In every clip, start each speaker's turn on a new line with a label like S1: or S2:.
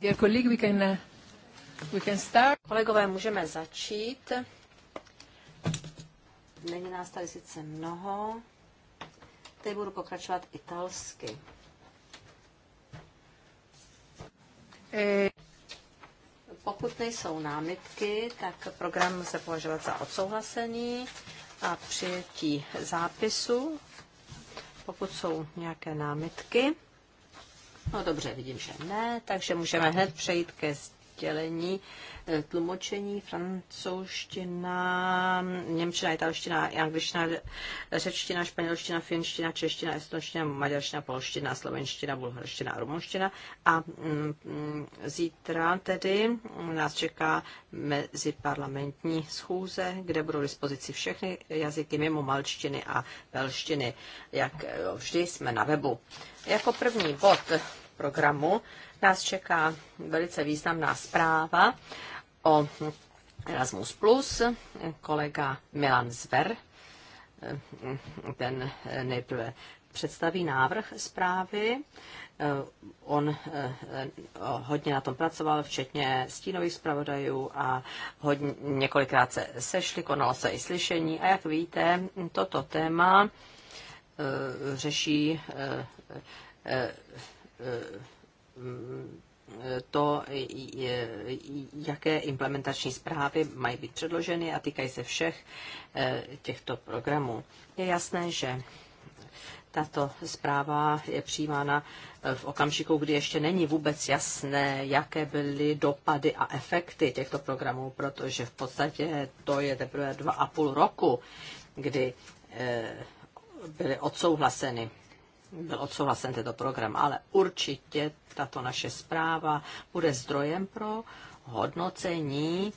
S1: Dear colleague, we can, uh, we can start. Kolegové, můžeme začít. Není nás tady sice mnoho. Teď budu pokračovat italsky. E... Pokud nejsou námitky, tak program se považovat za odsouhlasení a přijetí zápisu. Pokud jsou nějaké námitky, No dobře, vidím, že ne, takže můžeme hned přejít ke sdělení eh, tlumočení francouzština, němčina, italština, angličtina, řečtina, španělština, finština, čeština, estonština, maďarština, polština, slovenština, bulharština rumunština. A mm, mm, zítra tedy nás čeká meziparlamentní schůze, kde budou dispozici všechny jazyky mimo malčtiny a velštiny, jak eh, vždy jsme na webu. Jako první bod programu nás čeká velice významná zpráva o Erasmus+, Plus, kolega Milan Zver, ten nejprve představí návrh zprávy. On eh, hodně na tom pracoval, včetně stínových zpravodajů a hodně, několikrát se sešli, konalo se i slyšení. A jak víte, toto téma eh, řeší eh, to, jaké implementační zprávy mají být předloženy a týkají se všech eh, těchto programů. Je jasné, že tato zpráva je přijímána eh, v okamžiku, kdy ještě není vůbec jasné, jaké byly dopady a efekty těchto programů, protože v podstatě to je teprve dva a půl roku, kdy eh, byly odsouhlaseny byl odsouhlasen tento program, ale určitě tato naše zpráva bude zdrojem pro hodnocení,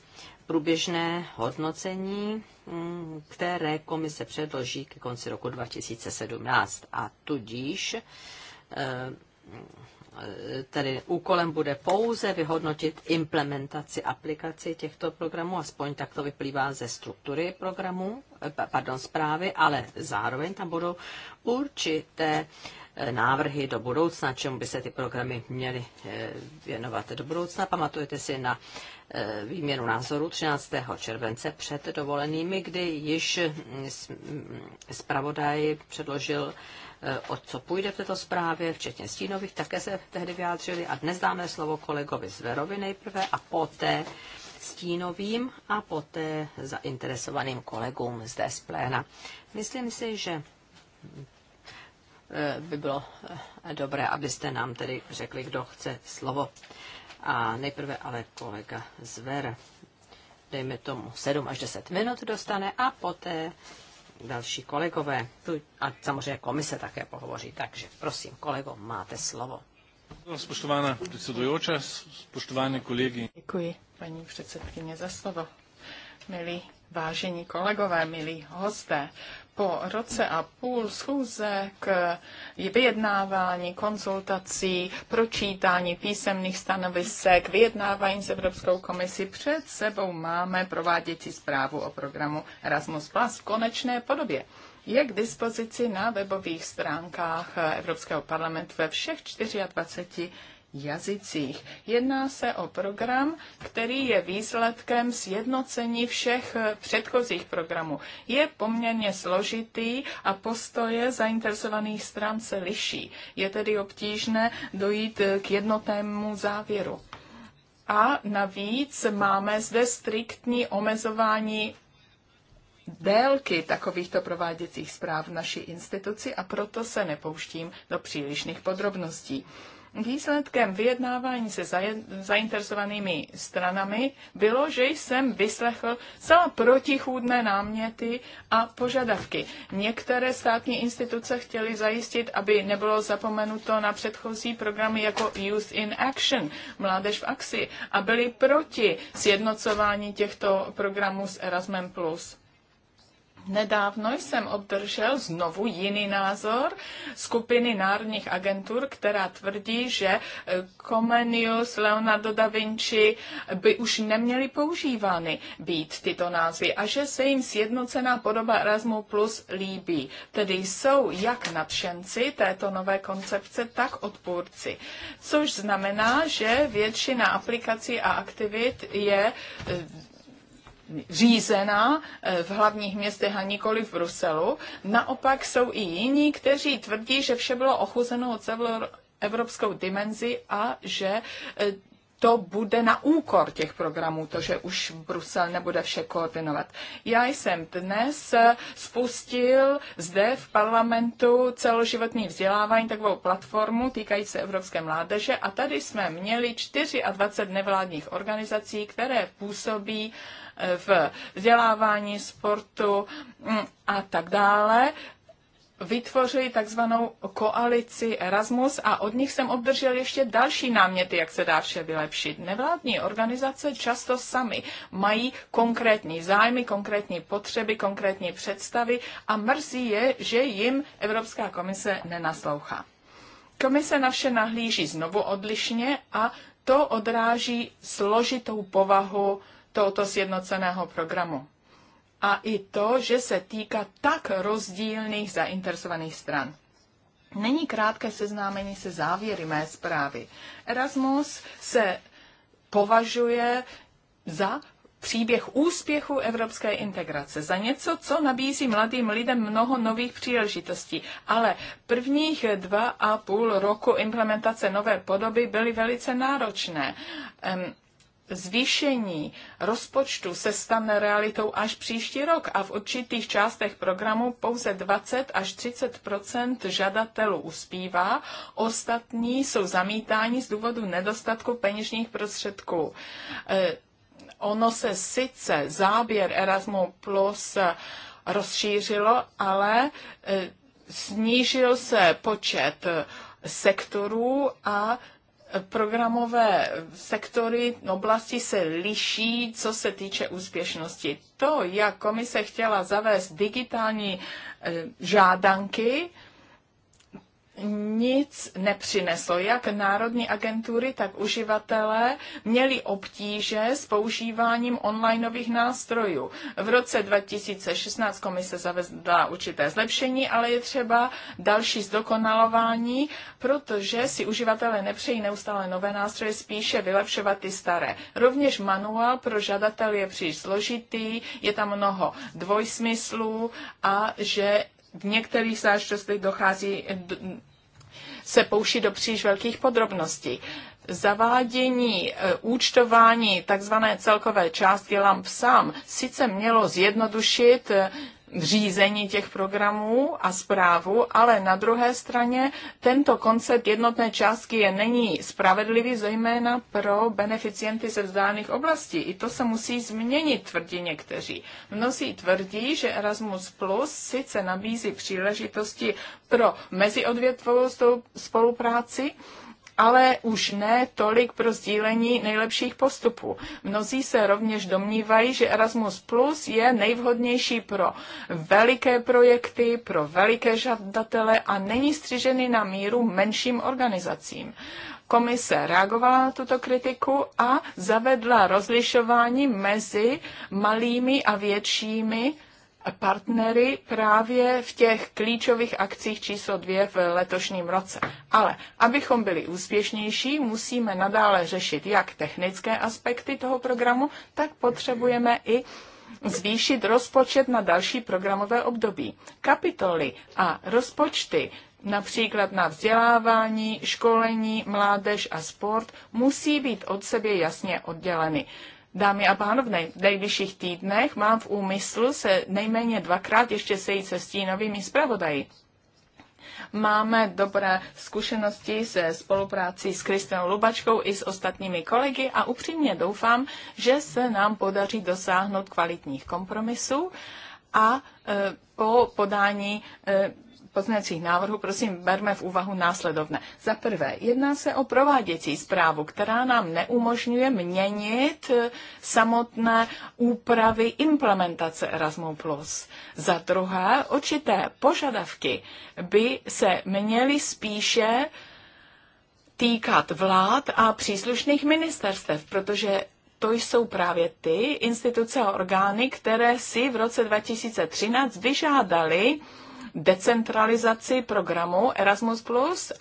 S1: průběžné hodnocení, mm, které komise předloží ke konci roku 2017. A tudíž eh, tedy úkolem bude pouze vyhodnotit implementaci aplikaci těchto programů, aspoň tak to vyplývá ze struktury programu, eh, pardon, zprávy, ale zároveň tam budou určité eh, návrhy do budoucna, čemu by se ty programy měly eh, věnovat do budoucna. Pamatujete si na výměnu názoru 13. července před dovolenými, kdy již mm, mm, zpravodaj předložil o co půjde v této zprávě, včetně stínových, také se tehdy vyjádřili a dnes dáme slovo kolegovi Zverovi nejprve a poté stínovým a poté zainteresovaným kolegům zde z pléna. Myslím si, že eh, by bylo eh, dobré, abyste nám tedy řekli, kdo chce slovo. A nejprve ale kolega Zver, dejme tomu 7 až 10 minut dostane a poté další kolegové tu, a samozřejmě komise také pohovoří. Takže prosím, kolego, máte slovo.
S2: Spoštovaná předsedující, spoštovaní kolegy.
S1: Děkuji, paní předsedkyně,
S2: za slovo. Milí vážení kolegové, milí hosté, po roce a půl schůzek, vyjednávání, konzultací, pročítání písemných stanovisek, vyjednávání s Evropskou komisí před sebou máme prováděcí zprávu o programu Erasmus Plus v konečné podobě je k dispozici na webových stránkách Evropského parlamentu ve všech 24 jazycích. Jedná se o program, který je výsledkem sjednocení všech eh, předchozích programů. Je poměrně složitý a postoje zainteresovaných stran se liší. Je tedy obtížné dojít eh, k jednotnému závěru. A navíc máme zde striktní omezování délky takovýchto prováděcích zpráv v naší instituci a proto se nepouštím do přílišných podrobností. Výsledkem vyjednávání se zainteresovanými stranami bylo, že jsem vyslechl celá protichůdné náměty a požadavky. Některé státní instituce chtěly zajistit, aby nebylo zapomenuto na předchozí programy jako Youth in Action, Mládež v akci, a byly proti sjednocování těchto programů s Erasmem+. Nedávno jsem obdržel znovu jiný názor skupiny národních agentur, která tvrdí, že eh, Comenius, Leonardo da Vinci by už neměly používány být tyto názvy a že se jim sjednocená podoba Erasmu Plus líbí. Tedy jsou jak nadšenci této nové koncepce, tak odpůrci. Což znamená, že většina aplikací a aktivit je eh, řízená eh, v hlavních městech a nikoli v Bruselu. Naopak jsou i jiní, kteří tvrdí, že vše bylo ochuzeno celou evropskou dimenzi a že eh, to bude na úkor těch programů, to, že už Brusel nebude vše koordinovat. Já jsem dnes eh, spustil zde v parlamentu celoživotní vzdělávání, takovou platformu týkající se Evropské mládeže a tady jsme měli 24 nevládních organizací, které působí uh, v vzdělávání, sportu mm, a tak dále vytvořili takzvanou koalici Erasmus a od nich jsem obdržel ještě další náměty, jak se dá vše vylepšit. Nevládní organizace často sami mají konkrétní zájmy, konkrétní potřeby, konkrétní představy a mrzí je, že jim Evropská komise nenaslouchá. Komise na vše nahlíží znovu odlišně a to odráží složitou povahu tohoto sjednoceného programu. A i to, že se týká tak rozdílných zainteresovaných stran. Není krátké seznámení se závěry mé zprávy. Erasmus se považuje za příběh úspěchu evropské integrace, za něco, co nabízí mladým lidem mnoho nových příležitostí. Ale prvních dva a půl roku implementace nové podoby byly velice náročné. Um, zvýšení rozpočtu se stane realitou až příští rok a v určitých částech programu pouze 20 až 30 žadatelů uspívá, ostatní jsou zamítáni z důvodu nedostatku peněžních prostředků. E, ono se sice záběr Erasmus Plus rozšířilo, ale e, snížil se počet sektorů a programové sektory, oblasti se liší, co se týče úspěšnosti. To, jak komise chtěla zavést digitální eh, žádanky, nic nepřineslo. Jak národní agentury, tak uživatelé měli obtíže s používáním onlineových nástrojů. V roce 2016 komise zavedla určité zlepšení, ale je třeba další zdokonalování, protože si uživatelé nepřejí neustále nové nástroje, spíše vylepšovat ty staré. Rovněž manuál pro žadatel je příliš složitý, je tam mnoho dvojsmyslů a že v některých záležitostech dochází, se pouší do příliš velkých podrobností. Zavádění e, účtování tzv. celkové částky LAMP sám sice mělo zjednodušit e, řízení těch programů a zprávu, ale na druhé straně tento koncept jednotné částky je není spravedlivý zejména pro beneficienty ze vzdálených oblastí. I to se musí změnit, tvrdí někteří. Mnozí tvrdí, že Erasmus Plus sice nabízí příležitosti pro meziodvětvovou spolupráci, ale už ne tolik pro sdílení nejlepších postupů. Mnozí se rovněž domnívají, že Erasmus Plus je nejvhodnější pro veliké projekty, pro veliké žadatele a není střižený na míru menším organizacím. Komise reagovala na tuto kritiku a zavedla rozlišování mezi malými a většími partnery právě v těch klíčových akcích číslo dvě v letošním roce. Ale abychom byli úspěšnější, musíme nadále řešit jak technické aspekty toho programu, tak potřebujeme i zvýšit rozpočet na další programové období. Kapitoly a rozpočty například na vzdělávání, školení, mládež a sport, musí být od sebe jasně odděleny. Dámy a pánové, v nejvyšších týdnech mám v úmyslu se nejméně dvakrát ještě sejít se stínovými zpravodaji. Máme dobré zkušenosti se spoluprácí s Kristinou Lubačkou i s ostatními kolegy a upřímně doufám, že se nám podaří dosáhnout kvalitních kompromisů a e, po podání e, pozměňovacích návrhů, prosím, berme v úvahu následovné. Za prvé, jedná se o prováděcí zprávu, která nám neumožňuje měnit eh, samotné úpravy implementace Erasmus+. Za druhé, určité požadavky by se měly spíše týkat vlád a příslušných ministerstev, protože to jsou právě ty instituce a orgány, které si v roce 2013 vyžádali decentralizaci programu Erasmus+,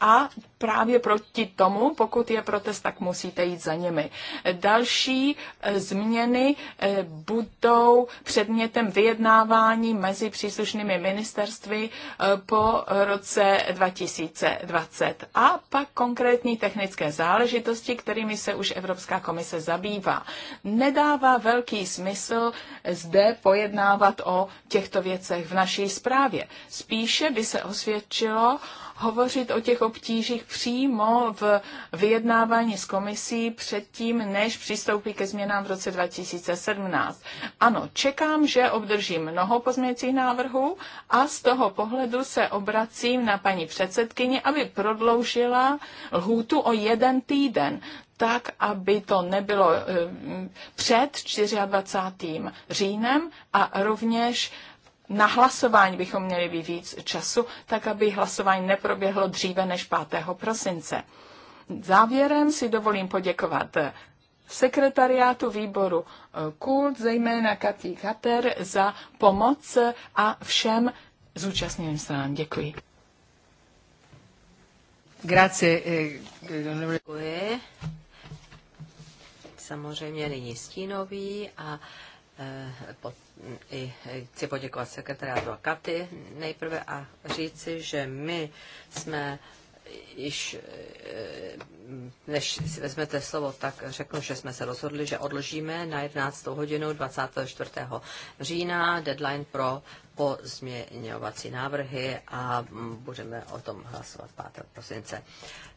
S2: a právě proti tomu, pokud je protest, tak musíte jít za nimi. Další eh, změny eh, budou předmětem vyjednávání mezi příslušnými ministerstvy eh, po roce 2020 a pak konkrétní technické záležitosti, kterými se už Evropská komise zabývá. Nedává velký smysl zde pojednávat o těchto věcech v naší zprávě. Spíše by se osvědčilo hovořit o těch obtížích přímo v vyjednávání s komisí předtím, než přistoupí ke změnám v roce 2017. Ano, čekám, že obdržím mnoho pozměcích návrhů a z toho pohledu se obracím na paní předsedkyni, aby prodloužila lhůtu o jeden týden tak, aby to nebylo eh, před 24. říjnem a rovněž na hlasování bychom měli být víc času, tak aby hlasování neproběhlo dříve než 5. prosince. Závěrem si dovolím poděkovat sekretariátu výboru eh, KULT, zejména Katý Kater, za pomoc a všem zúčastněným stranám. Děkuji.
S1: Grazie. Eh, Samozřejmě nyní stínový a eh, pod i chci poděkovat sekretariátu a Katy nejprve a říci, že my jsme již, eh, než si vezmete slovo, tak řeknu, že jsme se rozhodli, že odložíme na 11. hodinu 24. října deadline pro pozměňovací návrhy a budeme o tom hlasovat 5. prosince.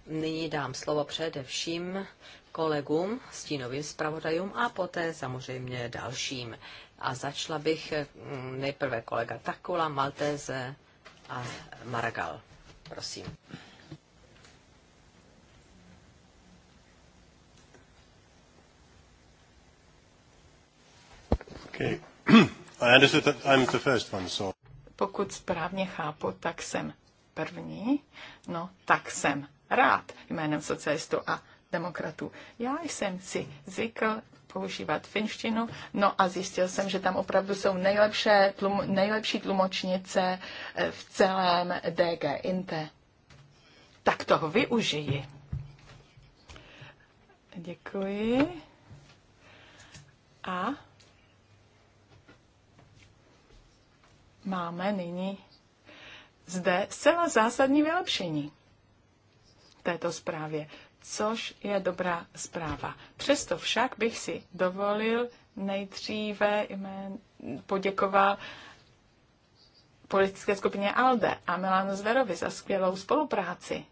S1: Nyní dám slovo především kolegům, stínovým zpravodajům a poté samozřejmě dalším a začala bych mm, nejprve kolega Takula, Malteze a Maragal. Prosím. Okay. I understood that I'm the first one, so.
S2: Pokud správně chápu, tak jsem první. No, tak jsem rád jménem socialistů a demokratů. Já jsem si zvykl používat finštinu, no a zjistil jsem, že tam opravdu jsou nejlepší, tlum, nejlepší tlumočnice eh, v celém DG Inte. Tak toho využiji. Děkuji. A máme nyní zde zcela zásadní vylepšení této zprávě což je dobrá zpráva. Přesto však bych si dovolil nejdříve jmén, poděkoval politické skupině ALDE a Milanu Zverovi za skvělou spolupráci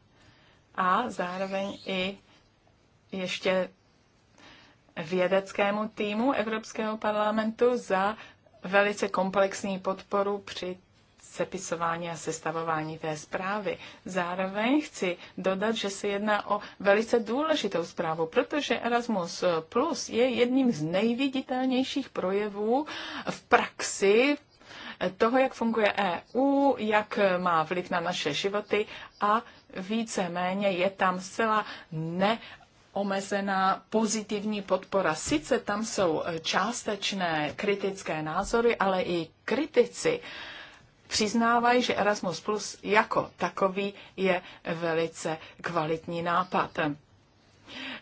S2: a zároveň i ještě vědeckému týmu Evropského parlamentu za velice komplexní podporu při sepisování a sestavování té zprávy. Zároveň chci dodat, že se jedná o velice důležitou zprávu, protože Erasmus Plus je jedním z nejviditelnějších projevů v praxi toho, jak funguje EU, jak má vliv na naše životy a víceméně je tam zcela ne omezená pozitivní podpora. Sice tam jsou částečné kritické názory, ale i kritici uh, přiznávají, že Erasmus Plus jako takový je velice kvalitní nápad.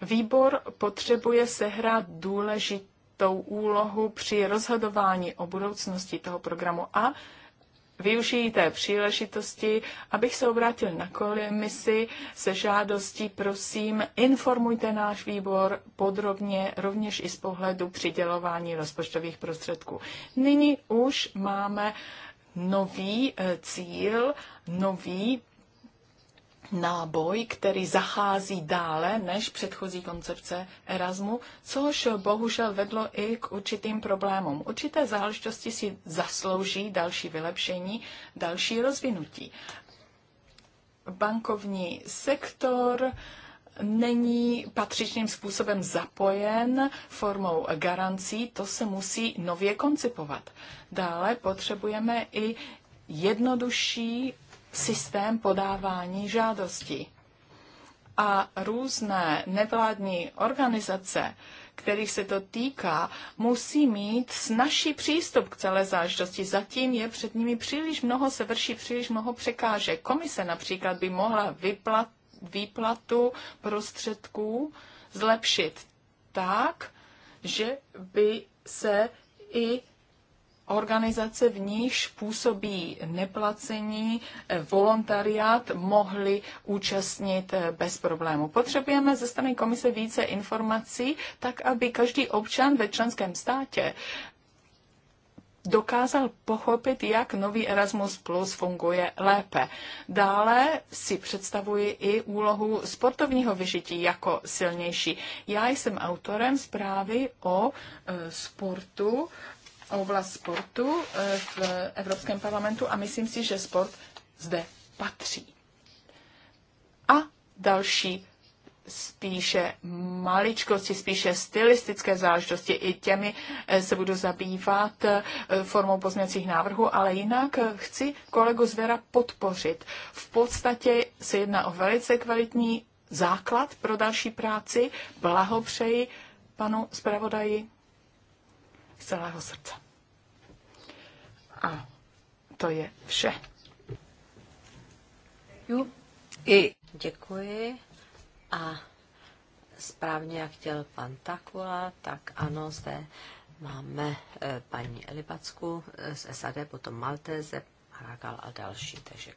S2: Výbor potřebuje sehrát důležitou úlohu při rozhodování o budoucnosti toho programu a využijí té příležitosti, abych se obrátil na komisi se žádostí, prosím, informujte náš výbor podrobně, rovněž i z pohledu přidělování rozpočtových prostředků. Nyní už máme uh, nový eh, cíl, nový náboj, který zachází dále než předchozí koncepce Erasmu, což bohužel vedlo i k určitým problémům. Určité záležitosti si zaslouží další vylepšení, další rozvinutí. Bankovní sektor, není patřičným způsobem zapojen formou garancí, to se musí nově koncipovat. Dále potřebujeme i jednodušší systém podávání žádosti A různé nevládní organizace, kterých se to týká, musí mít snažší přístup k celé záležitosti. Zatím je před nimi příliš mnoho, se vrší příliš mnoho překážek. Komise například by mohla vyplat, výplatu prostředků zlepšit tak, že by se i organizace, v níž působí neplacení, eh, volontariát mohli účastnit eh, bez problému. Potřebujeme ze strany komise více informací, tak aby každý občan ve členském státě dokázal pochopit, jak nový Erasmus Plus funguje lépe. Dále si představuji i úlohu sportovního vyžití jako silnější. Já jsem autorem zprávy o e, sportu, oblast sportu e, v Evropském parlamentu a myslím si, že sport zde patří. A další spíše maličkosti, spíše stylistické záležitosti. I těmi eh, se budu zabývat eh, formou pozměcích návrhů, ale jinak eh, chci kolegu Zvera podpořit. V podstatě se jedná o velice kvalitní základ pro další práci. Blahopřeji panu zpravodaji z celého srdce. A to je vše.
S1: Jo. I děkuji. A správně, jak chtěl pan Takula, tak ano, zde máme e, paní Elibacku e, z SAD, potom Malteze, Haragal a další, takže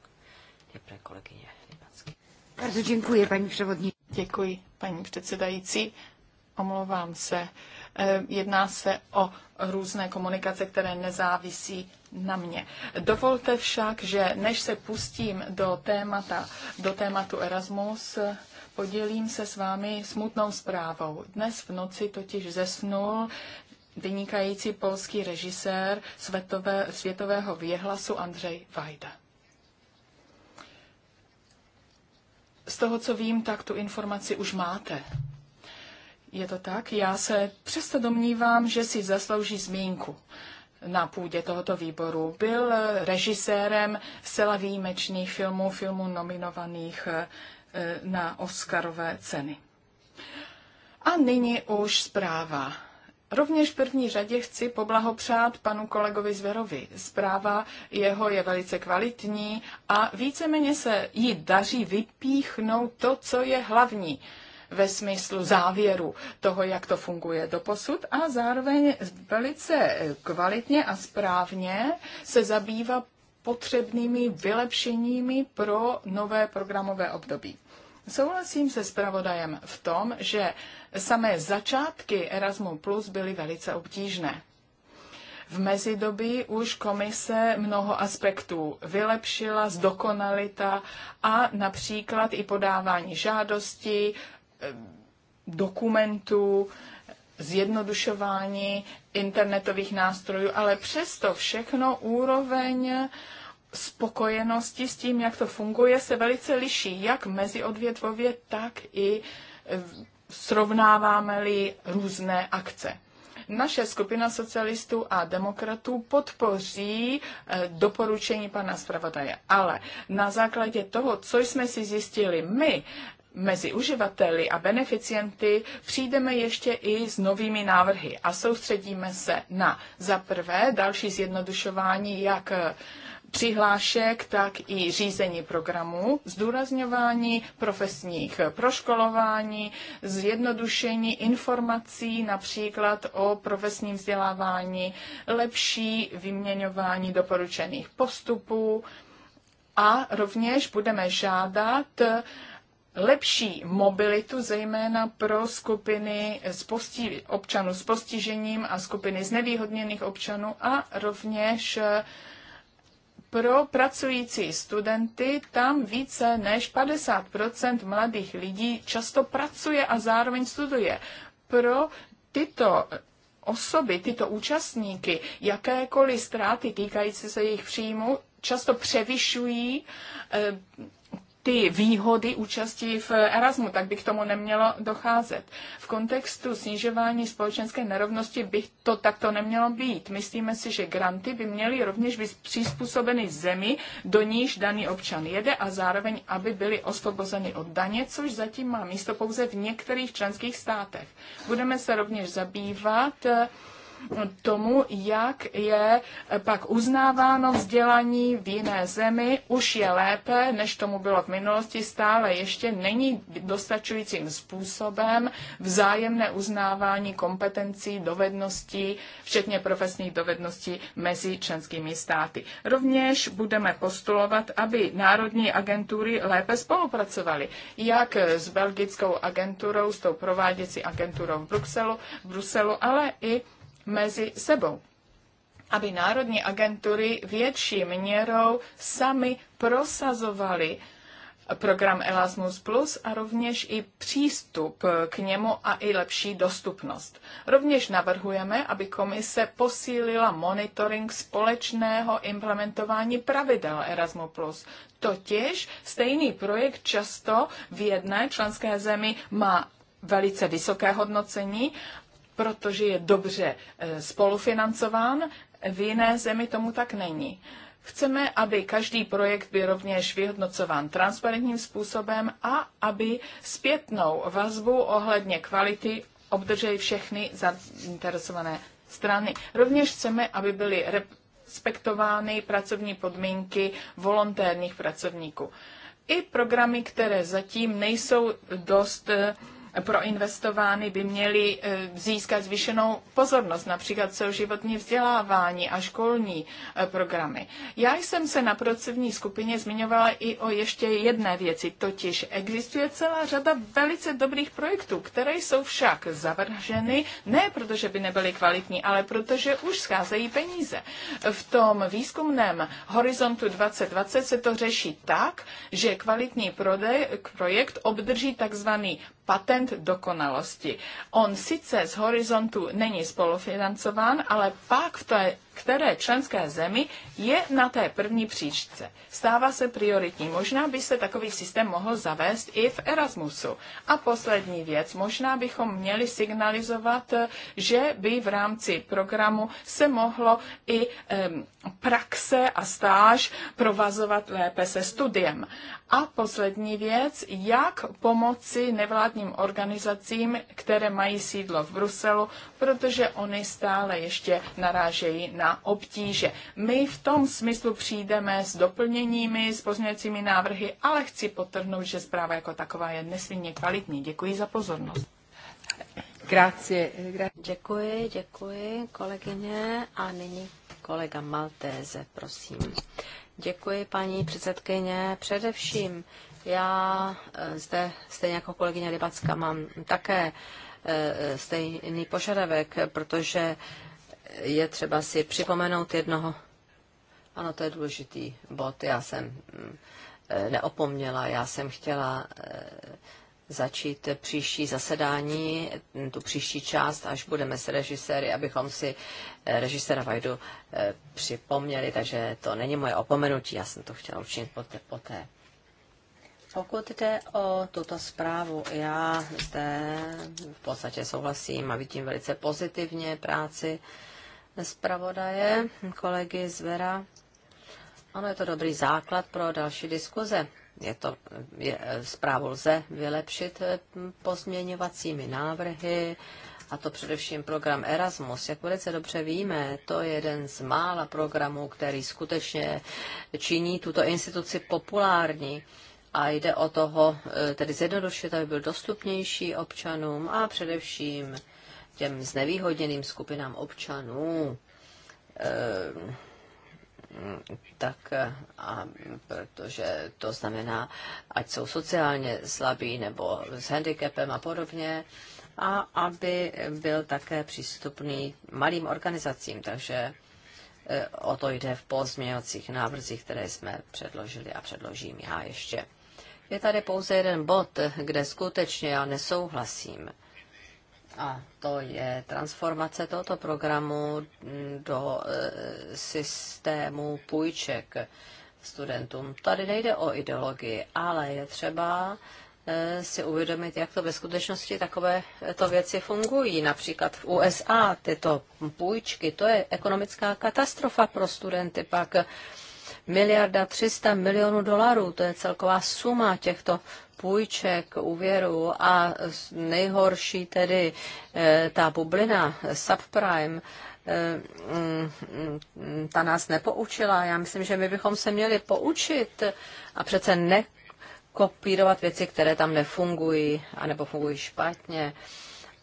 S1: je pro kolegyně Elibacky.
S2: Bardzo děkuji, paní převodní. Děkuji, paní předsedající. Omlouvám se. E, jedná se o různé komunikace, které nezávisí na mě. Dovolte však, že než se pustím do témata, do tématu Erasmus, Podělím se s vámi smutnou zprávou. Dnes v noci totiž zesnul vynikající polský režisér světové, světového věhlasu Andřej Vajda. Z toho, co vím, tak tu informaci už máte. Je to tak? Já se přesto domnívám, že si zaslouží zmínku na půdě tohoto výboru. Byl režisérem zcela výjimečných filmů, filmů nominovaných Eh, na Oscarové ceny. A nyní už zpráva. Rovněž v první řadě chci poblahopřát panu kolegovi Zverovi. Zpráva jeho je velice kvalitní a víceméně se jí daří vypíchnout to, co je hlavní ve smyslu závěru toho, jak to funguje do posud a zároveň velice kvalitně a správně se zabývá potřebnými vylepšeními pro nové programové období. Souhlasím se zpravodajem v tom, že samé začátky Erasmus Plus byly velice obtížné. V mezidobí už komise mnoho aspektů vylepšila, zdokonalita a například i podávání žádosti, eh, dokumentů, zjednodušování internetových nástrojů, ale přesto všechno úroveň spokojenosti s tím, jak to funguje, se velice liší, jak mezi odvětvově, tak i eh, srovnáváme-li různé akce. Naše skupina socialistů a demokratů podpoří eh, doporučení pana zpravodaje, ale na základě toho, co jsme si zjistili my, mezi uživateli a beneficienty přijdeme ještě i s novými návrhy a soustředíme se na za prvé další zjednodušování jak eh, přihlášek, tak i řízení programů, zdůrazňování profesních proškolování, zjednodušení informací například o profesním vzdělávání, lepší vyměňování doporučených postupů a rovněž budeme žádat lepší mobilitu, zejména pro skupiny s posti- občanů s postižením a skupiny znevýhodněných občanů a rovněž pro pracující studenty tam více než 50 mladých lidí často pracuje a zároveň studuje. Pro tyto osoby, tyto účastníky, jakékoliv ztráty týkající se jejich příjmu, často převyšují eh, ty výhody účasti v Erasmu, tak by k tomu nemělo docházet. V kontextu snižování společenské nerovnosti by to takto nemělo být. Myslíme si, že granty by měly rovněž být přizpůsobeny zemi, do níž daný občan jede a zároveň, aby byly osvobozeny od daně, což zatím má místo pouze v některých členských státech. Budeme se rovněž zabývat eh, tomu, jak je pak uznáváno vzdělání v jiné zemi, už je lépe, než tomu bylo v minulosti, stále ještě není dostačujícím způsobem vzájemné uznávání kompetencí, dovedností, včetně profesních dovedností mezi členskými státy. Rovněž budeme postulovat, aby národní agentury lépe spolupracovaly, jak s belgickou agenturou, s tou prováděcí agenturou v Bruselu, v Bruselu ale i mezi sebou aby národní agentury větší měrou sami prosazovaly program Erasmus Plus a rovněž i přístup k němu a i lepší dostupnost. Rovněž navrhujeme, aby komise posílila monitoring společného implementování pravidel Erasmus Plus. Totiž stejný projekt často v jedné členské zemi má velice vysoké hodnocení protože je dobře eh, spolufinancován, v jiné zemi tomu tak není. Chceme, aby každý projekt byl rovněž vyhodnocován transparentním způsobem a aby zpětnou vazbu ohledně kvality obdrželi všechny zainteresované strany. Rovněž chceme, aby byly respektovány pracovní podmínky volontérních pracovníků. I programy, které zatím nejsou dost eh, proinvestovány, by měly eh, získat zvýšenou pozornost, například celoživotní vzdělávání a školní eh, programy. Já jsem se na pracovní skupině zmiňovala i o ještě jedné věci, totiž existuje celá řada velice dobrých projektů, které jsou však zavrženy, ne protože by nebyly kvalitní, ale protože už scházejí peníze. V tom výzkumném horizontu 2020 se to řeší tak, že kvalitní prodej, projekt obdrží takzvaný patent koeficient dokonalosti. On sice z horizontu není spolufinancován, ale pak v té které členské zemi je na té první příčce. Stává se prioritní. Možná by se takový systém mohl zavést i v Erasmusu. A poslední věc, možná bychom měli signalizovat, že by v rámci programu se mohlo i um, praxe a stáž provazovat lépe se studiem. A poslední věc, jak pomoci nevládním organizacím, které mají sídlo v Bruselu, protože oni stále ještě narážejí na na obtíže. My v tom smyslu přijdeme s doplněními, s pozměňujícími návrhy, ale chci potrhnout, že zpráva jako taková je nesmírně kvalitní. Děkuji za
S1: pozornost. Grazie. Děkuji, děkuji kolegyně a nyní kolega Maltéze, prosím. Děkuji, paní předsedkyně. Především já eh, zde, stejně jako kolegyně Libacka, mám také eh, stejný požadavek, protože je třeba si připomenout jednoho. Ano, to je důležitý bod. Já jsem mm, e, neopomněla, já jsem chtěla e, začít příští zasedání, mm, tu příští část, až budeme s režiséry, abychom si e, režiséra Vajdu připomněli, takže to není moje opomenutí, já jsem to chtěla učinit poté. poté. Pokud jde o tuto zprávu, já zde v podstatě souhlasím a vidím velice pozitivně práci Nespravodaje kolegy z Vera. Ano, je to dobrý základ pro další diskuze. Je to, je, zprávu lze vylepšit eh, pozměňovacími návrhy, a to především program Erasmus. Jak velice dobře víme, to je jeden z mála programů, který skutečně činí tuto instituci populární. A jde o toho eh, tedy zjednodušit, aby byl dostupnější občanům a především těm znevýhodněným skupinám občanů, eh, tak a protože to znamená, ať jsou sociálně slabí nebo s handicapem a podobně, a aby byl také přístupný malým organizacím. Takže eh, o to jde v pozměňovacích návrzích, které jsme předložili a předložím já ještě. Je tady pouze jeden bod, kde skutečně já nesouhlasím a to je transformace tohoto programu do e, systému půjček studentům. Tady nejde o ideologii, ale je třeba e, si uvědomit, jak to ve skutečnosti takové e, to věci fungují. Například v USA tyto půjčky, to je ekonomická katastrofa pro studenty. Pak miliarda 300 milionů dolarů, to je celková suma těchto půjček, úvěru a nejhorší tedy eh, ta bublina subprime, eh, mm, ta nás nepoučila. Já myslím, že my bychom se měli poučit a přece nekopírovat kopírovat věci, které tam nefungují anebo fungují špatně.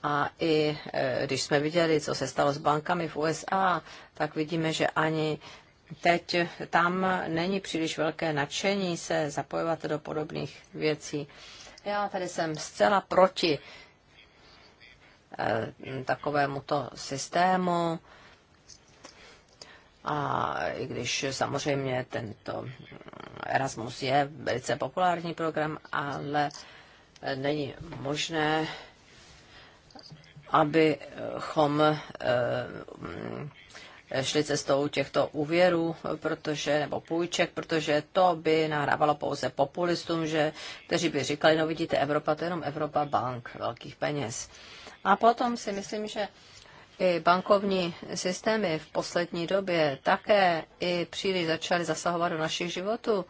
S1: A i eh, když jsme viděli, co se stalo s bankami v USA, tak vidíme, že ani teď tam není příliš velké nadšení se zapojovat do podobných věcí. Já tady jsem zcela proti eh, takovému to systému. A i když samozřejmě tento Erasmus je velice populární program, ale není možné, abychom eh, šli cestou těchto úvěrů, protože, nebo půjček, protože to by nahrávalo pouze populistům, že, kteří by říkali, no vidíte, Evropa, to je jenom Evropa bank velkých peněz. A potom si myslím, že i bankovní systémy v poslední době také i příliš začaly zasahovat do našich životů.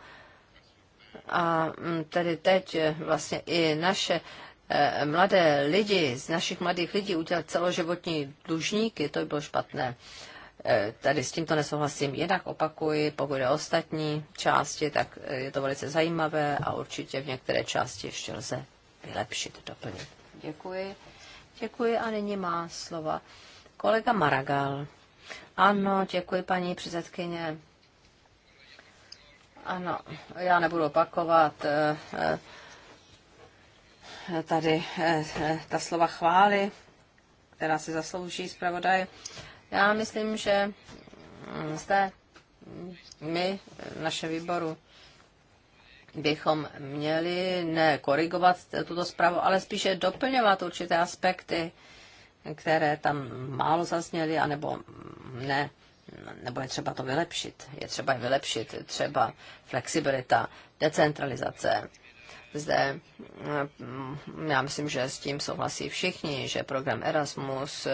S1: A mm, tedy teď vlastně i naše eh, mladé lidi, z našich mladých lidí udělat celoživotní dlužníky, to by bylo špatné. Eh, tady s tímto nesouhlasím. Jinak opakuji, pokud je ostatní části, tak eh, je to velice zajímavé a určitě v některé části ještě lze vylepšit, doplnit. Děkuji. Děkuji a nyní má slova kolega Maragal. Ano, děkuji paní předsedkyně. Ano, já nebudu opakovat eh, tady ta slova chvály, která si zaslouží zpravodaj. Já myslím, že mm, zde mm, my, naše výboru, bychom měli ne korigovat tuto zprávu, ale spíše doplňovat určité aspekty, které tam málo zazněly, anebo ne, nebo je třeba to vylepšit. Je třeba je vylepšit, třeba flexibilita, decentralizace. Zde mm, já myslím, že s tím souhlasí všichni, že program Erasmus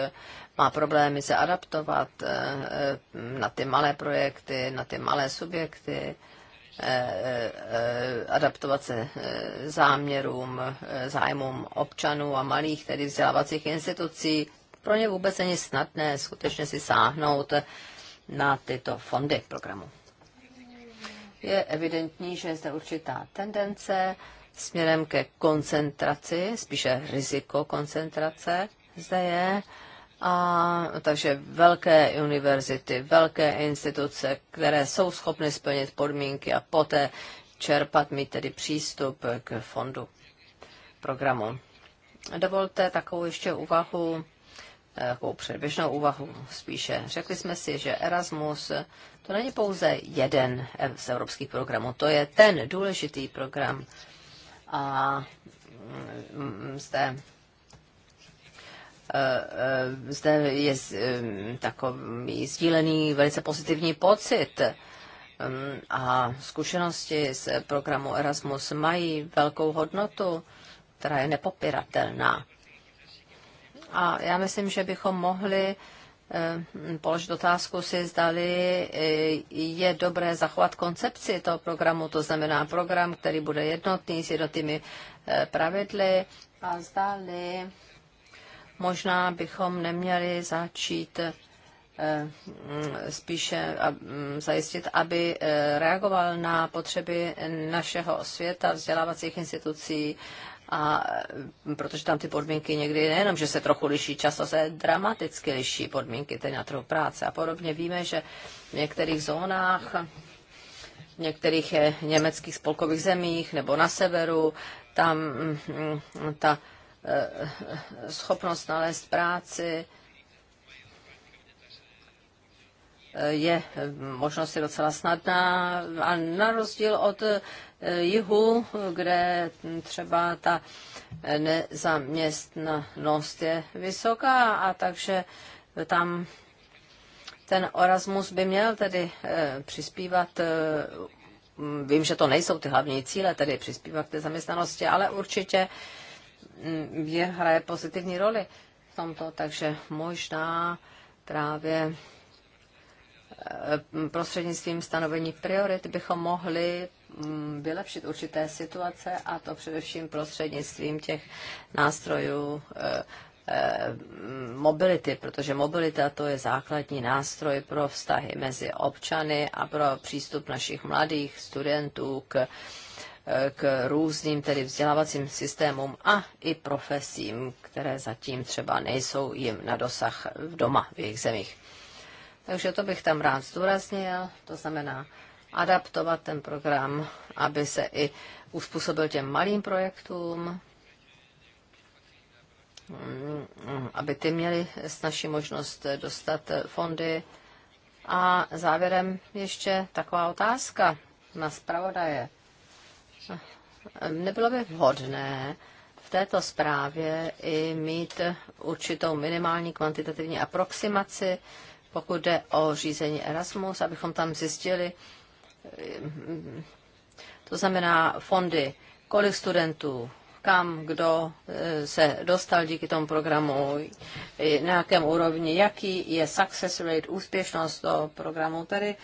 S1: má problémy se adaptovat eh, eh, na ty malé projekty, na ty malé subjekty, eh, adaptovat se záměrům, zájmům občanů a malých, tedy vzdělávacích institucí. Pro ně vůbec není snadné skutečně si sáhnout na tyto fondy programu. Je evidentní, že je zde určitá tendence směrem ke koncentraci, spíše riziko koncentrace zde je a, takže velké univerzity, velké instituce, které jsou schopny splnit podmínky a poté čerpat mít tedy přístup k fondu programu. Dovolte takovou ještě úvahu, takovou předběžnou úvahu spíše. Řekli jsme si, že Erasmus to není pouze jeden z evropských programů, to je ten důležitý program. A mm, mm, zde Eh, eh, zde je eh, takový sdílený velice pozitivní pocit mm, a zkušenosti z programu Erasmus mají velkou hodnotu, která je nepopiratelná. A já myslím, že bychom mohli položit otázku si, zdali je dobré zachovat koncepci toho programu, to znamená program, který bude jednotný s jednotnými pravidly a zdali možná bychom neměli začít eh, mm, spíše mm, zajistit, aby eh, reagoval na potřeby našeho světa, vzdělávacích institucí, a mm, protože tam ty podmínky někdy nejenom, že se trochu liší, často se dramaticky liší podmínky teď na trhu práce a podobně. Víme, že v některých zónách, v některých eh, německých spolkových zemích nebo na severu, tam ta Eh, schopnost nalézt práci eh, je možnost je docela snadná a na rozdíl od eh, jihu, kde třeba ta nezaměstnanost je vysoká a takže tam ten Erasmus by měl tedy přispívat vím, že to nejsou ty hlavní cíle, tedy přispívat k té zaměstnanosti, ale určitě je hraje pozitivní roli v tomto, takže možná právě eh, prostřednictvím stanovení priorit bychom mohli mm, vylepšit určité situace a to především prostřednictvím těch nástrojů eh, eh, mobility, protože mobilita to je základní nástroj pro vztahy mezi občany a pro přístup našich mladých studentů k k různým tedy vzdělávacím systémům a i profesím, které zatím třeba nejsou jim na dosah v doma v jejich zemích. Takže to bych tam rád zdůraznil, to znamená adaptovat ten program, aby se i uspůsobil těm malým projektům, aby ty měli snažší možnost dostat fondy. A závěrem ještě taková otázka na zpravodaje nebylo by vhodné v této zprávě i mít určitou minimální kvantitativní aproximaci, pokud jde o řízení Erasmus, abychom tam zjistili, to znamená fondy, kolik studentů, kam, kdo eh, se dostal díky tomu programu, eh, na jakém úrovni, jaký je success rate, úspěšnost toho programu. Tady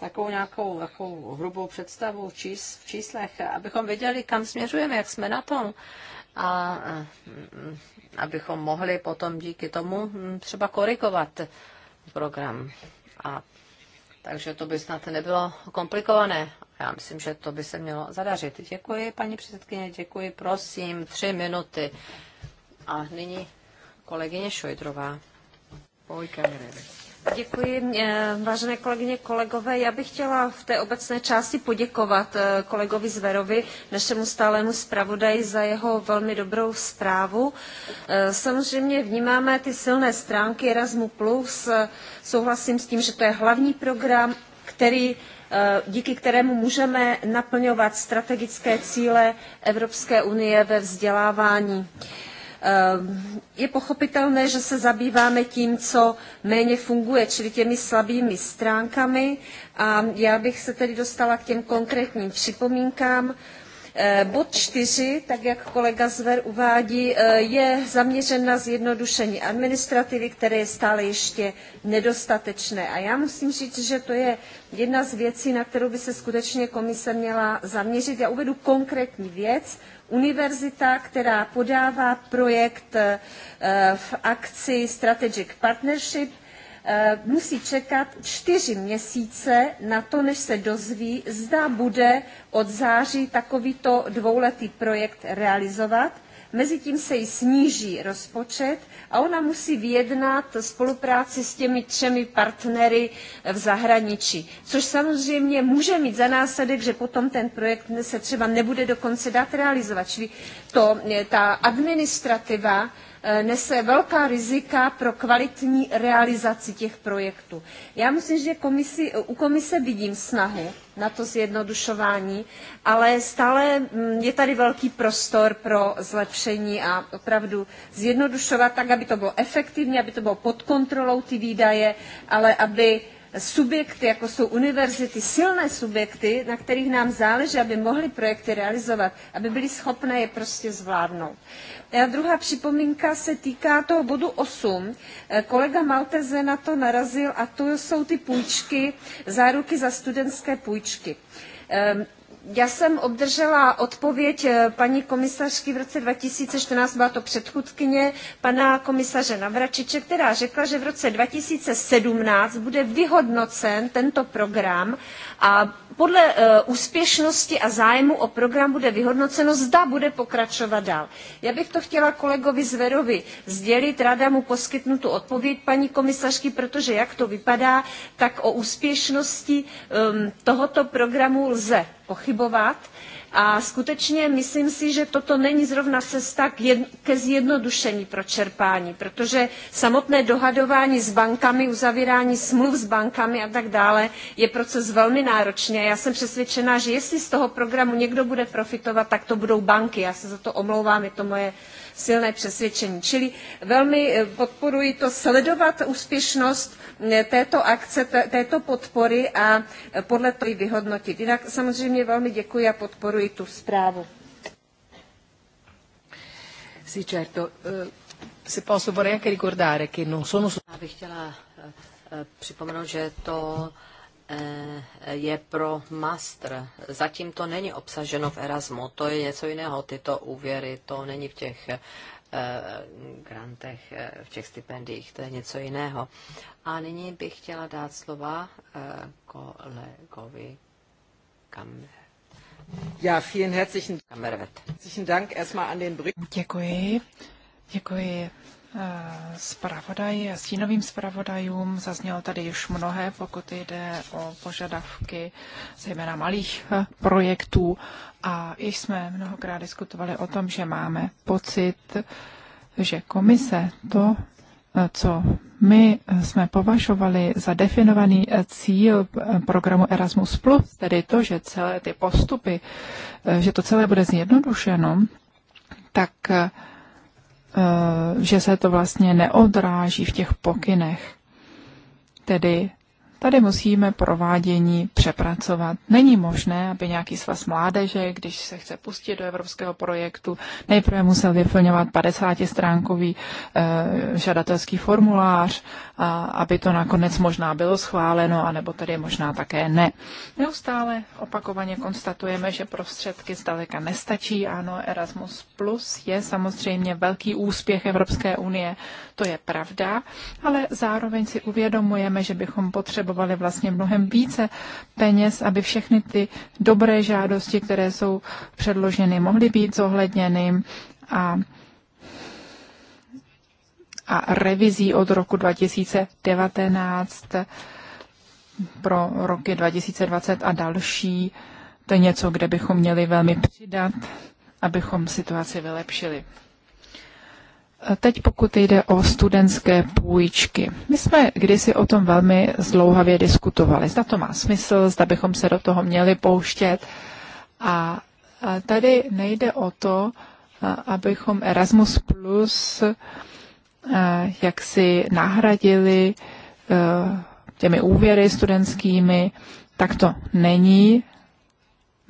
S1: takovou nějakou takovou hrubou představu čís, v číslech, abychom věděli, kam směřujeme, jak jsme na tom. A mm, abychom mohli potom díky tomu mm, třeba korigovat program. A takže to by snad nebylo komplikované. Já myslím, že to by se mělo zadařit. Děkuji, paní předsedkyně, děkuji, prosím, tři minuty. A nyní kolegyně Šojdrová. Pojďka,
S3: Děkuji. Eh, vážené kolegyně, kolegové, já bych chtěla v té obecné části poděkovat eh, kolegovi Zverovi, našemu stálému zpravodaji, za jeho velmi dobrou zprávu. Eh, samozřejmě vnímáme ty silné stránky Erasmu+, souhlasím s tím, že to je hlavní program, který díky kterému můžeme naplňovat strategické cíle Evropské unie ve vzdělávání. Uh, Eh, je pochopitelné, že se zabýváme tím, co méně funguje, čili těmi slabými stránkami. A já bych se tedy dostala k těm konkrétním připomínkám. Eh, bod 4, tak jak kolega Zver uvádí, eh, je zaměřen na zjednodušení administrativy, které je stále ještě nedostatečné. A já musím říct, že to je jedna z věcí, na kterou by se skutečně komise měla zaměřit. Já uvedu konkrétní věc, univerzita, která podává projekt eh, v akci Strategic Partnership, eh, musí čekat čtyři měsíce na to, než se dozví, zda bude od září takovýto dvouletý projekt realizovat Mezitím se jí sníží rozpočet a ona musí vyjednat spolupráci s těmi třemi partnery v zahraničí, což samozřejmě může mít za následek, že potom ten projekt se třeba nebude dokonce dát realizovat. Čili to, eh, ta administrativa eh, nese velká rizika pro kvalitní realizaci těch projektů. Já myslím, že komisi, u komise vidím snahu na to zjednodušování, ale stále mm, je tady velký prostor pro zlepšení a opravdu zjednodušovat tak, aby to bylo efektivní, aby to bylo pod kontrolou ty výdaje, ale aby subjekty, jako jsou univerzity, silné subjekty, na kterých nám záleží, aby mohly projekty realizovat, aby byly schopné je prostě zvládnout. A druhá připomínka se týká toho bodu 8. Eh, kolega Malteze na to narazil a to jsou ty půjčky, záruky za studentské půjčky. Ehm, já jsem obdržela odpověď eh, paní komisařky v roce 2014, byla to předchůdkyně pana komisaře Navračiče, která řekla, že v roce 2017 bude vyhodnocen tento program a podle e, úspěšnosti a zájmu o program bude vyhodnoceno, zda bude pokračovat dál. Já bych to chtěla kolegovi Zverovi sdělit, ráda mu poskytnu tu odpověď paní komisařky, protože jak to vypadá, tak o úspěšnosti e, tohoto programu lze pochybovat. A skutečně myslím si, že toto není zrovna cesta ke zjednodušení pro čerpání, protože samotné dohadování s bankami, uzavírání smluv s bankami a tak dále je proces velmi náročný. A já jsem přesvědčena, že jestli z toho programu někdo bude profitovat, tak to budou banky. Já se za to omlouvám, je to moje silné přesvědčení. Čili velmi eh, podporuji to sledovat úspěšnost eh, této akce, této podpory a eh, podle toho ji vyhodnotit. Jinak samozřejmě velmi děkuji a podporuji tu zprávu. Sì, certo.
S2: Se posso vorrei anche ricordare che non sono...
S1: Bych chtěla připomenout, že to je pro master. Zatím to není obsaženo v Erasmu, to je něco jiného, tyto úvěry, to není v těch eh, grantech, eh, v těch stipendiích, to je něco jiného. A nyní bych chtěla dát slova eh, kolegovi Kamer. Ja, vielen herzlichen, herzlichen Dank erstmal an den Děkuji. Děkuji
S4: zpravodaji a stínovým zpravodajům. Zaznělo tady už mnohé, pokud jde o požadavky zejména malých eh, projektů. A již jsme mnohokrát diskutovali o tom, že máme pocit, že komise to, eh, co my eh, jsme považovali za definovaný cíl programu Erasmus+, tedy to, že celé ty postupy, že to celé bude zjednodušeno, tak Eh, že se to vlastně neodráží v těch pokynech. Tedy Tady musíme provádění přepracovat. Není možné, aby nějaký svaz mládeže, když se chce pustit do evropského projektu, nejprve musel vyplňovat 50-stránkový e, eh, žadatelský formulář, a, aby to nakonec možná bylo schváleno, anebo tedy možná také ne. Neustále opakovaně konstatujeme, že prostředky zdaleka nestačí. Ano, Erasmus Plus je samozřejmě velký úspěch Evropské unie, to je pravda, ale zároveň si uvědomujeme, že bychom potřebovali potřebovali vlastně mnohem více peněz, aby všechny ty dobré žádosti, které jsou předloženy, mohly být zohledněny a a revizí od roku 2019 pro roky 2020 a další. To je něco, kde bychom měli velmi přidat, abychom situaci vylepšili. Teď pokud jde o studentské půjčky. My jsme kdysi o tom velmi zlouhavě diskutovali. Zda to má smysl, zda bychom se do toho měli pouštět. A tady nejde o to, abychom Erasmus Plus jaksi nahradili těmi úvěry studentskými, tak to není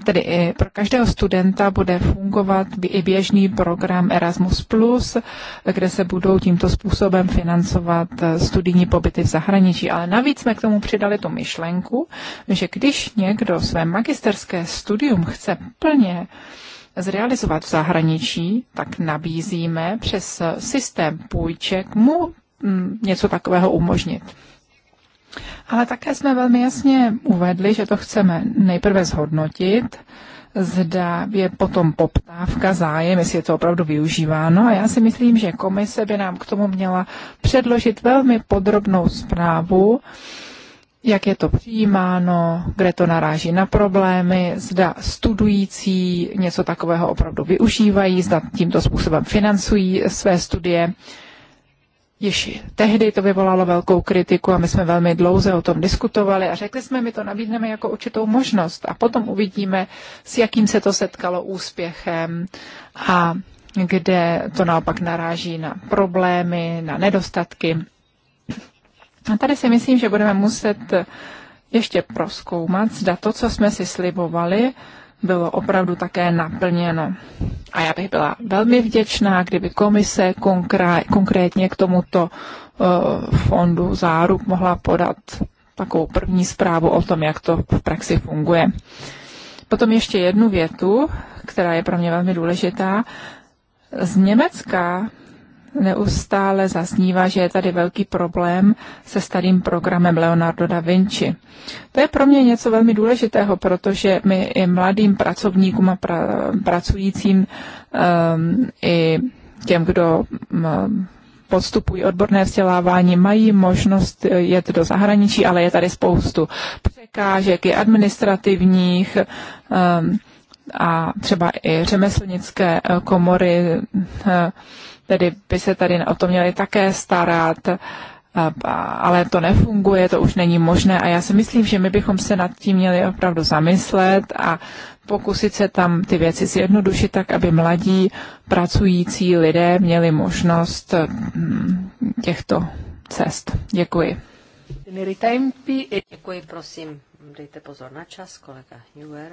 S4: tedy i pro každého studenta bude fungovat i běžný program Erasmus+, kde se budou tímto způsobem financovat eh, studijní pobyty v zahraničí. Ale navíc jsme k tomu přidali tu myšlenku, že když někdo své magisterské studium chce plně zrealizovat v zahraničí, tak nabízíme přes systém půjček mu mm, něco takového umožnit. Ale také jsme velmi jasně uvedli, že to chceme nejprve zhodnotit, zda je potom poptávka, zájem, jestli je to opravdu využíváno. A já si myslím, že komise by nám k tomu měla předložit velmi podrobnou zprávu, jak je to přijímáno, kde to naráží na problémy, zda studující něco takového opravdu využívají, zda tímto způsobem financují své studie. Již tehdy to vyvolalo velkou kritiku a my jsme velmi dlouze o tom diskutovali a řekli jsme, my to nabídneme jako určitou možnost a potom uvidíme, s jakým se to setkalo úspěchem a kde to naopak naráží na problémy, na nedostatky. A tady si myslím, že budeme muset ještě proskoumat, zda to, co jsme si slibovali, bylo opravdu také naplněno. A já bych byla velmi vděčná, kdyby komise konkrétně k tomuto eh, fondu záruk mohla podat takovou první zprávu o tom, jak to v praxi funguje. Potom ještě jednu větu, která je pro mě velmi důležitá. Z Německa neustále zasnívá, že je tady velký problém se starým programem Leonardo da Vinci. To je pro mě něco velmi důležitého, protože my i mladým pracovníkům a pra, pracujícím um, i těm, kdo um, podstupují odborné vzdělávání, mají možnost jet do zahraničí, ale je tady spoustu překážek i administrativních um, a třeba i řemeslnické e, komory e, tedy by se tady o to měli také starat, ale to nefunguje, to už není možné a já si myslím, že my bychom se nad tím měli opravdu zamyslet a pokusit se tam ty věci zjednodušit tak, aby mladí pracující lidé měli možnost hm, těchto cest. Děkuji.
S1: Děkuji, prosím. Dejte pozor na čas, kolega Newer.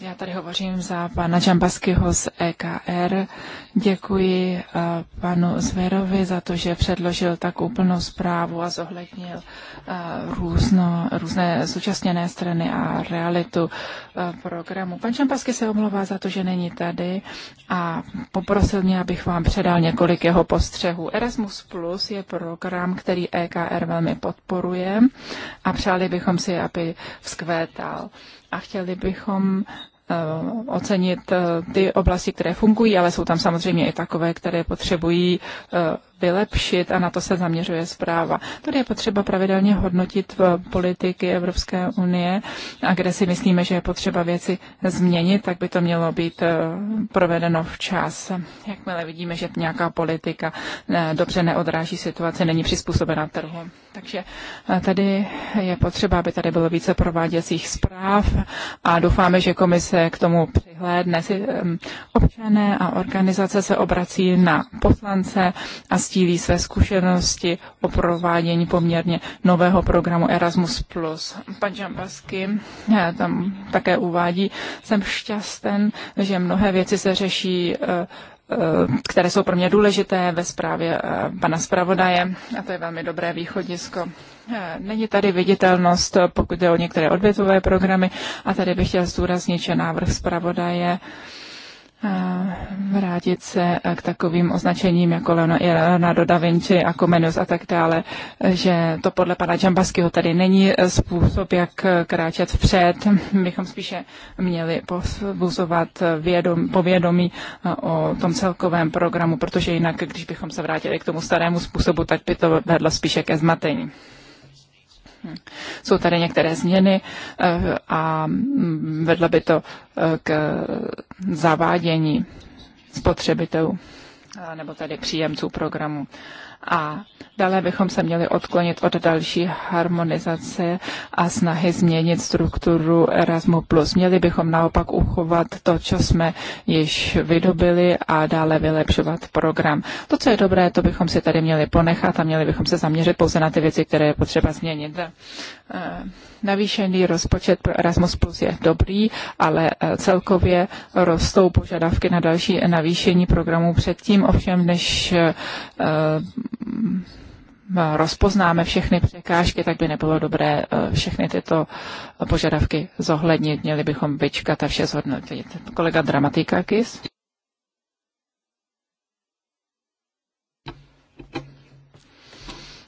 S4: Já tady hovořím za pana Čambaskyho z EKR. Děkuji panu Zverovi za to, že předložil tak úplnou zprávu a zohlednil různo, různé zúčastněné strany a realitu programu. Pan Čambasky se omlouvá za to, že není tady a poprosil mě, abych vám předal několik jeho postřehů. Erasmus Plus je program, který EKR velmi podporuje a přáli bychom si, aby vzkvétal a chtěli bychom eh, ocenit eh, ty oblasti, které fungují, ale jsou tam samozřejmě i takové, které potřebují eh, vylepšit a na to se zaměřuje zpráva. Tady je potřeba pravidelně hodnotit eh, politiky Evropské unie a kde si myslíme, že je potřeba věci změnit, tak by to mělo být eh, provedeno včas. Jakmile vidíme, že nějaká politika eh, dobře neodráží situaci, není přizpůsobena trhu. Takže tady je potřeba, aby tady bylo více prováděcích zpráv a doufáme, že komise k tomu přihlédne. Občané a organizace se obrací na poslance a sdílí své zkušenosti o provádění poměrně nového programu Erasmus+. Pan Žambasky eh, tam také uvádí, jsem šťasten, že mnohé věci se řeší eh, eh, které jsou pro mě důležité ve zprávě pana zpravodaje a to je velmi dobré východisko. Není tady viditelnost, pokud jde o některé odvětové programy a tady bych chtěl zdůraznit, že návrh zpravodaje vrátit se eh, k takovým označením jako Leonardo da Vinci a Comenius a tak dále, že to podle pana Čambaskyho tady není eh, způsob, jak eh, kráčet vpřed. Bychom spíše měli posvuzovat vědom, povědomí o tom celkovém programu, protože jinak, když bychom se vrátili k tomu starému způsobu, tak by to vedlo spíše ke zmatení. Jsou tady některé změny eh, a mm, vedlo by to eh, k zavádění spotřebitelů eh, nebo tady příjemců programu a dále bychom se měli odklonit od další harmonizace a snahy změnit strukturu Erasmu+. Měli bychom naopak uchovat to, co jsme již vydobili a dále vylepšovat program. To, co je dobré, to bychom si tady měli ponechat a měli bychom se zaměřit pouze na ty věci, které je potřeba změnit. Eh, navýšený rozpočet pro Erasmus Plus je dobrý, ale eh, celkově rostou požadavky na další navýšení programů předtím, ovšem než eh, Mm, rozpoznáme všechny překážky, tak by nebylo dobré eh, všechny tyto požadavky zohlednit. Měli bychom vyčkat a vše zhodnotit. Kolega Kis.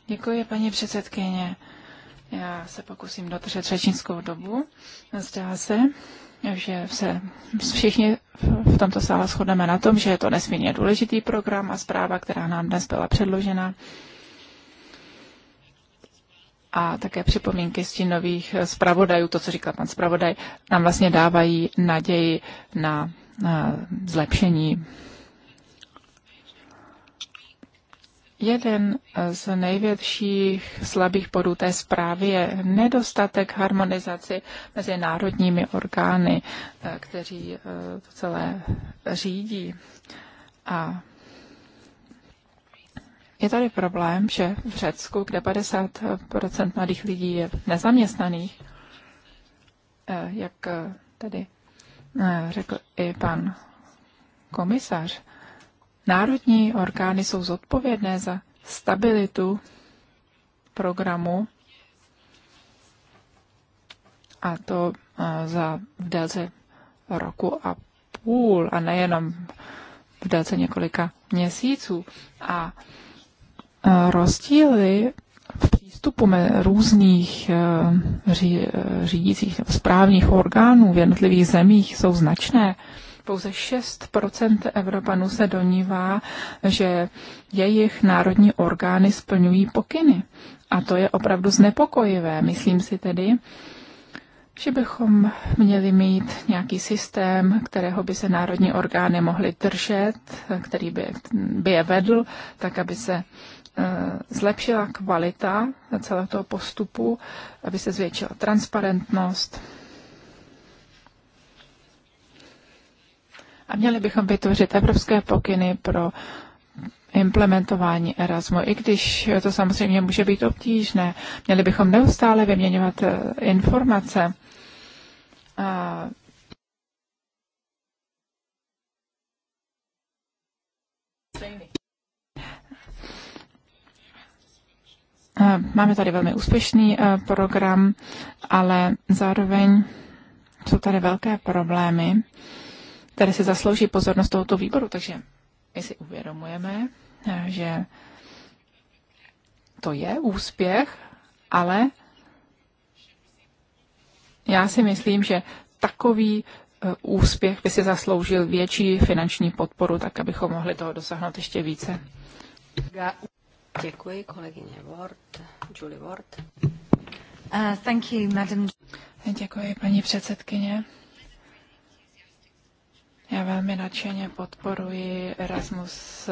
S4: Děkuji, paní předsedkyně. Já se pokusím dodržet řečnickou dobu. Zdá se, že se všichni v tomto sále shodneme na tom, že je to nesmírně důležitý program a zpráva, která nám dnes byla předložena. A také připomínky z těch nových zpravodajů, to, co říkal pan zpravodaj, nám vlastně dávají naději na, na zlepšení Jeden z největších slabých bodů té zprávy je nedostatek harmonizaci mezi národními orgány, eh, kteří eh, to celé řídí. A je tady problém, že v Řecku, kde 50 mladých lidí je nezaměstnaných, eh, jak tady řekl i pan komisař, národní orgány jsou zodpovědné za stabilitu programu a to eh, za v délce roku a půl a nejenom v délce několika měsíců. A eh, rozdíly v přístupu různých eh, řídících správních orgánů v jednotlivých zemích jsou značné pouze 6% Evropanů se donívá, že jejich národní orgány splňují pokyny. A to je opravdu znepokojivé. Myslím si tedy, že bychom měli mít nějaký systém, kterého by se národní orgány mohly držet, který by, by je vedl, tak aby se eh, zlepšila kvalita celého toho postupu, aby se zvětšila transparentnost a měli bychom vytvořit evropské pokyny pro implementování Erasmu, i když to samozřejmě může být obtížné. Měli bychom neustále vyměňovat eh, informace. A Máme tady velmi úspěšný eh, program, ale zároveň jsou tady velké problémy tady si zaslouží pozornost tohoto výboru. Takže my si uvědomujeme, že to je úspěch, ale já si myslím, že takový e, úspěch by si zasloužil větší finanční podporu, tak abychom mohli toho dosáhnout ještě více.
S1: Děkuji, kolegyně Ward,
S4: Julie Ward. Uh, thank you, madam. Děkuji, paní předsedkyně. Já velmi nadšeně podporuji Erasmus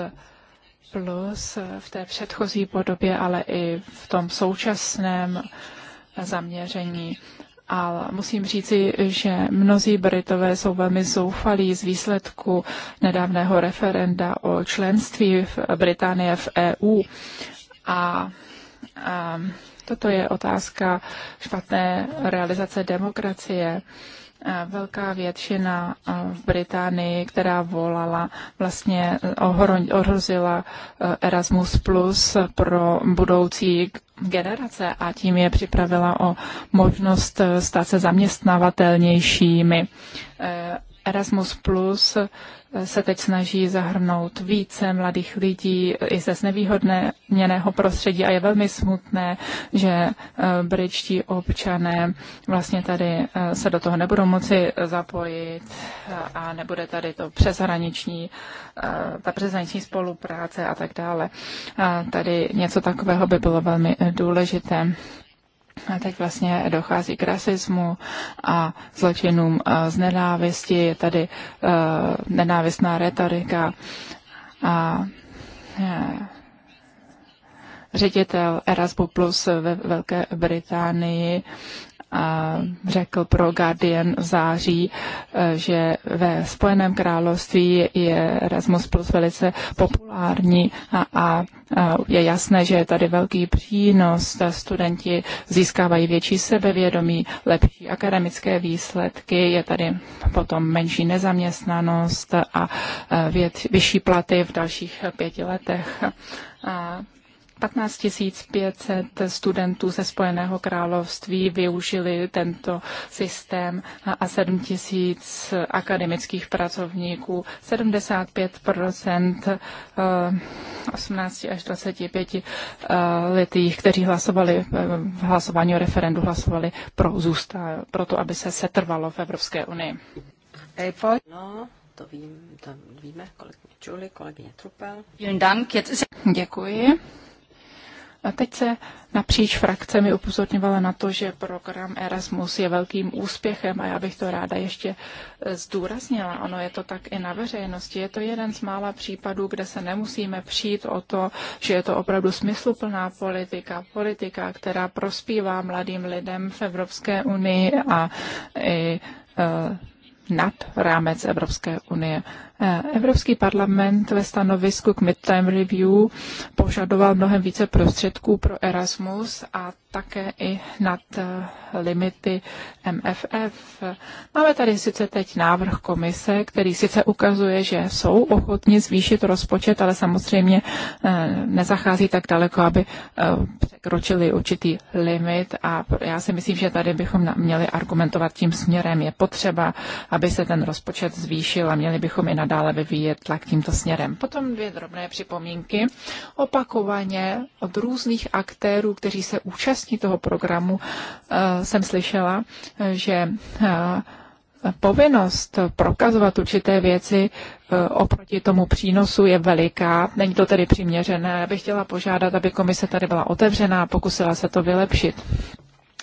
S4: Plus v té předchozí podobě, ale i v tom současném zaměření. A musím říci, že mnozí Britové jsou velmi zoufalí z výsledku nedávného referenda o členství v Británie v EU. A, a toto je otázka špatné realizace demokracie. Eh, velká většina eh, v Británii, která volala, vlastně eh, ohrozila Erasmus Plus pro budoucí generace a tím je připravila o možnost stát se zaměstnavatelnějšími. Erasmus Plus se teď snaží zahrnout více mladých lidí i ze znevýhodněného prostředí a je velmi smutné, že eh, britští občané vlastně tady eh, se do toho nebudou moci eh, zapojit a nebude tady to přeshraniční, ta přeshraniční spolupráce a tak dále. A tady něco takového by bylo velmi důležité. A teď vlastně dochází k rasismu a zločinům e, z nenávisti. Je tady e, nenávistná retorika. A e, ředitel Erasmus Plus ve Velké Británii řekl pro Guardian v září, e, že ve Spojeném království je Erasmus Plus velice populární a, a e, je jasné, že je tady velký přínos. Studenti získávají větší sebevědomí, lepší akademické výsledky, je tady potom menší nezaměstnanost a e, vět, vyšší platy v dalších pěti letech. A 15 500 studentů ze Spojeného království využili tento systém a 7 000 akademických pracovníků. 75 18 eh, až 25 eh, letých, kteří hlasovali eh, v hlasování o referendu, hlasovali pro, zůsta, pro to, aby se setrvalo v
S1: Evropské unii. No, to, vím, to víme, Kolik mě Čuli, kolegyně Trupel.
S4: Děkuji. A teď se napříč frakcemi upozorňovala na to, že program Erasmus je velkým úspěchem a já bych to ráda ještě e, zdůraznila. Ono je to tak i na veřejnosti. Je to jeden z mála případů, kde se nemusíme přijít o to, že je to opravdu smysluplná politika, politika, která prospívá mladým lidem v Evropské unii a i e, nad rámec Evropské unie. Eh, Evropský parlament ve stanovisku k midterm review požadoval mnohem více prostředků pro Erasmus a také i nad eh, limity MFF. Máme tady sice teď návrh komise, který sice ukazuje, že jsou ochotni zvýšit rozpočet, ale samozřejmě eh, nezachází tak daleko, aby překročili určitý limit a já si myslím, že tady bychom měli argumentovat tím směrem. Je potřeba, aby se ten rozpočet zvýšil a měli bychom i na nadále vyvíjet tlak tímto směrem. Potom dvě drobné připomínky. Opakovaně od různých aktérů, kteří se účastní toho programu, eh, jsem slyšela, eh, že eh, povinnost prokazovat určité věci oproti tomu přínosu je veliká. Není to tedy přiměřené. Já bych chtěla požádat, aby komise tady byla otevřená a pokusila se to vylepšit.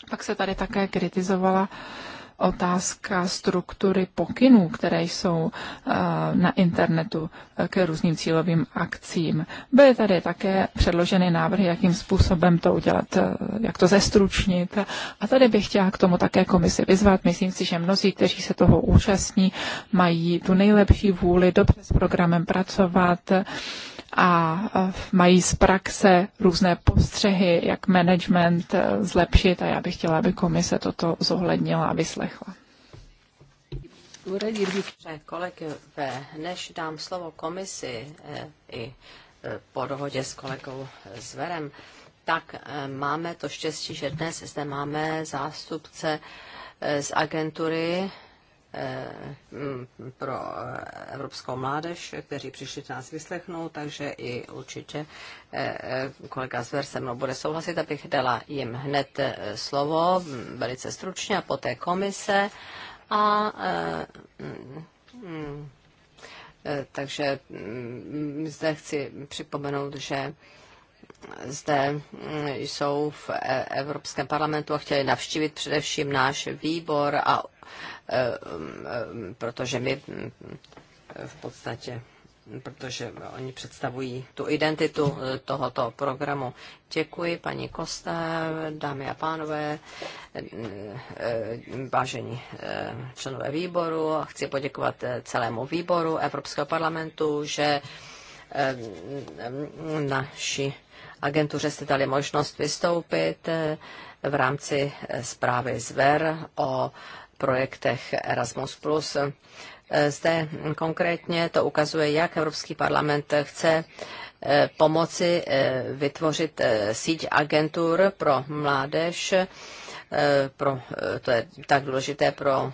S4: Pak se tady také kritizovala uh, otázka struktury pokynů, které jsou eh, na internetu eh, k různým cílovým akcím. Byly tady také předloženy návrhy, jakým způsobem to udělat, eh, jak to zestručnit. A tady bych chtěla k tomu také komisi vyzvat. Myslím si, že mnozí, kteří se toho účastní, mají tu nejlepší vůli dobře s programem pracovat a mají z praxe různé postřehy, jak management e, zlepšit a já bych chtěla, aby komise toto zohlednila a vyslechla.
S1: Kolegové, než dám slovo komisi e, i e, po dohodě s kolegou Zverem, tak máme to štěstí, že dnes zde máme zástupce z agentury Eh, mm, pro eh, evropskou mládež, kteří přišli nás vyslechnout, takže i určitě eh, kolega Zver se mnou bude souhlasit, abych dala jim hned slovo, mm, velice stručně, a poté komise. A mm, takže zde chci připomenout, že zde mm, jsou v e- Evropském parlamentu a chtěli navštívit především náš výbor, a, e, mm, e, protože my mm, v podstatě protože oni představují tu identitu tohoto programu. Děkuji, paní Kosta, dámy a pánové, vážení členové výboru. Chci poděkovat celému výboru Evropského parlamentu, že naši Agentuře jste dali možnost vystoupit eh, v rámci eh, zprávy ZVER o projektech Erasmus+. Eh, zde konkrétně to ukazuje, jak Evropský parlament chce pomoci vytvořit síť agentur pro mládež Eh, pro, eh, to je tak důležité pro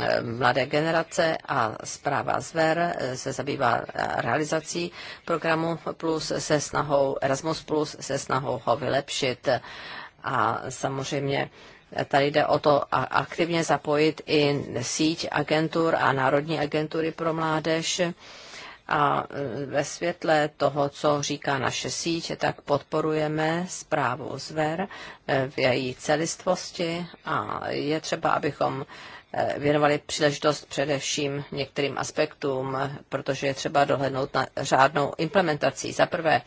S1: eh, mladé generace a zpráva Zver se zabývá realizací programu plus se snahou Erasmus plus se snahou ho vylepšit a samozřejmě Tady jde o to aktivně zapojit i síť agentur a národní agentury pro mládež a e, ve světle toho, co říká naše síť, tak podporujeme zprávu zver e, v její celistvosti a je třeba, abychom e, věnovali příležitost především některým aspektům, protože je třeba dohlednout na řádnou implementací. Za prvé,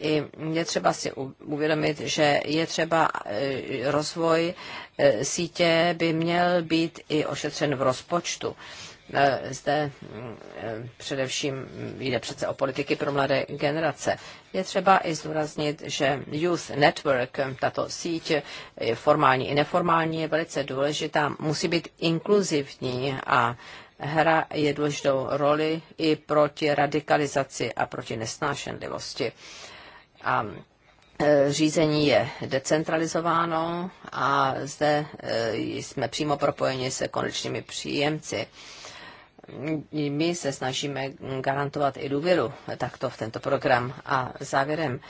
S1: i je třeba si uvědomit, že je třeba rozvoj sítě by měl být i ošetřen v rozpočtu. Eh, zde eh, především jde přece o politiky pro mladé generace. Je třeba i zdůraznit, že Youth Network, tato síť je formální i neformální, je velice důležitá, musí být inkluzivní a hra je důležitou roli i proti radikalizaci a proti nesnášenlivosti. A eh, řízení je decentralizováno a zde jsme přímo propojeni se konečnými příjemci my se snažíme garantovat i důvěru takto v tento program. A závěrem,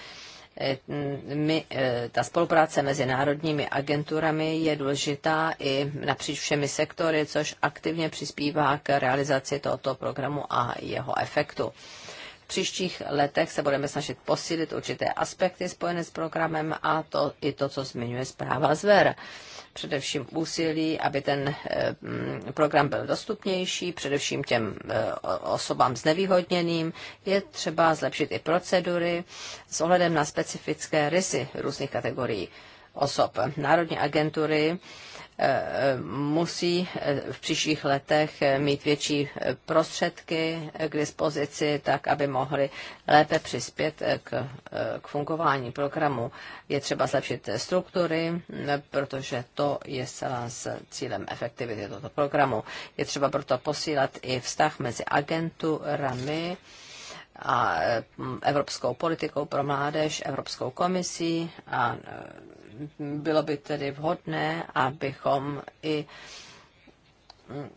S1: eh, my, eh, ta spolupráce mezi národními agenturami je důležitá i napříč všemi sektory, což aktivně přispívá k realizaci tohoto programu a jeho efektu. V příštích letech se budeme snažit posílit určité aspekty spojené s programem a to i to, co zmiňuje zpráva ZVER především úsilí, aby ten eh, mm, program byl dostupnější, především těm eh, osobám znevýhodněným. Je třeba zlepšit i procedury s ohledem na specifické rysy různých kategorií osob. Národní agentury Eh, eh, musí eh, v příštích letech mít větší prostředky k dispozici, tak aby mohli lépe přispět k, k fungování programu. Je třeba zlepšit struktury, protože to je s cílem efektivity tohoto programu. Je třeba proto posílat i vztah mezi agenturami, a evropskou politikou pro mládež, Evropskou komisí a bylo by tedy vhodné, abychom i mm,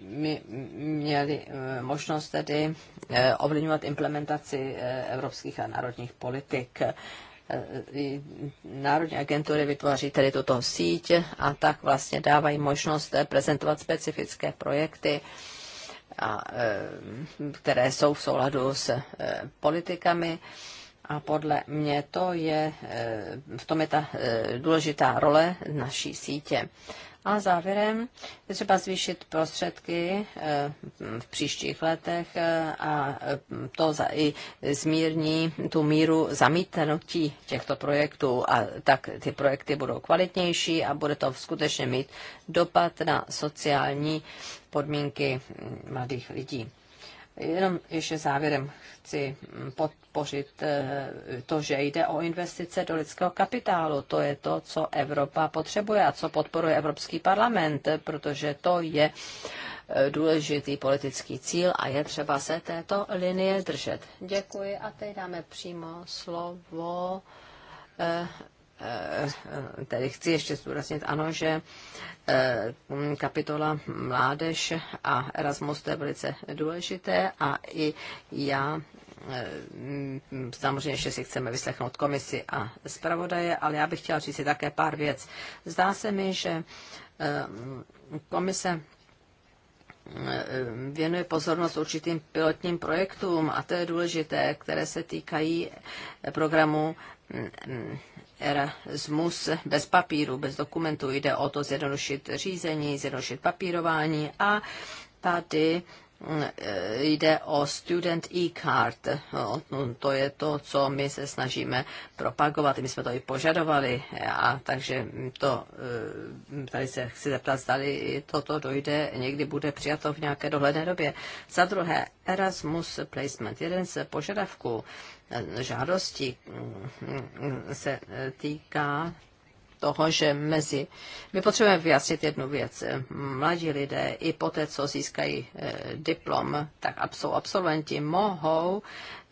S1: my měli eh, možnost tedy eh, ovlivňovat implementaci eh, evropských a národních politik. Národní agentury vytvoří tedy tuto síť a tak vlastně dávají možnost prezentovat specifické projekty, které jsou v souladu s politikami a podle mě to je, eh, v tom je ta eh, důležitá role naší sítě. A závěrem je třeba zvýšit prostředky eh, v příštích letech a to za i zmírní tu míru zamítnutí těchto projektů a tak ty projekty budou kvalitnější a bude to skutečně mít dopad na sociální podmínky mladých lidí. Jenom ještě závěrem chci podpořit eh, to, že jde o investice do lidského kapitálu. To je to, co Evropa potřebuje a co podporuje Evropský parlament, protože to je eh, důležitý politický cíl a je třeba se této linie držet. Děkuji a teď dáme přímo slovo eh, Eh, tedy chci ještě zdůraznit, ano, že eh, kapitola Mládež a Erasmus to je velice důležité a i já eh, samozřejmě, že si chceme vyslechnout komisi a zpravodaje, ale já bych chtěla říct si také pár věc. Zdá se mi, že komise věnuje pozornost určitým pilotním projektům, a to je důležité, které se týkají programu mm, Erasmus bez papíru, bez dokumentů. Jde o to zjednodušit řízení, zjednodušit papírování a tady mm, e, jde o student e-card. No, to je to, co my se snažíme propagovat. My jsme to i požadovali. A takže to, e, tady se chci zeptat, zda toto dojde, někdy bude přijato v nějaké dohledné době. Za druhé, Erasmus Placement. Jeden z požadavků žádosti mm, mm, se týká toho, že mezi... My potřebujeme vyjasnit jednu věc. Mladí lidé i po té, co získají eh, diplom, tak jsou absolventi, mohou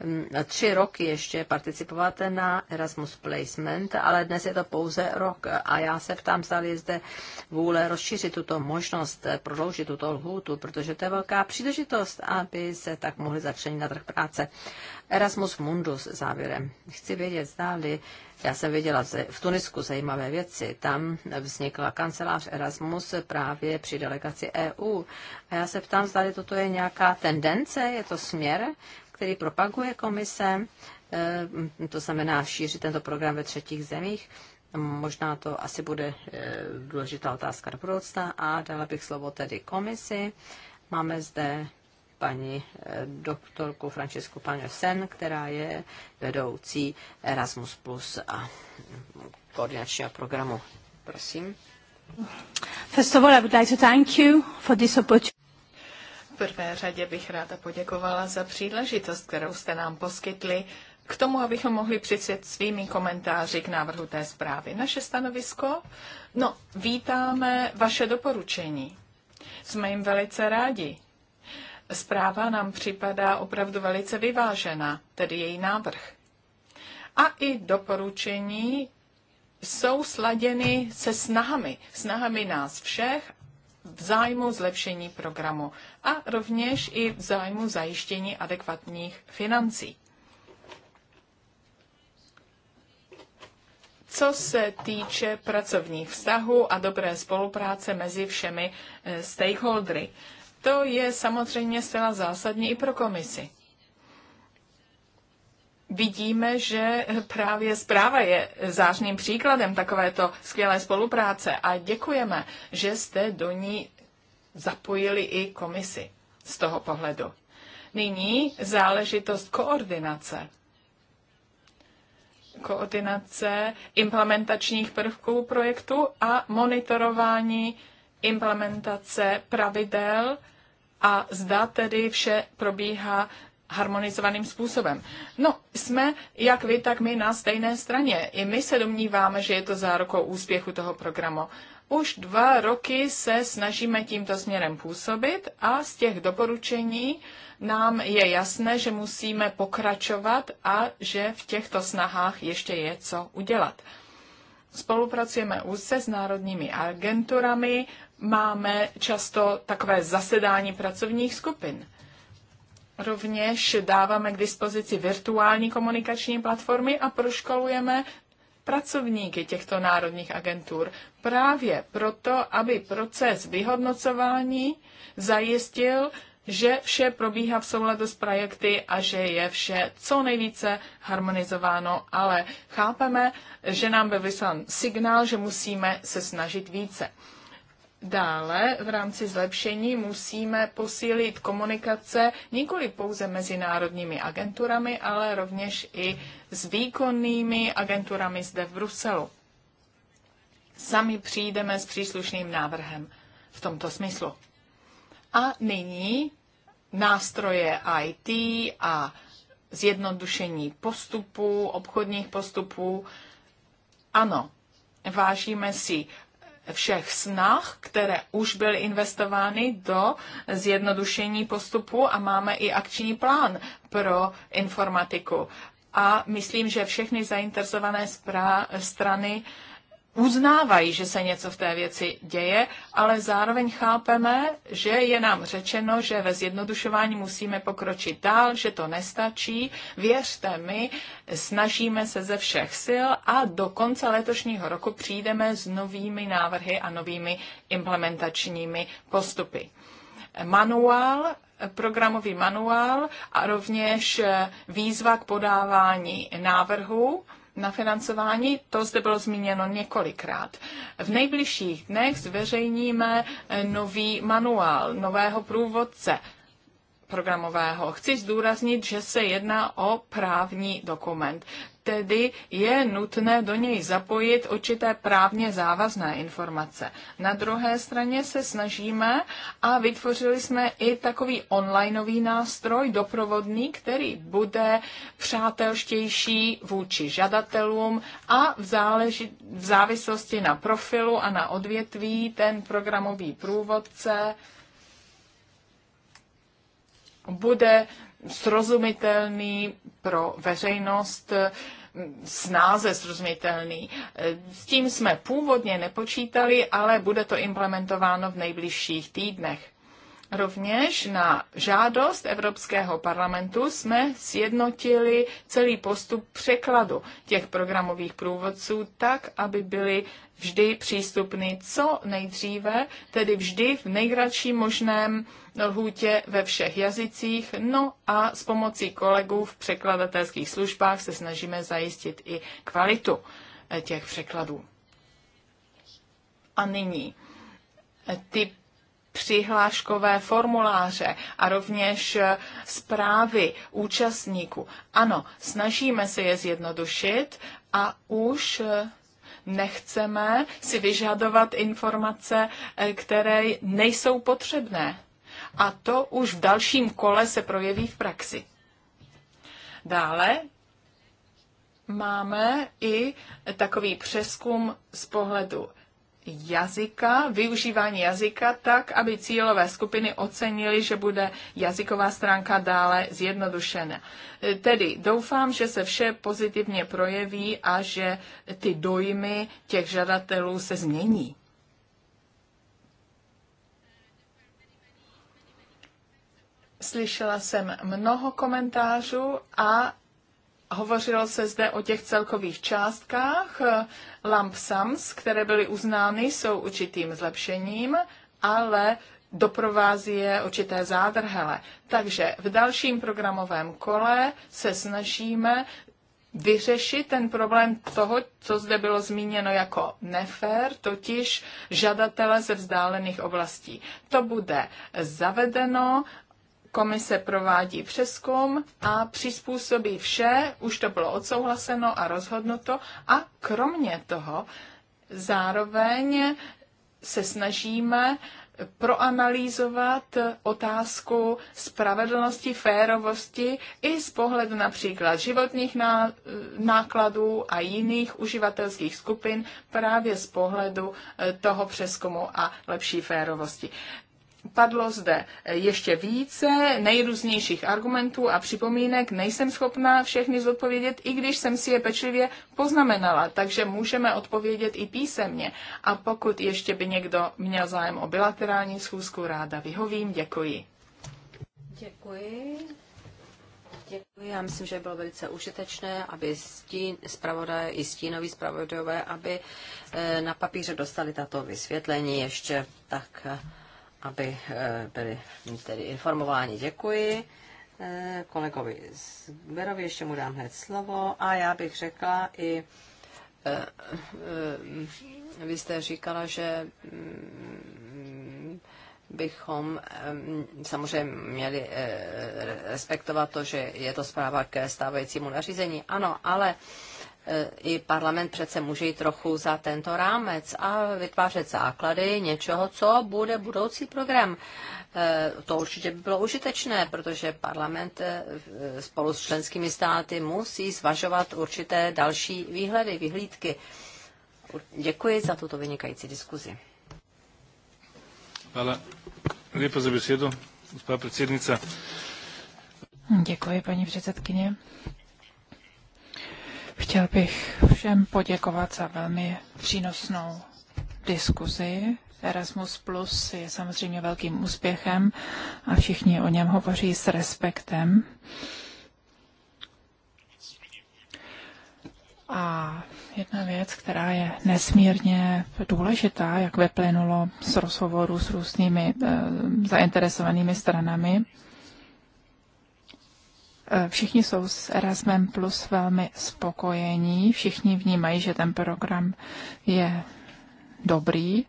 S1: mm, tři roky ještě participovat na Erasmus Placement, ale dnes je to pouze rok. A já se ptám, zda je zde vůle rozšířit tuto možnost, prodloužit tuto lhůtu, protože to je velká příležitost, aby se tak mohli začlenit na trh práce. Erasmus Mundus závěrem. Chci vědět, zdáli, já jsem viděla v Tunisku zajímavé věci. Tam vznikla kancelář Erasmus právě při delegaci EU. A já se ptám, zda toto je nějaká tendence, je to směr, který propaguje komise, e, to znamená šířit tento program ve třetích zemích. Možná to asi bude e, důležitá otázka do budoucna a dala bych slovo tedy komisi. Máme zde paní eh, doktorku Francisku Sen, která je vedoucí Erasmus Plus a koordinačního programu. Prosím.
S3: First of all, I would like to thank you for this opportunity.
S1: V
S2: prvé řadě bych ráda poděkovala za příležitost, kterou jste nám poskytli k tomu, abychom mohli přicet svými komentáři k návrhu té zprávy. Naše stanovisko? No, vítáme vaše doporučení. Jsme jim velice rádi zpráva nám připadá opravdu velice vyvážená, tedy její návrh. A i doporučení jsou sladěny se snahami, snahami nás všech v zájmu zlepšení programu a rovněž i v zájmu zajištění adekvatních financí. Co se týče pracovních vztahů a dobré spolupráce mezi všemi eh, stakeholdery, to je samozřejmě zcela zásadní i pro komisi. Vidíme, že právě zpráva je zářným příkladem takovéto skvělé spolupráce a děkujeme, že jste do ní zapojili i komisi z toho pohledu. Nyní záležitost koordinace koordinace implementačních prvků projektu a monitorování implementace pravidel a zda tedy vše probíhá harmonizovaným způsobem. No, jsme, jak vy, tak my na stejné straně. I my se domníváme, že je to zárukou úspěchu toho programu. Už dva roky se snažíme tímto směrem působit a z těch doporučení nám je jasné, že musíme pokračovat a že v těchto snahách ještě je co udělat. Spolupracujeme úzce s národními agenturami, máme často takové zasedání pracovních skupin. Rovněž dáváme k dispozici virtuální komunikační platformy a proškolujeme pracovníky těchto národních agentur právě proto, aby proces vyhodnocování zajistil, že vše probíhá v souladu s projekty a že je vše co nejvíce harmonizováno, ale chápeme, že nám byl vyslán signál, že musíme se snažit více. Dále v rámci zlepšení musíme posílit komunikace nikoli pouze mezinárodními agenturami, ale rovněž i s výkonnými agenturami zde v Bruselu. Sami přijdeme s příslušným návrhem v tomto smyslu. A nyní nástroje IT a zjednodušení postupů, obchodních postupů. Ano, vážíme si všech snah, které už byly investovány do zjednodušení postupu a máme i akční plán pro informatiku. A myslím, že všechny zainteresované strany uznávají, že se něco v té věci děje, ale zároveň chápeme, že je nám řečeno, že ve zjednodušování musíme pokročit dál, že to nestačí. Věřte mi, snažíme se ze všech sil a do konce letošního roku přijdeme s novými návrhy a novými implementačními postupy. Manuál programový manuál a rovněž eh, výzva k podávání návrhu na financování, to zde bylo zmíněno několikrát. V nejbližších dnech zveřejníme eh, nový manuál nového průvodce programového. Chci zdůraznit, že se jedná o právní dokument tedy je nutné do něj zapojit určité právně závazné informace. Na druhé straně se snažíme a vytvořili jsme i takový onlineový nástroj doprovodný, který bude přátelštější vůči žadatelům a v, záleži- v závislosti na profilu a na odvětví ten programový průvodce bude srozumitelný pro veřejnost, snáze srozumitelný. S tím jsme původně nepočítali, ale bude to implementováno v nejbližších týdnech. Rovněž na žádost Evropského parlamentu jsme sjednotili celý postup překladu těch programových průvodců tak, aby byly vždy přístupny co nejdříve, tedy vždy v nejkratším možném lhůtě ve všech jazycích, no a s pomocí kolegů v překladatelských službách se snažíme zajistit i kvalitu eh, těch překladů. A nyní eh, ty přihláškové formuláře a rovněž eh, zprávy účastníků. Ano, snažíme se je zjednodušit a už eh, nechceme si vyžadovat informace, eh, které nejsou potřebné. A to už v dalším kole se projeví v praxi. Dále máme i takový přeskum z pohledu jazyka, využívání jazyka tak, aby cílové skupiny ocenili, že bude jazyková stránka dále zjednodušena. E, tedy doufám, že se vše pozitivně projeví a že ty dojmy těch žadatelů se změní. Slyšela jsem mnoho komentářů a Hovořilo se zde o těch celkových částkách. Lump sums, které byly uznány, jsou určitým zlepšením, ale doprovází je určité zádrhele. Takže v dalším programovém kole se snažíme vyřešit ten problém toho, co zde bylo zmíněno jako nefér, totiž žadatele ze vzdálených oblastí. To bude zavedeno Komise provádí přeskum a přizpůsobí vše, už to bylo odsouhlaseno a rozhodnuto a kromě toho zároveň se snažíme proanalýzovat otázku spravedlnosti, férovosti i z pohledu například životních nákladů a jiných uživatelských skupin právě z pohledu eh, toho přeskumu a lepší férovosti. Padlo zde ještě více nejrůznějších argumentů a připomínek. Nejsem schopná všechny zodpovědět, i když jsem si je pečlivě poznamenala, takže můžeme odpovědět i písemně. A pokud ještě by někdo měl zájem o bilaterální schůzku, ráda vyhovím.
S1: Děkuji.
S3: Děkuji. Děkuji.
S1: Já myslím, že bylo velice užitečné, aby stín, zpravodaj, i stínoví zpravodajové, aby eh, na papíře dostali tato vysvětlení ještě tak eh, aby eh, byli tedy informováni. Děkuji eh, kolegovi Zberovi, ještě mu dám hned slovo a já bych řekla i eh, vy jste říkala, že mm, bychom mm, samozřejmě měli respektovat to, že je to zpráva ke stávajícímu nařízení. Ano, ale E, i parlament přece může jít trochu za tento rámec a vytvářet základy něčeho, co bude budoucí program. E, to určitě by bylo užitečné, protože parlament e, spolu s členskými státy musí zvažovat určité další výhledy, vyhlídky. Děkuji za tuto vynikající diskuzi.
S3: Hvala Lepo za besedu, gospa predsednica.
S1: Děkuji, paní předsedkyně.
S4: Chtěl bych všem poděkovat za velmi přínosnou diskuzi. Erasmus Plus je samozřejmě velkým úspěchem a všichni o něm hovoří s respektem. A jedna věc, která je nesmírně důležitá, jak vyplynulo z rozhovoru s různými e, zainteresovanými stranami, Eh, všichni jsou s Erasmem Plus velmi spokojení, všichni vnímají, že ten program je dobrý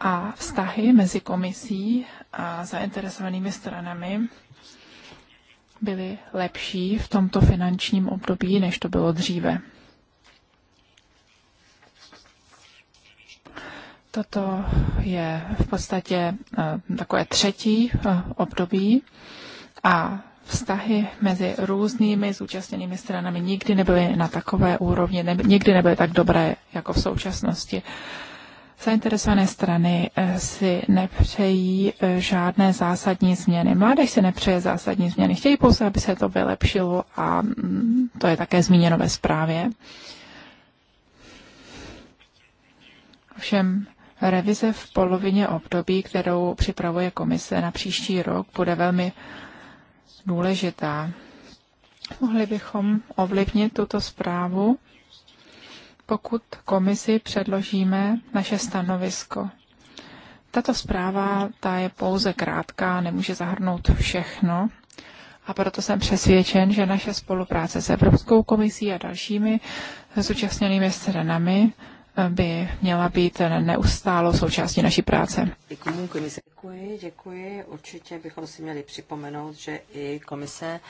S4: a vztahy mezi komisí a zainteresovanými stranami byly lepší v tomto finančním období, než to bylo dříve. Toto je v podstatě eh, takové třetí eh, období a vztahy mezi různými zúčastněnými stranami nikdy nebyly na takové úrovni, ne, nikdy nebyly tak dobré jako v současnosti. Zainteresované strany eh, si nepřejí eh, žádné zásadní změny. Mládež si nepřeje zásadní změny. Chtějí pouze, aby se to vylepšilo a mm, to je také zmíněno ve zprávě. Ovšem revize v polovině období, kterou připravuje komise na příští rok, bude velmi důležitá. Mohli bychom ovlivnit tuto zprávu, pokud komisi předložíme naše stanovisko. Tato zpráva ta je pouze krátká, nemůže zahrnout všechno, a proto jsem přesvědčen, že naše spolupráce s Evropskou komisí a dalšími zúčastněnými stranami by měla být neustálo součástí naší práce.
S1: Děkuji, děkuji. Určitě bychom si měli připomenout, že i komise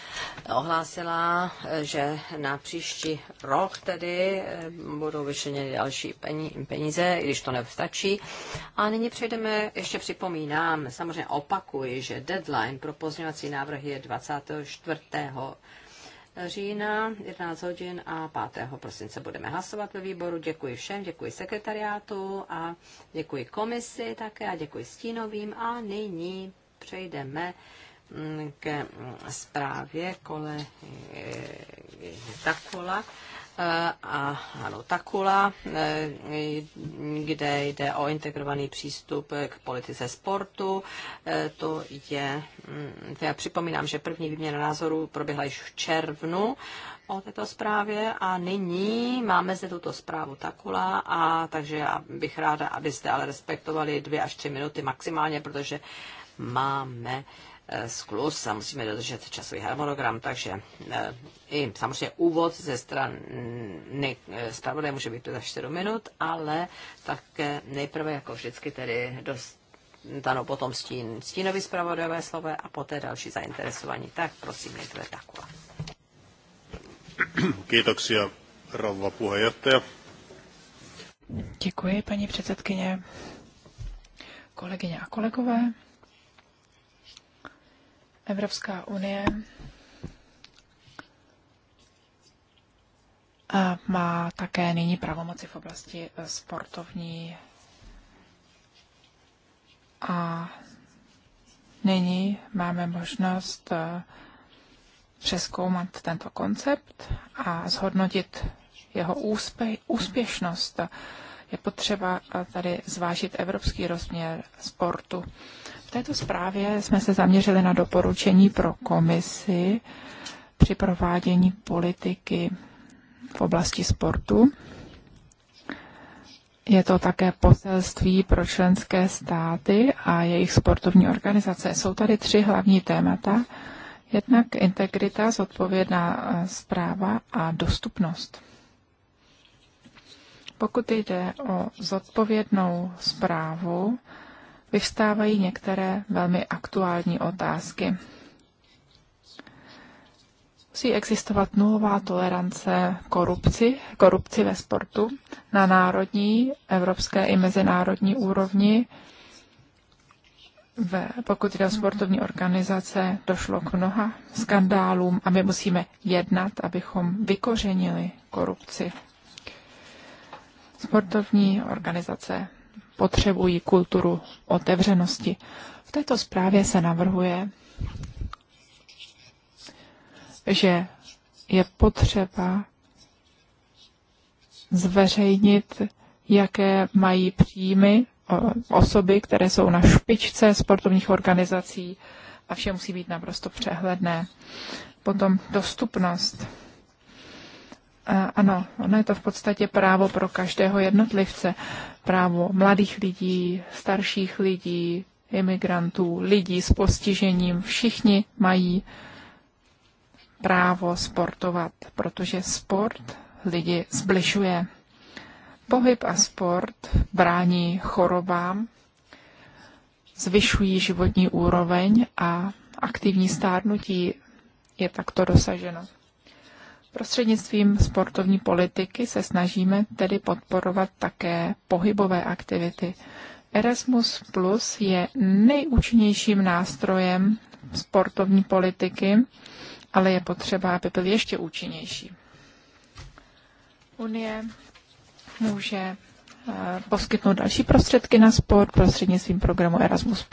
S1: ohlásila, že na příští rok tedy eh, budou vyšeněny další peníze, i když to nevstačí. A nyní přejdeme, ještě připomínám, samozřejmě opakuji, že deadline pro pozměňovací návrh je 24 října 11 hodin a 5. prosince budeme hlasovat ve výboru. Děkuji všem, děkuji sekretariátu a děkuji komisi také a děkuji stínovým a nyní přejdeme mm, ke mm, zprávě kole Takola. Eh, a Hanu Takula, eh, kde jde o integrovaný přístup k politice sportu. Eh, to je, to mm, já připomínám, že první výměna názorů proběhla již v červnu o této zprávě a nyní máme zde tuto zprávu Takula a takže já bych ráda, abyste ale respektovali dvě až tři minuty maximálně, protože máme uh, Eh, sklus a musíme dodržet časový harmonogram, takže eh, i samozřejmě úvod ze strany eh, zpravodaje může být za 4 minut, ale také nejprve jako vždycky tedy dostanou potom stín, stínový zpravodajové slovo a poté další zainteresovaní. Tak prosím, nejprve takhle.
S3: Kiitoksia, rouva puheenjohtaja.
S4: Děkuji, paní předsedkyně, kolegyně a kolegové. Evropská unie má také nyní pravomoci v oblasti eh, sportovní a nyní máme možnost eh, přeskoumat tento koncept a zhodnotit jeho úspěšnost je potřeba eh, tady zvážit evropský rozměr sportu. V této zprávě jsme se zaměřili na doporučení pro komisi při provádění politiky v oblasti sportu. Je to také poselství pro členské státy a jejich sportovní organizace. Jsou tady tři hlavní témata. Jednak integrita, zodpovědná zpráva eh, a dostupnost. Pokud jde o zodpovědnou zprávu, vyvstávají některé velmi aktuální otázky. Musí existovat nulová tolerance korupci, korupci ve sportu na národní, evropské i mezinárodní úrovni. Ve, pokud jde o sportovní organizace, došlo k mnoha skandálům a my musíme jednat, abychom vykořenili korupci Sportovní organizace potřebují kulturu otevřenosti. V této zprávě se navrhuje, že je potřeba zveřejnit, jaké mají příjmy osoby, které jsou na špičce sportovních organizací a vše musí být naprosto přehledné. Potom dostupnost ano, ono je to v podstatě právo pro každého jednotlivce. Právo mladých lidí, starších lidí, imigrantů, lidí s postižením. Všichni mají právo sportovat, protože sport lidi zbližuje. Pohyb a sport brání chorobám, zvyšují životní úroveň a aktivní stárnutí je takto dosaženo. Prostřednictvím sportovní politiky se snažíme tedy podporovat také pohybové aktivity. Erasmus Plus je nejúčinnějším nástrojem sportovní politiky, ale je potřeba, aby byl ještě účinnější. Unie může eh, poskytnout další prostředky na sport prostřednictvím programu Erasmus+.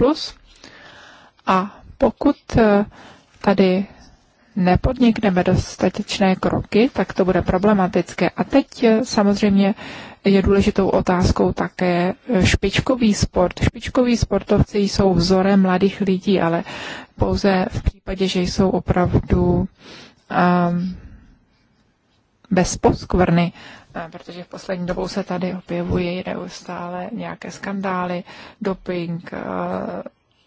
S4: A pokud eh, tady nepodnikneme dostatečné kroky, tak to bude problematické. A teď eh, samozřejmě je důležitou otázkou také eh, špičkový sport. Špičkoví sportovci jsou vzorem mladých lidí, ale pouze v případě, že jsou opravdu um, bez poskvrny, eh, protože v poslední dobou se tady objevují neustále nějaké skandály, doping,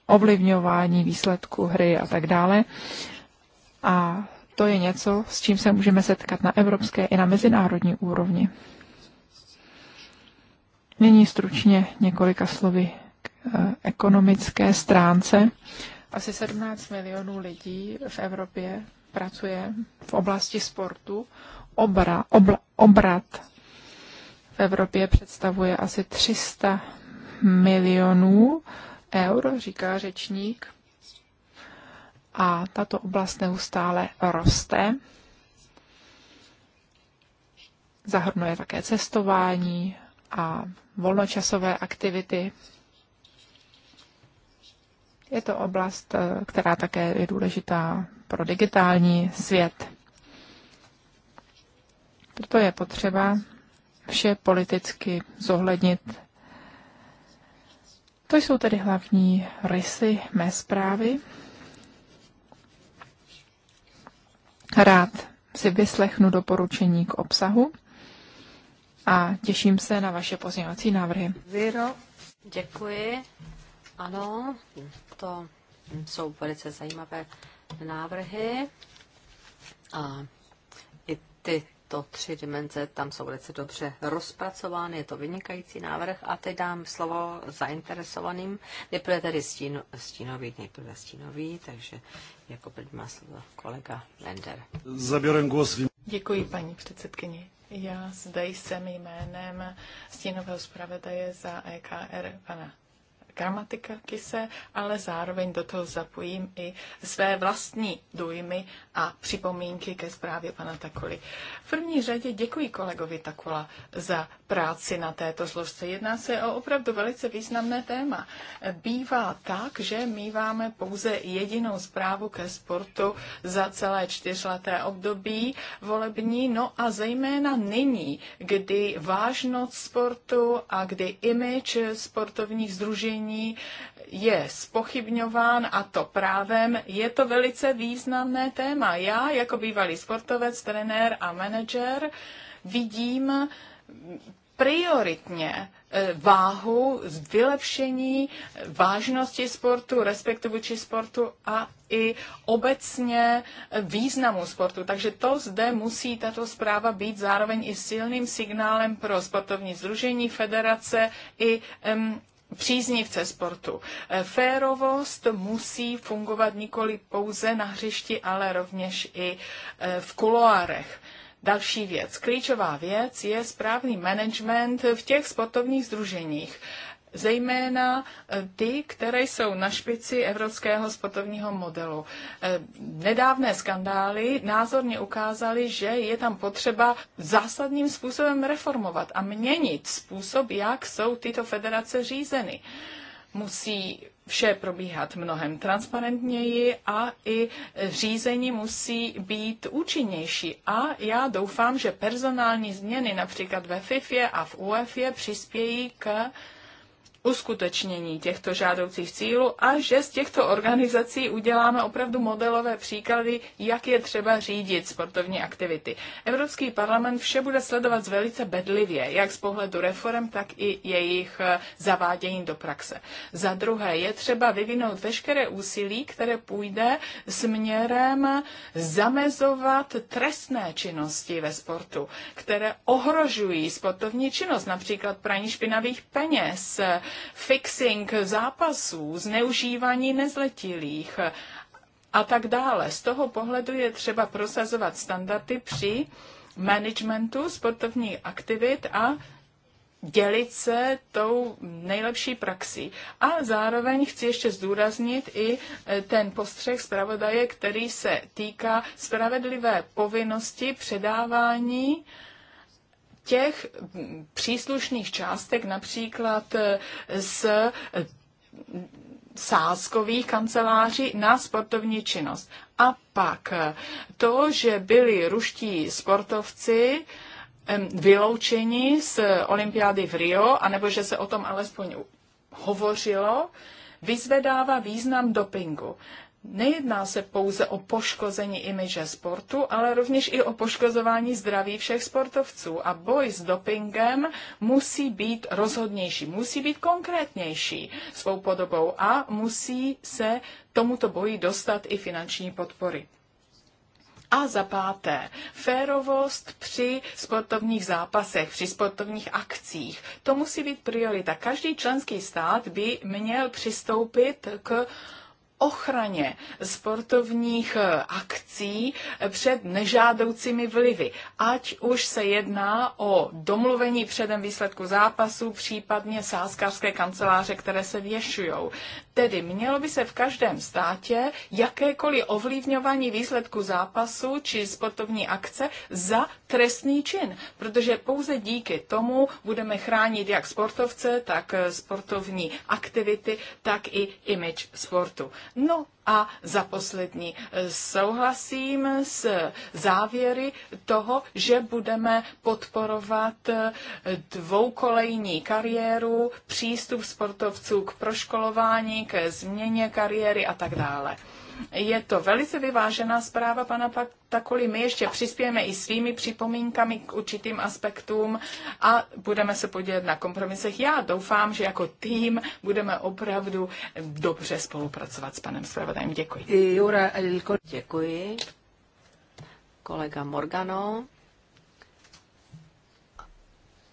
S4: ovlivňování výsledku hry a tak dále. A to je něco, s čím se můžeme setkat na evropské i na mezinárodní úrovni. Nyní stručně několika slovy k eh, ekonomické stránce. Asi 17 milionů lidí v Evropě pracuje v oblasti sportu. Obra, obla, obrat v Evropě představuje asi 300 milionů eur, říká řečník a tato oblast neustále roste. Zahrnuje také cestování a volnočasové aktivity. Je to oblast, eh, která také je důležitá pro digitální svět. Proto je potřeba vše politicky zohlednit. To jsou tedy hlavní rysy mé zprávy. Rád si vyslechnu doporučení k obsahu a těším se na vaše pozměňovací návrhy.
S1: Viro. Děkuji. Ano, to jsou velice zajímavé návrhy. A i tyto tři dimenze tam jsou velice dobře rozpracovány, je to vynikající návrh. A teď dám slovo zainteresovaným. Nejprve tedy stín, stínový, nejprve stínový, takže jako první má slovo kolega Lender.
S2: Zabírám głos. Děkuji, paní předsedkyni. Já zde jsem jménem stínového zpravodaje za EKR pana gramatika kise, ale zároveň do toho zapojím i své vlastní dojmy a připomínky ke zprávě pana Takoli. V první řadě děkuji kolegovi Takula za práci na této složce. Jedná se o opravdu velice významné téma. Bývá tak, že míváme pouze jedinou zprávu ke sportu za celé čtyřleté období volební, no a zejména nyní, kdy vážnost sportu a kdy image sportovních združení nyní je spochybňován a to právem, je to velice významné téma. Já jako bývalý sportovec, trenér a manažer vidím prioritně e, váhu vylepšení vážnosti sportu, respektu či sportu a i obecně významu sportu. Takže to zde musí tato zpráva být zároveň i silným signálem pro sportovní združení, federace i um, příznivce sportu. E, férovost musí fungovat nikoli pouze na hřišti, ale rovněž i e, v kuloárech. Další věc, klíčová věc je správný management v těch sportovních združeních zejména eh, ty, které jsou na špici evropského sportovního modelu. Eh, nedávné skandály názorně ukázaly, že je tam potřeba zásadním způsobem reformovat a měnit způsob, jak jsou tyto federace řízeny. Musí vše probíhat mnohem transparentněji a i řízení musí být účinnější. A já doufám, že personální změny například ve FIFA a v UEFA přispějí k uskutečnění těchto žádoucích cílů a že z těchto organizací uděláme opravdu modelové příklady, jak je třeba řídit sportovní aktivity. Evropský parlament vše bude sledovat velice bedlivě, jak z pohledu reform, tak i jejich eh, zavádění do praxe. Za druhé je třeba vyvinout veškeré úsilí, které půjde směrem zamezovat trestné činnosti ve sportu, které ohrožují sportovní činnost, například praní špinavých peněz, fixing zápasů, zneužívání nezletilých a tak dále. Z toho pohledu je třeba prosazovat standardy při managementu sportovních aktivit a dělit se tou nejlepší praxí. A zároveň chci ještě zdůraznit i e, ten postřeh zpravodaje, který se týká spravedlivé povinnosti předávání uh, těch příslušných částek, například eh, z eh, sázkových kanceláří na sportovní činnost. A pak eh, to, že byli ruští sportovci vyloučeni z olympiády v Rio, anebo že se o tom alespoň hovořilo, vyzvedává význam dopingu nejedná se pouze o poškození imiže sportu, ale rovněž i o poškozování zdraví všech sportovců. A boj s dopingem musí být rozhodnější, musí být konkrétnější svou podobou a musí se tomuto boji dostat i finanční podpory. A za páté, férovost při sportovních zápasech, při sportovních akcích. To musí být priorita. Každý členský stát by měl přistoupit k ochraně sportovních eh, akcí eh, před nežádoucími vlivy. Ať už se jedná o domluvení předem výsledku zápasu, případně sáskařské kanceláře, které se věšují, Tedy mělo by se v každém státě jakékoliv ovlivňování výsledku zápasu či sportovní akce za trestný čin, protože pouze díky tomu budeme chránit jak sportovce, tak sportovní aktivity, tak i image sportu. No a za poslední, eh, souhlasím s závěry toho, že budeme podporovat eh, dvoukolejní kariéru, přístup sportovců k proškolování, ke změně kariéry a tak dále. Je to velice vyvážená zpráva pana takoli My ještě přispějeme i svými připomínkami k určitým aspektům a budeme se podílet na kompromisech. Já doufám, že jako tým budeme opravdu dobře spolupracovat s panem zpravodajem. Děkuji. Jura,
S1: děkuji. Kolega Morgano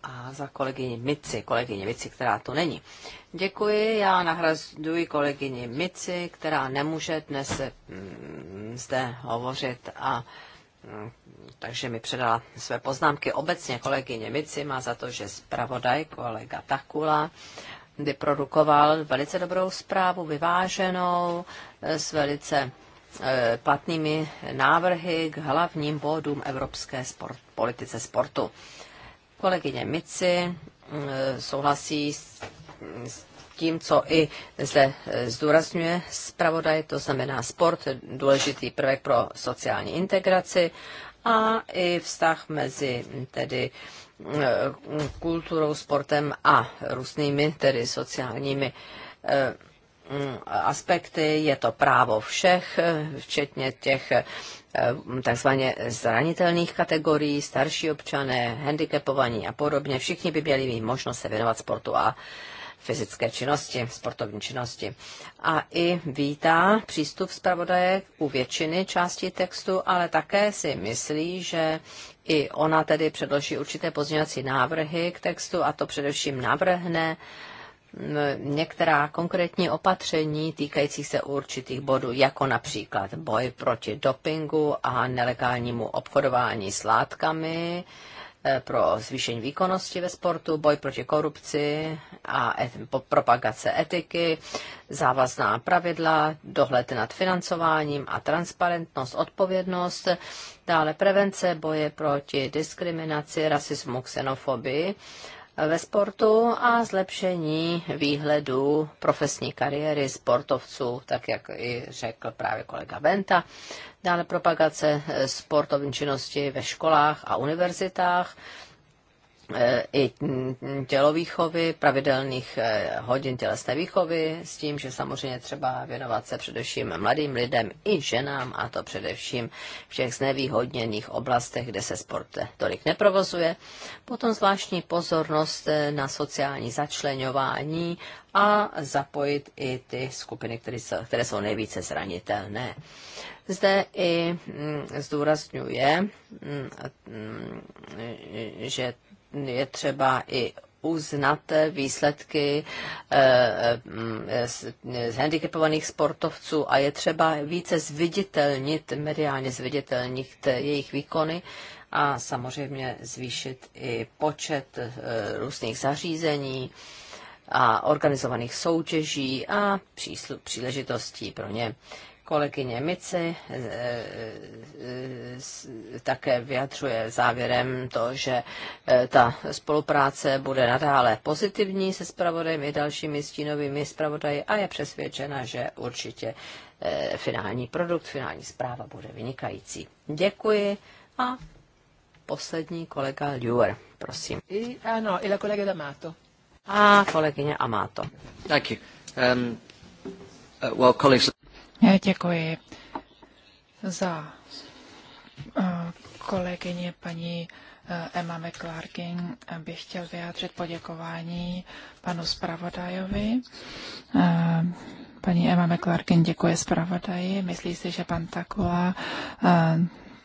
S1: a za kolegyni Mici, kolegyni Mici, která tu není. Děkuji, já nahrazuji kolegyni Mici, která nemůže dnes mm, zde hovořit a mm, takže mi předala své poznámky. Obecně kolegyně Mici má za to, že zpravodaj kolega Takula vyprodukoval velice dobrou zprávu, vyváženou, eh, s velice eh, platnými návrhy k hlavním bodům evropské sport, politice sportu. Kolegyně Mici mm, souhlasí s tím, co i zde e, zdůrazňuje zpravodaj, to znamená sport, důležitý prvek pro sociální integraci a i vztah mezi tedy e, kulturou, sportem a různými tedy sociálními e, mm, aspekty. Je to právo všech, včetně těch Eh, takzvaně zranitelných kategorií, starší občané, handicapovaní a podobně. Všichni by měli mít možnost se věnovat sportu a fyzické činnosti, sportovní činnosti. A i vítá přístup zpravodaje u většiny části textu, ale také si myslí, že i ona tedy předloží určité pozměňovací návrhy k textu a to především navrhne uh, některá konkrétní opatření týkající se určitých bodů, jako například boj proti dopingu a nelegálnímu obchodování s látkami e, pro zvýšení výkonnosti ve sportu, boj proti korupci a et, propagace etiky, závazná pravidla, dohled nad financováním a transparentnost, odpovědnost, dále prevence boje proti diskriminaci, rasismu, xenofobii ve sportu a zlepšení výhledu profesní kariéry sportovců, tak jak i řekl právě kolega Venta. Dále propagace sportovní činnosti ve školách a univerzitách Eh, i tělovýchovy, pravidelných eh, hodin tělesné výchovy, s tím, že samozřejmě třeba věnovat se především mladým lidem i ženám, a to především v těch znevýhodněných oblastech, kde se sport eh, tolik neprovozuje. Potom zvláštní pozornost na sociální začlenování a zapojit i ty skupiny, které jsou, které jsou nejvíce zranitelné. Zde i mm, zdůrazňuje, mm, mm, že je třeba i uznat výsledky eh, eh, z handicapovaných sportovců a je třeba více zviditelnit, mediálně zviditelnit jejich výkony a samozřejmě zvýšit i počet eh, různých zařízení a organizovaných soutěží a příležitostí pro ně kolegyně Mici eh, eh, také vyjadřuje závěrem to, že eh, ta spolupráce bude nadále pozitivní se zpravodajem i dalšími stínovými spravodaji a je přesvědčena, že určitě finální produkt, finální zpráva bude vynikající. Děkuji a poslední kolega Ljuer, prosím.
S4: I, ano, i la kolega D'Amato.
S1: A kolegyně Amato. Thank you. Um, uh, well, colleagues...
S4: Děkuji za eh, kolegyně paní eh, Emma McClarkin bych chtěl vyjádřit poděkování panu zpravodajovi. Eh, paní Emma McClarkin děkuje zpravodaji. Myslí si, že pan Takula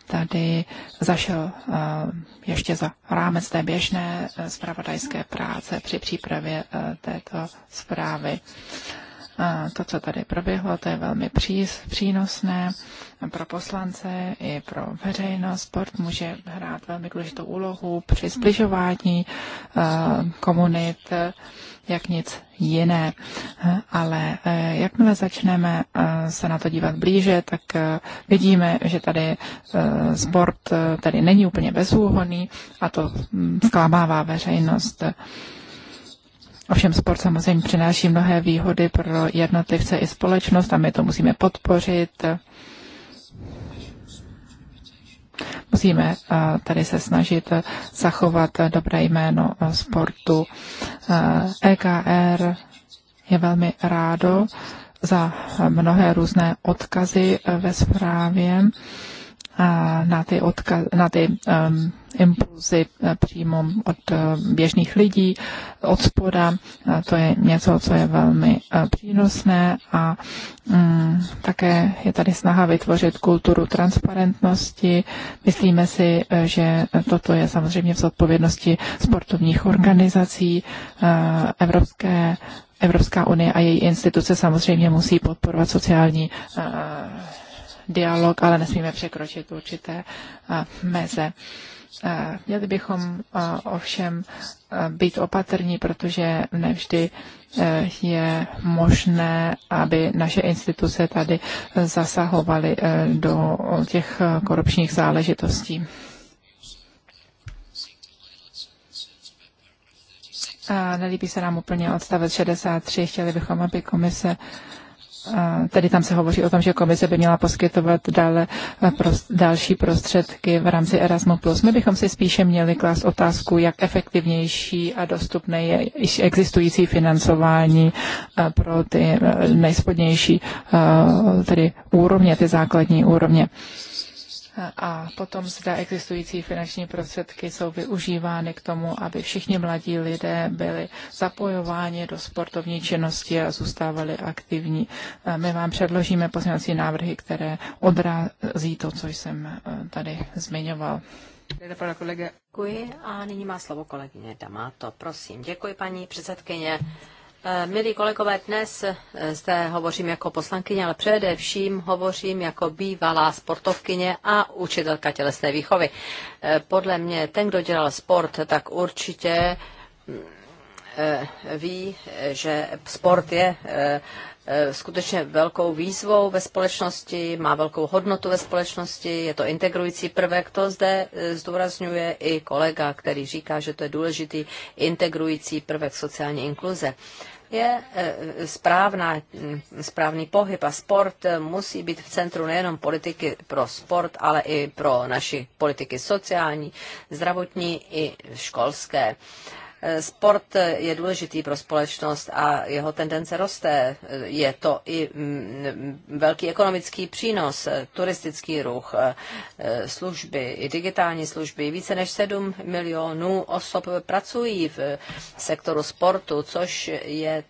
S4: tady zašel ještě za rámec té běžné zpravodajské práce při přípravě této zprávy to, co tady proběhlo, to je velmi přínosné pro poslance i pro veřejnost. Sport může hrát velmi důležitou úlohu při zbližování eh, komunit, jak nic jiné. Ale eh, jakmile začneme eh, se na to dívat blíže, tak vidíme, že tady sport tady není úplně bezúhonný a to hm, zklamává veřejnost. Ovšem sport samozřejmě přináší mnohé výhody pro jednotlivce i společnost a my to musíme podpořit. Musíme eh, tady se snažit zachovat dobré jméno eh, sportu. EKR eh, e je velmi rádo za mnohé různé odkazy ve zprávě na ty, odkaz, na ty um, impulzy eh, přímo od eh, běžných lidí, od spoda. To je něco, co je velmi eh, přínosné a um, také je tady snaha vytvořit kulturu transparentnosti. Myslíme si, že toto je samozřejmě v zodpovědnosti sportovních organizací uh, Evropské Evropská unie a její instituce samozřejmě musí podporovat sociální uh, dialog, ale nesmíme překročit určité eh, meze. Eh, měli bychom eh, ovšem být opatrní, protože nevždy je možné, aby naše instituce tady zasahovaly do těch korupčních záležitostí. A nelíbí se nám úplně odstavec 63. Chtěli bychom, aby komise uh, tedy tam se hovoří o tom, že komise by měla poskytovat dále prost, další prostředky v rámci Erasmus+. My bychom si spíše měli klást otázku, jak efektivnější a dostupné je existující financování pro ty e, nejspodnější tedy úrovně, ty základní úrovně a potom zda existující finanční prostředky jsou využívány k tomu, aby všichni mladí lidé byli zapojováni do sportovní činnosti a zůstávali aktivní. E, my vám předložíme pozměňovací návrhy, které odrazí to, co jsem e, tady zmiňoval.
S1: Děkuji a nyní má slovo kolegyně Damato. Prosím, děkuji paní předsedkyně. Eh, milí kolegové, dnes eh, zde hovořím jako poslankyně, ale především hovořím jako bývalá sportovkyně a učitelka tělesné výchovy. Eh, podle mě ten, kdo dělal sport, tak určitě mm, ví, že sport je E, skutečně velkou výzvou ve společnosti, má velkou hodnotu ve společnosti, je to integrující prvek. To zde e, zdůrazňuje i kolega, který říká, že to je důležitý integrující prvek sociální inkluze je e, správná, správný pohyb a sport musí být v centru nejenom politiky pro sport, ale i pro naši politiky sociální, zdravotní i školské. Eh, sport eh, je důležitý pro společnost a jeho tendence roste. Eh, je to i mm, mm, velký ekonomický přínos, turistický ruch, služby, i digitální služby. Více než 7 milionů osob pracují v sektoru sportu, což je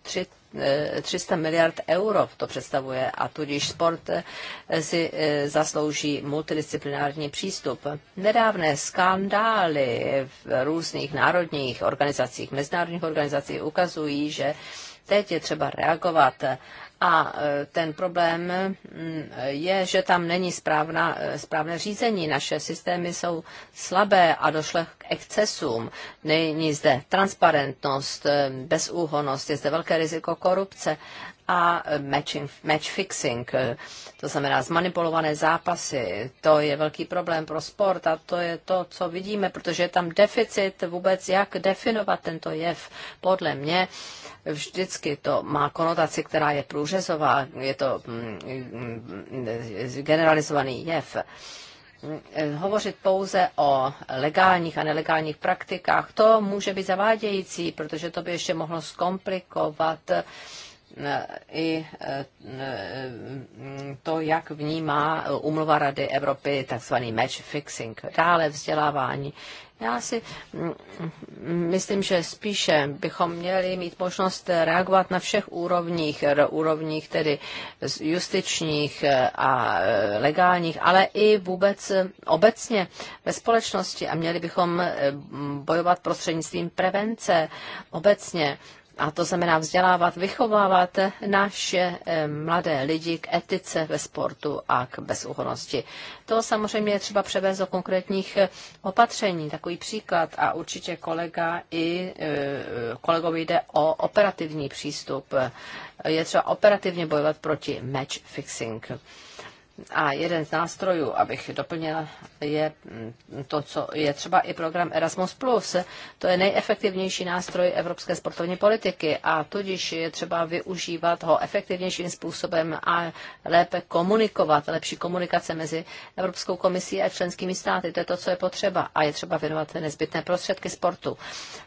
S1: 300 eh, miliard euro to představuje a tudíž sport eh, si eh, zaslouží multidisciplinární přístup. Nedávné skandály v různých národních organizacích, mezinárodních organizacích ukazují, že teď je třeba reagovat a e, ten problém mm, je, že tam není správná, e, správné řízení. Naše systémy jsou slabé a došlo k excesům. Není zde transparentnost, e, bezúhonost, je zde velké riziko korupce a match fixing, to znamená zmanipulované zápasy. To je velký problém pro sport a to je to, co vidíme, protože je tam deficit vůbec, jak definovat tento jev. Podle mě vždycky to má konotaci, která je průřezová, je to mm, mm, generalizovaný jev hovořit pouze o legálních a nelegálních praktikách, to může být zavádějící, protože to by ještě mohlo zkomplikovat i e, e, to, jak vnímá umluva Rady Evropy takzvaný match fixing, dále vzdělávání. Já si mm, myslím, že spíše bychom měli mít možnost reagovat na všech úrovních, úrovních tedy justičních e, a legálních, ale i vůbec obecně ve společnosti a měli bychom bojovat prostřednictvím prevence obecně a to znamená vzdělávat, vychovávat naše eh, mladé lidi k etice ve sportu a k bezúhonosti. To samozřejmě je třeba převést do konkrétních eh, opatření. Takový příklad a určitě kolega i eh, kolegovi jde o operativní přístup. Je třeba operativně bojovat proti match fixing. A jeden z nástrojů, abych doplnila, je to, co je třeba i program Erasmus+. To je nejefektivnější nástroj evropské sportovní politiky a tudíž je třeba využívat ho efektivnějším způsobem a lépe komunikovat, lepší komunikace mezi Evropskou komisí a členskými státy. To je to, co je potřeba a je třeba věnovat nezbytné prostředky sportu.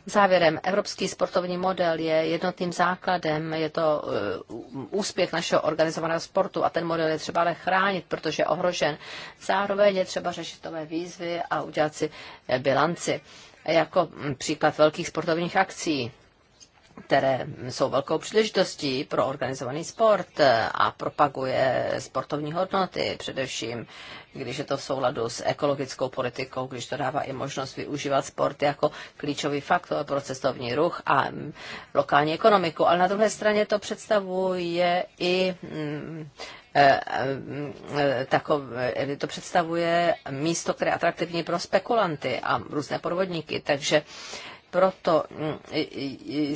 S1: Závěrem, evropský sportovní model je jednotným základem, je to uh, úspěch našeho organizovaného sportu a ten model je třeba ale chránit zranit, protože je ohrožen. Zároveň je třeba řešit nové výzvy a udělat si eh, bilanci. Jako mm, příklad velkých sportovních akcí, které jsou velkou příležitostí pro organizovaný sport eh, a propaguje sportovní hodnoty, především když je to v souladu s ekologickou politikou, když to dává i možnost využívat sport jako klíčový faktor pro cestovní ruch a mm, lokální ekonomiku. Ale na druhé straně to představuje i mm, Eh, eh, takové, to představuje místo, které je atraktivní pro spekulanty a různé podvodníky. Takže proto mm,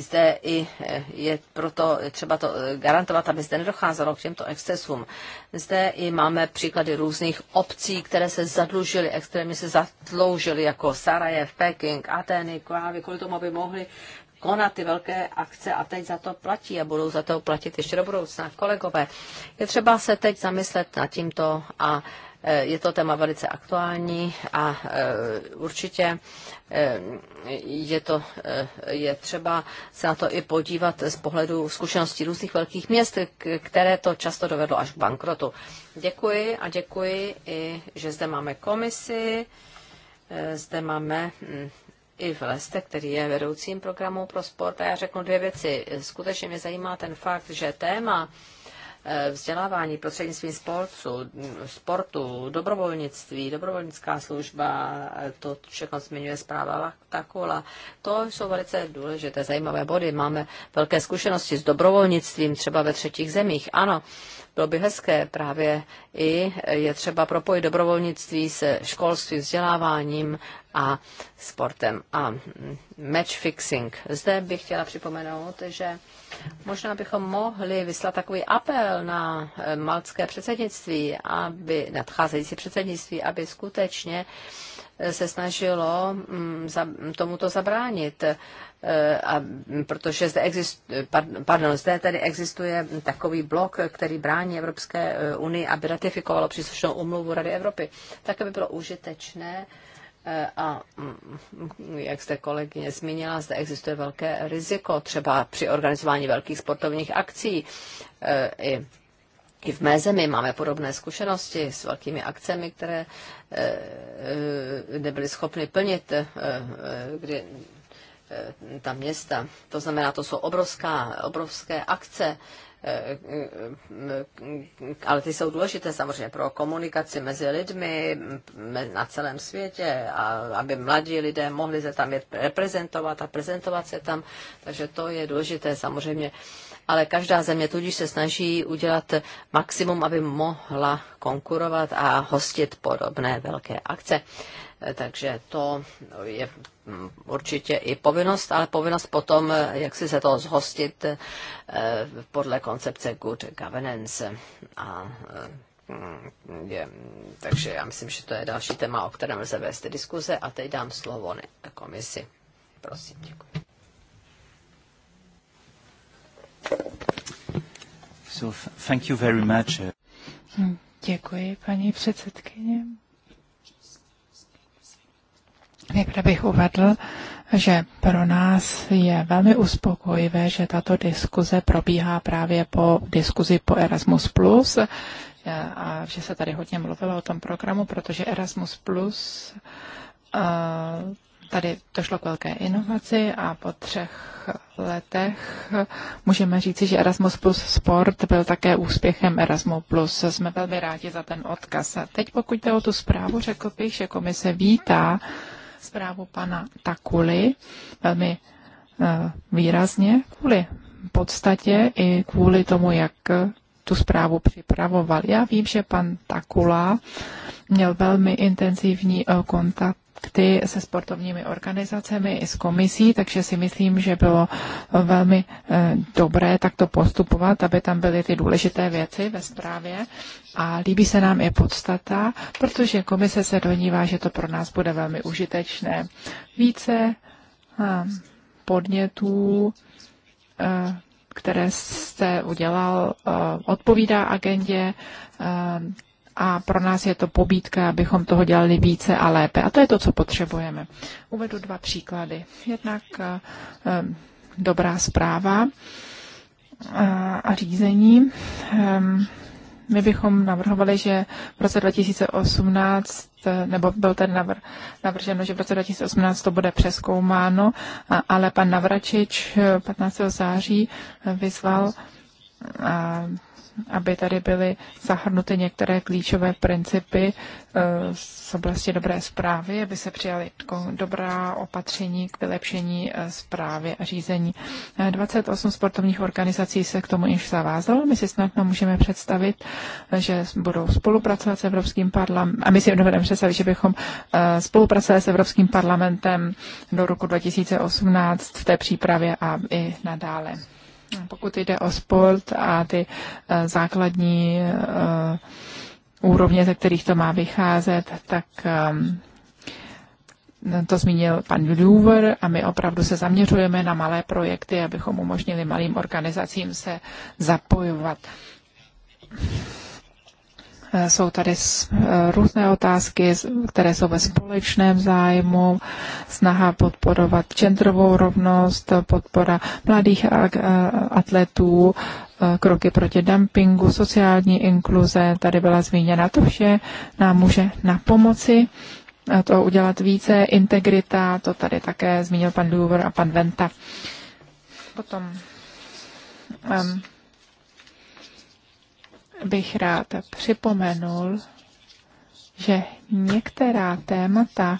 S1: zde i eh, je proto třeba to garantovat, aby zde nedocházelo k těmto excesům. Zde i máme příklady různých obcí, které se zadlužily, extrémně se zadloužily, jako Sarajev, Peking, Ateny, Kvávy, kvůli tomu, aby mohli konat ty velké akce a teď za to platí a budou za to platit ještě do budoucna. Kolegové, je třeba se teď zamyslet nad tímto a e, je to téma velice aktuální a e, určitě e, je, to, je třeba se na to i podívat z pohledu zkušeností různých velkých měst, které to často dovedlo až k bankrotu. Děkuji a děkuji i, že zde máme komisi, zde máme hm, i v Leste, který je vedoucím programu pro sport. A já řeknu dvě věci. Skutečně mě zajímá ten fakt, že téma eh, vzdělávání prostřednictvím sportu, sportu, dobrovolnictví, dobrovolnická služba, to všechno zmiňuje zpráva Takula. To jsou velice důležité, zajímavé body. Máme velké zkušenosti s dobrovolnictvím třeba ve třetích zemích. Ano, bylo by hezké právě i je třeba propojit dobrovolnictví se školstvím, vzděláváním a sportem a match fixing. Zde bych chtěla připomenout, že možná bychom mohli vyslat takový apel na eh, malcké předsednictví, aby nadcházející předsednictví, aby skutečně eh, se snažilo mm, tomuto zabránit Eh, a protože zde, exist, pardon, zde tedy existuje takový blok, který brání Evropské eh, unii, aby ratifikovalo příslušnou umluvu Rady Evropy, tak aby bylo užitečné eh, a mm, jak jste kolegyně zmínila, zde existuje velké riziko, třeba při organizování velkých sportovních akcí. I, i v mé zemi máme podobné zkušenosti s velkými akcemi, které nebyly schopny plnit, kdy Eh, ta města. To znamená, to jsou obrovská, obrovské akce, eh, eh, ale ty jsou důležité samozřejmě pro komunikaci mezi lidmi na celém světě, a aby mladí lidé mohli se tam reprezentovat a prezentovat se tam, takže to je důležité samozřejmě. Ale každá země tudíž se snaží udělat maximum, aby mohla konkurovat a hostit podobné velké akce takže to je mm, určitě i povinnost, ale povinnost potom, jak si se toho zhostit eh, podle koncepce good governance. A eh, je, takže já myslím, že to je další téma, o kterém lze vést diskuze a teď dám slovo ne, komisi. Prosím, děkuji.
S4: So, thank you very much. Hm, děkuji, paní předsedkyně. Nejprve bych uvedl, že pro nás je velmi uspokojivé, že tato diskuze probíhá právě po diskuzi po Erasmus+, eh, a že se tady hodně mluvilo o tom programu, protože Erasmus+, Plus, eh, tady došlo k velké inovaci a po třech letech můžeme říci, že Erasmus Plus Sport byl také úspěchem Erasmus Plus. Jsme velmi rádi za ten odkaz. A teď pokud jde o tu zprávu, řekl bych, že komise vítá zprávu pana Takuly velmi eh, výrazně kvůli podstatě i kvůli tomu, jak tu zprávu připravoval. Já vím, že pan Takula měl velmi intenzivní eh, kontakt kontakty se sportovními organizacemi i s komisí, takže si myslím, že bylo velmi eh, dobré takto postupovat, aby tam byly ty důležité věci ve zprávě. A líbí se nám i podstata, protože komise se donívá, že to pro nás bude velmi užitečné. Více ehm, podnětů eh, které jste udělal, eh, odpovídá agendě, ehm, a pro nás je to pobídka, abychom toho dělali více a lépe. A to je to, co potřebujeme. Uvedu dva příklady. Jednak eh, eh, dobrá zpráva eh, a řízení. My bychom navrhovali, že v roce 2018, nebo byl ten navr- navrženo, že v roce 2018 to bude přeskoumáno, ale pan Navračič 15. září vyzval aby tady byly zahrnuty některé klíčové principy eh, z oblasti dobré zprávy, aby se přijaly jako dobrá opatření k vylepšení eh, zprávy a řízení. 28 eh, sportovních organizací se k tomu již zavázalo. My si snad můžeme představit, že budou spolupracovat s Evropským parlamentem a my si dovedeme představit, že bychom spolupracovali s Evropským parlamentem do roku 2018 v té přípravě a i nadále pokud jde o sport a ty eh, základní eh, úrovně, ze kterých to má vycházet, tak ehm, no, to zmínil pan Důver a my opravdu se zaměřujeme na malé projekty, abychom umožnili malým organizacím se zapojovat. Eh, jsou tady eh, různé otázky, které jsou ve společném zájmu, snaha podporovat genderovou rovnost, podpora mladých eh, atletů, kroky proti dumpingu, sociální inkluze, tady byla zmíněna to vše, nám může na pomoci to udělat více, integrita, to tady také zmínil pan Důver a pan Venta. Potom um, bych rád připomenul, že některá témata,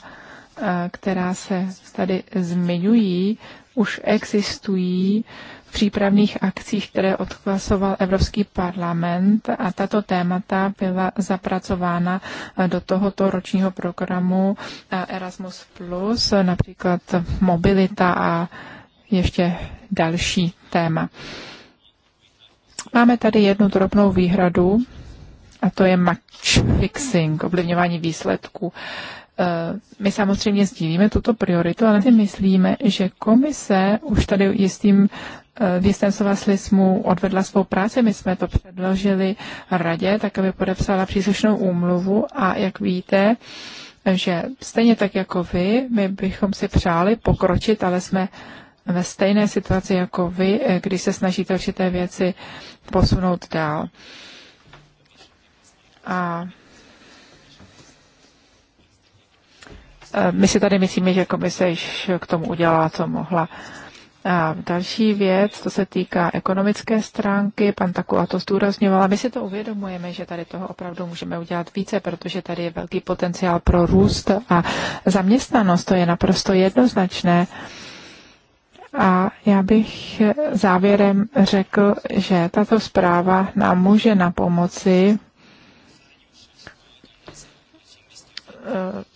S4: eh, která se tady zmiňují, už existují v přípravných akcích, které odklasoval Evropský parlament a tato témata byla zapracována eh, do tohoto ročního programu eh, Erasmus+, například mobilita a ještě další téma. Máme tady jednu drobnou výhradu, a to je match fixing, ovlivňování výsledků. Eh, my samozřejmě sdílíme tuto prioritu, ale si myslíme, že komise už tady jistým eh, v jistém slova slismu odvedla svou práci. My jsme to předložili radě, tak aby podepsala příslušnou úmluvu a jak víte, že stejně tak jako vy, my bychom si přáli pokročit, ale jsme ve stejné situaci jako vy, eh, když se snažíte určité věci posunout dál. A eh, my si tady myslíme, že komise již k tomu udělala, co mohla. A další věc, to se týká ekonomické stránky, pan Takula to zdůrazňoval. My si to uvědomujeme, že tady toho opravdu můžeme udělat více, protože tady je velký potenciál pro růst a zaměstnanost, to je naprosto jednoznačné. A já bych závěrem řekl, že tato zpráva nám může na pomoci eh,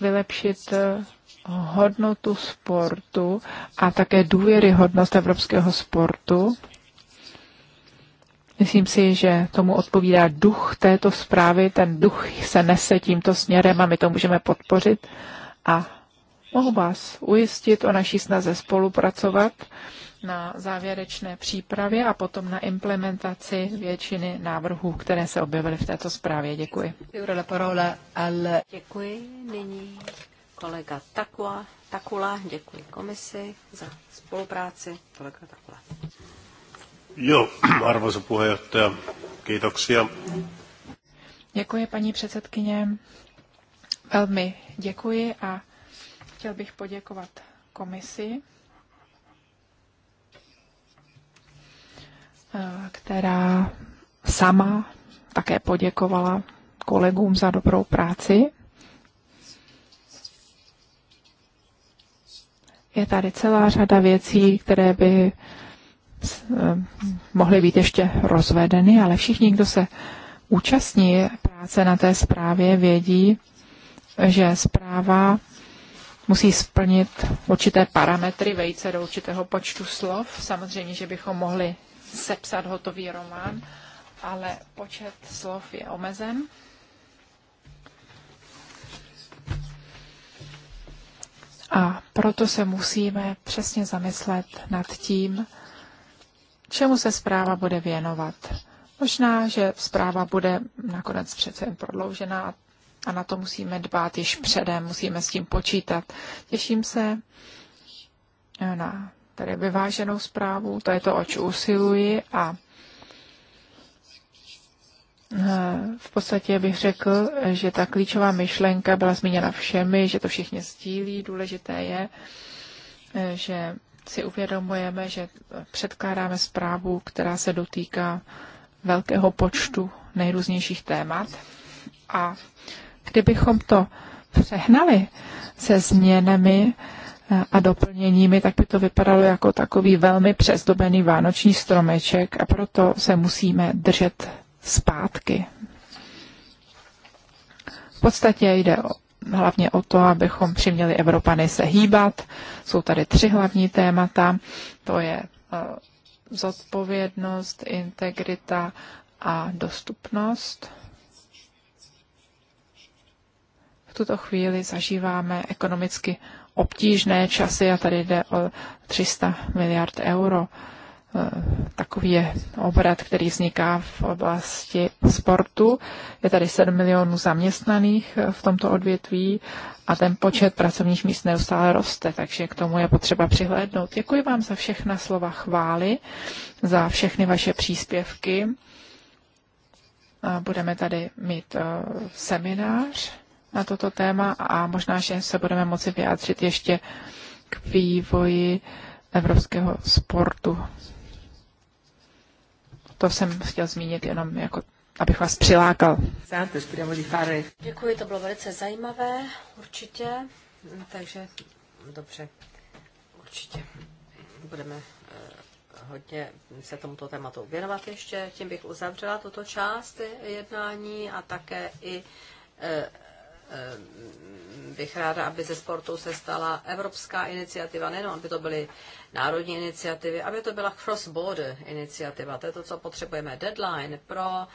S4: vylepšit eh, hodnotu sportu a také důvěryhodnost evropského sportu. Myslím si, že tomu odpovídá duch této zprávy. Ten duch se nese tímto směrem a my to můžeme podpořit. A Mohu vás ujistit o naší snaze spolupracovat na závěrečné přípravě a potom na implementaci většiny návrhů, které se objevily v této zprávě. Děkuji.
S1: Děkuji. Nyní kolega Takula. Takula, děkuji komisi za spolupráci. Kolega Takula.
S3: Jo, arvoisa puheenjohtaja, kiitoksia.
S4: Děkuji, paní předsedkyně. Velmi děkuji a Chtěl bych poděkovat komisi, eh, která sama také poděkovala kolegům za dobrou práci. Je tady celá řada věcí, které by eh, mohly být ještě rozvedeny, ale všichni, kdo se účastní práce na té zprávě, vědí, že zpráva musí splnit určité parametry, vejce do určitého počtu slov. Samozřejmě, že bychom mohli sepsat hotový román, ale počet slov je omezen. A proto se musíme přesně zamyslet nad tím, čemu se zpráva bude věnovat. Možná, že zpráva bude nakonec přece jen prodloužená a na to musíme dbát již předem, musíme s tím počítat. Těším se eh, na tady vyváženou zprávu, to je to, oč usiluji a eh, v podstatě bych řekl, že ta klíčová myšlenka byla zmíněna všemi, že to všichni sdílí. Důležité je, eh, že si uvědomujeme, že předkládáme zprávu, která se dotýká velkého počtu nejrůznějších témat a Kdybychom to přehnali se změnami eh, a doplněními, tak by to vypadalo jako takový velmi přezdobený vánoční stromeček a proto se musíme držet zpátky. V podstatě jde o hlavně o to, abychom přiměli Evropany se hýbat. Jsou tady tři hlavní témata. To je eh, zodpovědnost, integrita a dostupnost. V tuto chvíli zažíváme ekonomicky obtížné časy a tady jde o 300 miliard euro. Eh, takový je obrat, který vzniká v oblasti sportu. Je tady 7 milionů zaměstnaných eh, v tomto odvětví a ten počet pracovních míst neustále roste, takže k tomu je potřeba přihlédnout. Děkuji vám za všechna slova chvály, za všechny vaše příspěvky. Budeme tady mít eh, seminář na toto téma a možná, že se budeme moci vyjádřit ještě k vývoji evropského sportu. To jsem chtěl zmínit jenom jako abych vás přilákal.
S1: Děkuji, to bylo velice zajímavé, určitě. Takže dobře, určitě budeme eh, hodně se tomuto tématu věnovat ještě. Tím bych uzavřela tuto část jednání a také i eh, Ehm, bych ráda, aby ze sportu se stala evropská iniciativa, nejenom aby to byly národní iniciativy, aby to byla cross-border iniciativa. To je to, co potřebujeme. Deadline pro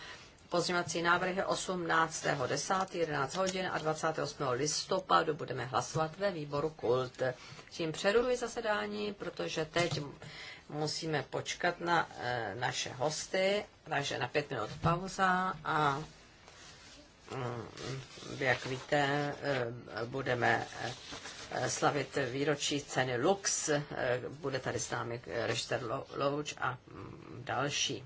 S1: pozměňovací návrhy 18. 10. 11 hodin a 28. listopadu budeme hlasovat ve výboru KULT. Tím přeruduji zasedání, protože teď musíme počkat na eh, naše hosty, takže na pět minut pauza a Mm, jak víte, eh, budeme eh, slavit výročí ceny Lux. Eh, bude tady s námi režisér Louč a mm, další.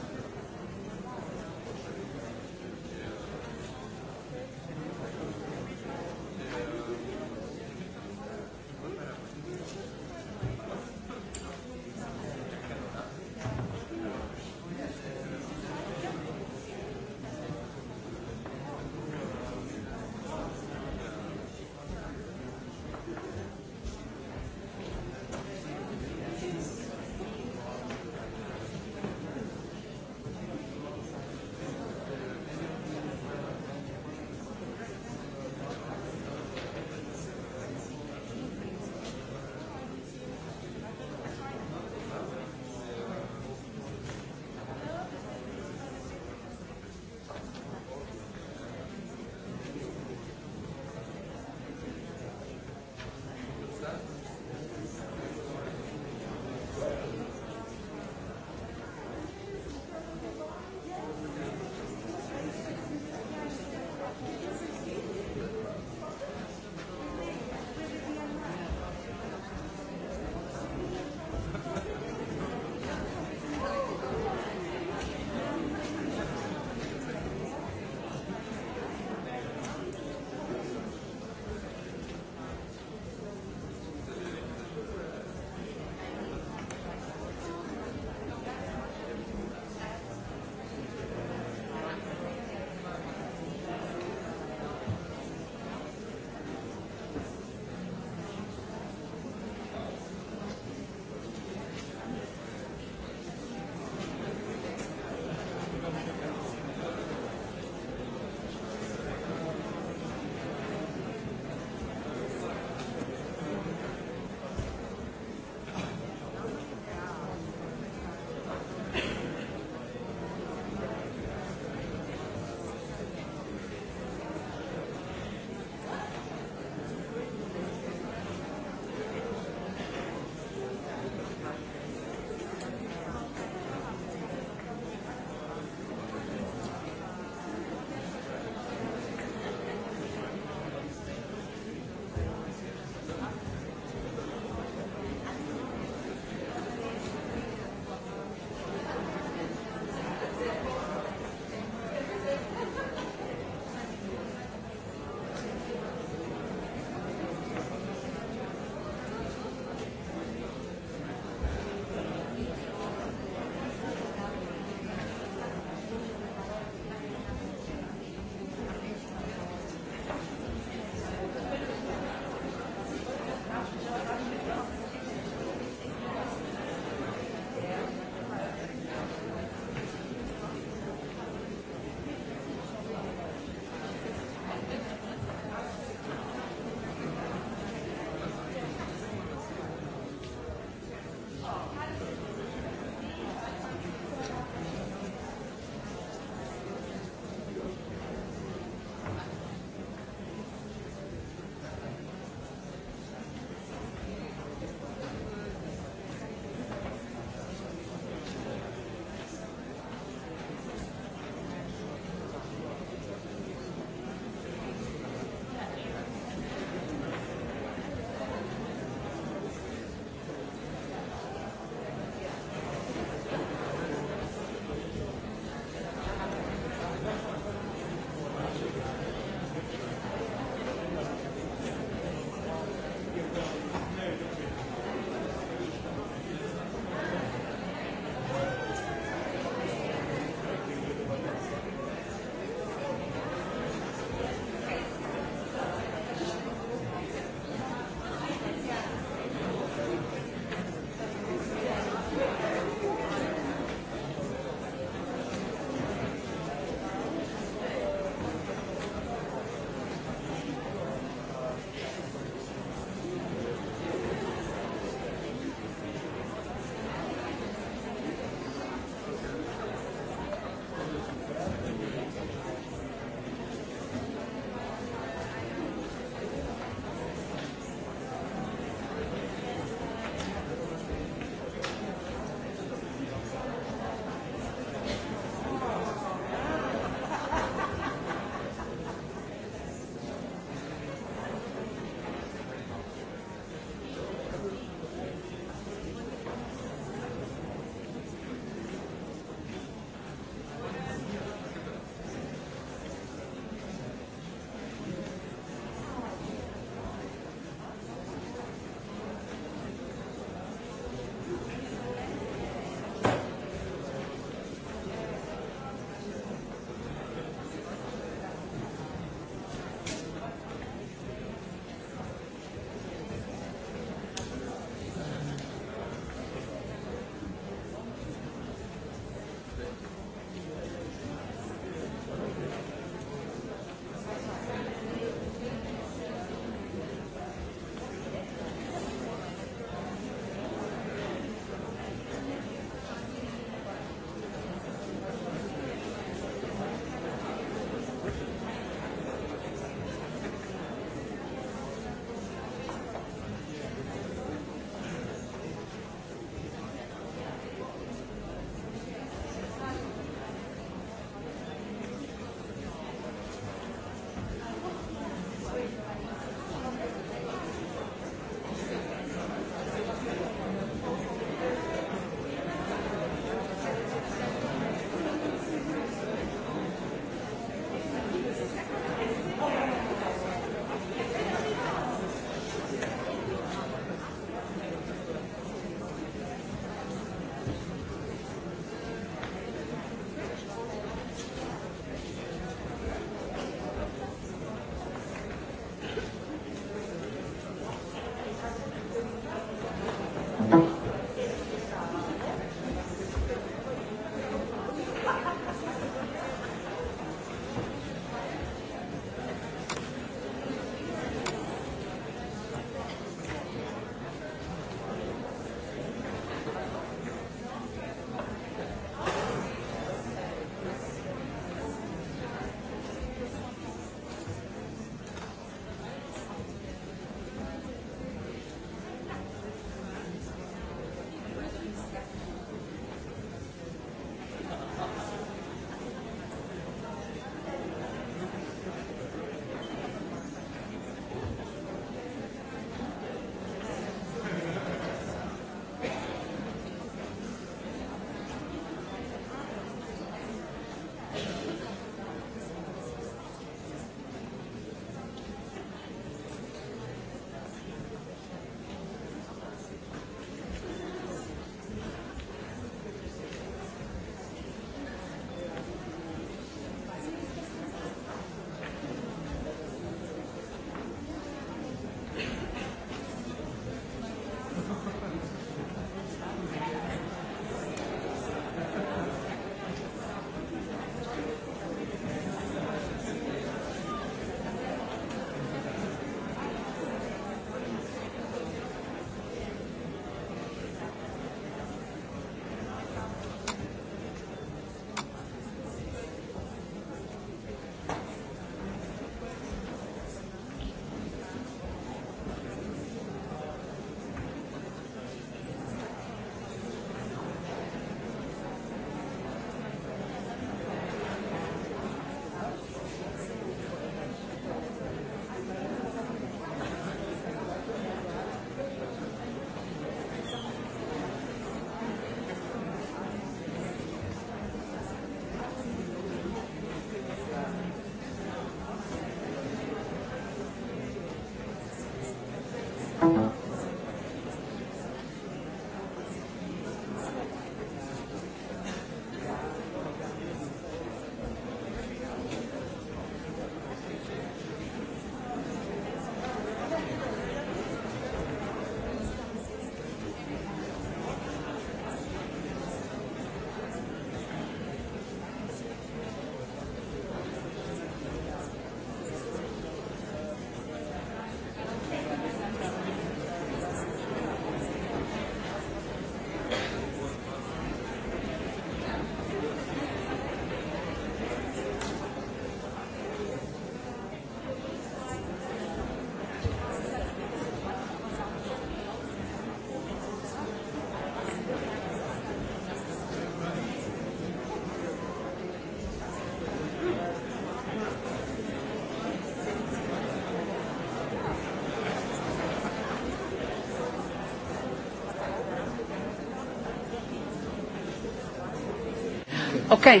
S2: Okay.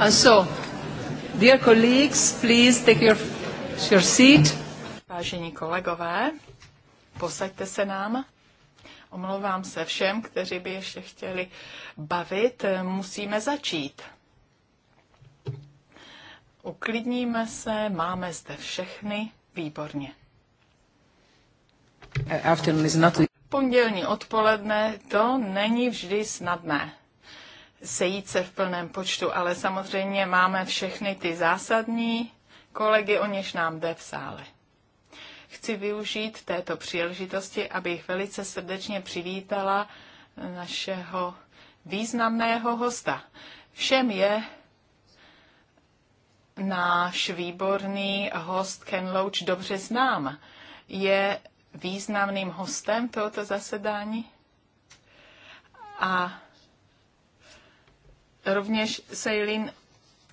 S2: And so, dear
S4: colleagues, please take your, your seat.
S2: Vážení kolegové, posaďte se nám. Omlouvám se všem, kteří by ještě chtěli bavit. Musíme začít. Uklidníme se, máme zde všechny. Výborně. Pondělní odpoledne to není vždy snadné sejít se v plném počtu, ale samozřejmě máme všechny ty zásadní kolegy, o něž nám jde v sále. Chci využít této příležitosti, abych velice srdečně přivítala našeho významného hosta. Všem je náš výborný host Ken Loach dobře znám. Je významným hostem tohoto zasedání a rovněž Sejlin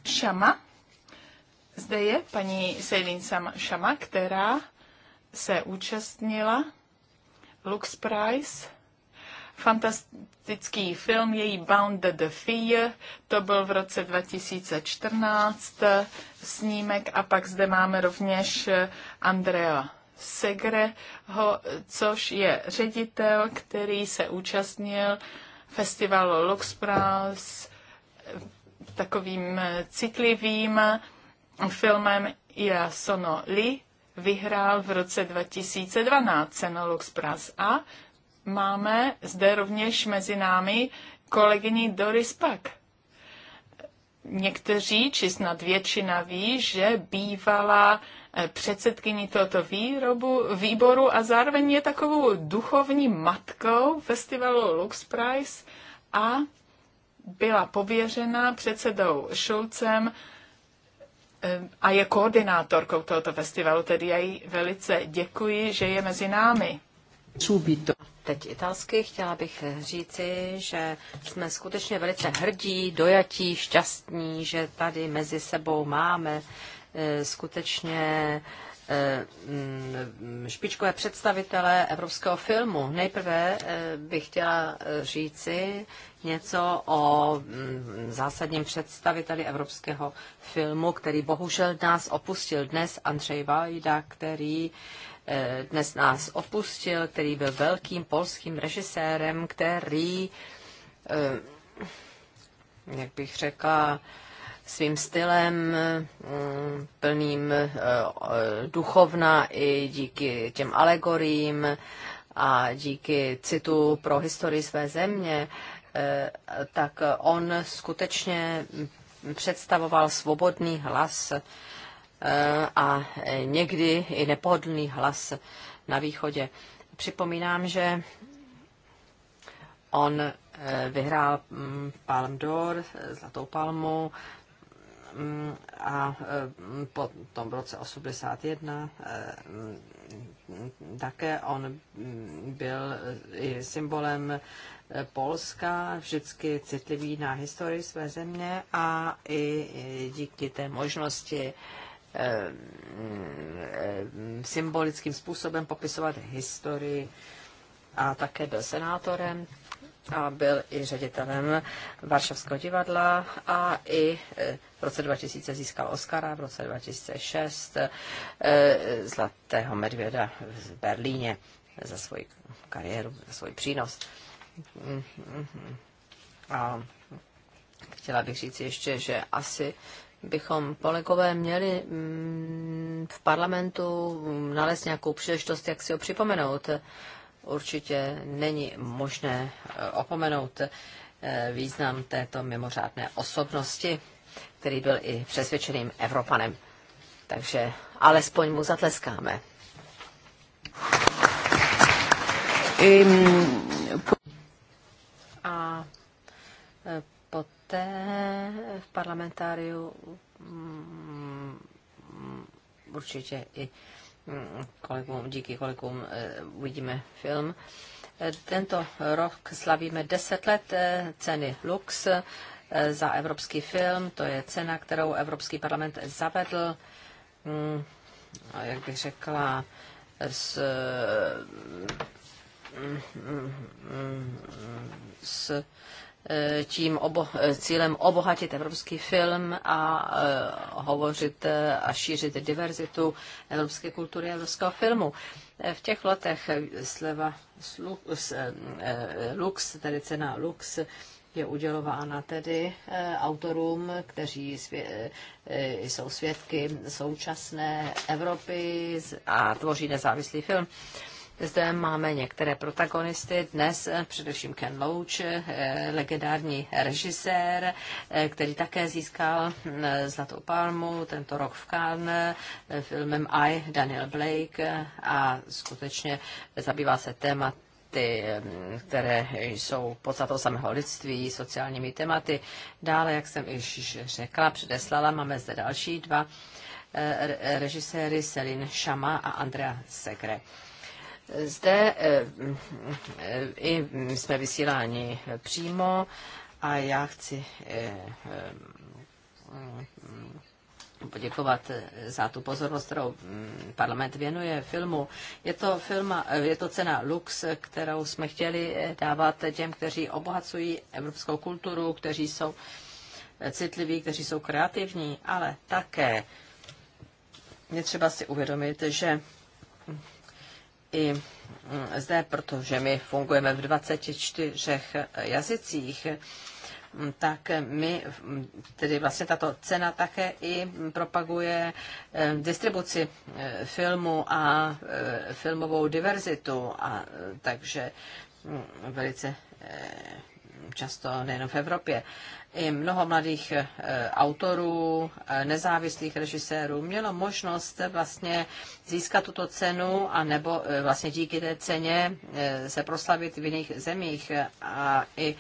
S2: Šama. Zde je paní Sejlin Šama, která se účastnila Lux Prize. Fantastický film, její Bound the Fear, to byl v roce 2014 snímek a pak zde máme rovněž Andrea Segreho, což je ředitel, který se účastnil festivalu Lux Prize takovým eh, citlivým filmem Ia Sono Li vyhrál v roce 2012 cenu Lux Pras a máme zde rovněž mezi námi kolegyni Doris Pak. Někteří, či snad většina ví, že bývala eh, předsedkyní tohoto výrobu, výboru a zároveň je takovou duchovní matkou festivalu Lux Prize a byla pověřena předsedou Šulcem eh, a je koordinátorkou tohoto festivalu, tedy já jí velice děkuji, že je mezi
S1: námi. Subito. Teď italsky chtěla bych eh, říci, že jsme skutečně velice hrdí, dojatí, šťastní, že tady mezi sebou máme eh, skutečně Eh, mm, špičkové představitele evropského filmu. Nejprve eh, bych chtěla eh, říci něco o mm, zásadním představiteli evropského filmu, který bohužel nás opustil dnes, Andřej Vajda, který dnes nás opustil, který byl velkým polským režisérem, který, jak bych řekla, svým stylem mm, plným eh, eh, duchovna i díky těm alegoriím a díky citu pro historii své země, eh, tak on skutečně představoval svobodný hlas a někdy i nepohodlný hlas na východě. Připomínám, že on vyhrál mm, Palm d'Or, Zlatou palmu, a po tom roce 81 eh, také on byl i symbolem eh, Polska, vždycky citlivý na historii své země a i díky té možnosti eh, symbolickým způsobem popisovat historii a také byl senátorem a byl i ředitelem Varšavského divadla a i e, v roce 2000 získal Oscara, v roce 2006 e, Zlatého medvěda v Berlíně za svoji kariéru, za svůj přínos. A chtěla bych říct ještě, že asi bychom kolegové měli mm, v parlamentu nalézt nějakou příležitost, jak si ho připomenout určitě není možné eh, opomenout eh, význam této mimořádné osobnosti, který byl i přesvědčeným Evropanem. Takže alespoň mu zatleskáme. A eh, poté v parlamentáriu mm, mm, určitě i kolegům, díky kolegům eh, uvidíme film. Eh, tento rok slavíme 10 let eh, ceny Lux za evropský film. To je cena, kterou Evropský parlament zavedl, mm, jak bych řekla, s, mm, mm, s Eh, tím obo, eh, cílem obohatit evropský film a eh, hovořit a šířit diverzitu evropské kultury a evropského filmu. V těch letech sleva Lux, Lux tedy cena Lux, je udělována tedy autorům, kteří svě- jsou svědky současné Evropy a tvoří nezávislý film. Zde máme některé protagonisty, dnes eh, především Ken Loach, eh, legendární režisér, eh, který také získal hm, Zlatou palmu tento rok v Cannes filmem I, Daniel Blake a skutečně zabývá se témat tématy, hm, které jsou podstatou samého lidství, sociálními tématy. Dále, jak jsem již řekla, předeslala, máme zde další dva režiséry, Selin Šama a Andrea Segre. Zde eh, eh, i jsme vysíláni přímo a já chci eh, poděkovat za tu pozornost, kterou mm, parlament věnuje filmu. Je to, filma, je to cena Lux, kterou jsme chtěli dávat těm, kteří obohacují evropskou kulturu, kteří jsou citliví, kteří jsou kreativní, ale také je třeba si uvědomit, že i mm, zde, protože my fungujeme v 24 jazycích, mm, tak my, mm, tedy vlastně tato cena také i propaguje distribuci filmu a filmovou diverzitu. A takže velice eh, často nejen v Evropě i mnoho mladých eh, autorů, eh, nezávislých režisérů mělo možnost vlastně získat tuto cenu a nebo eh, vlastně díky té ceně se proslavit v jiných zemích a i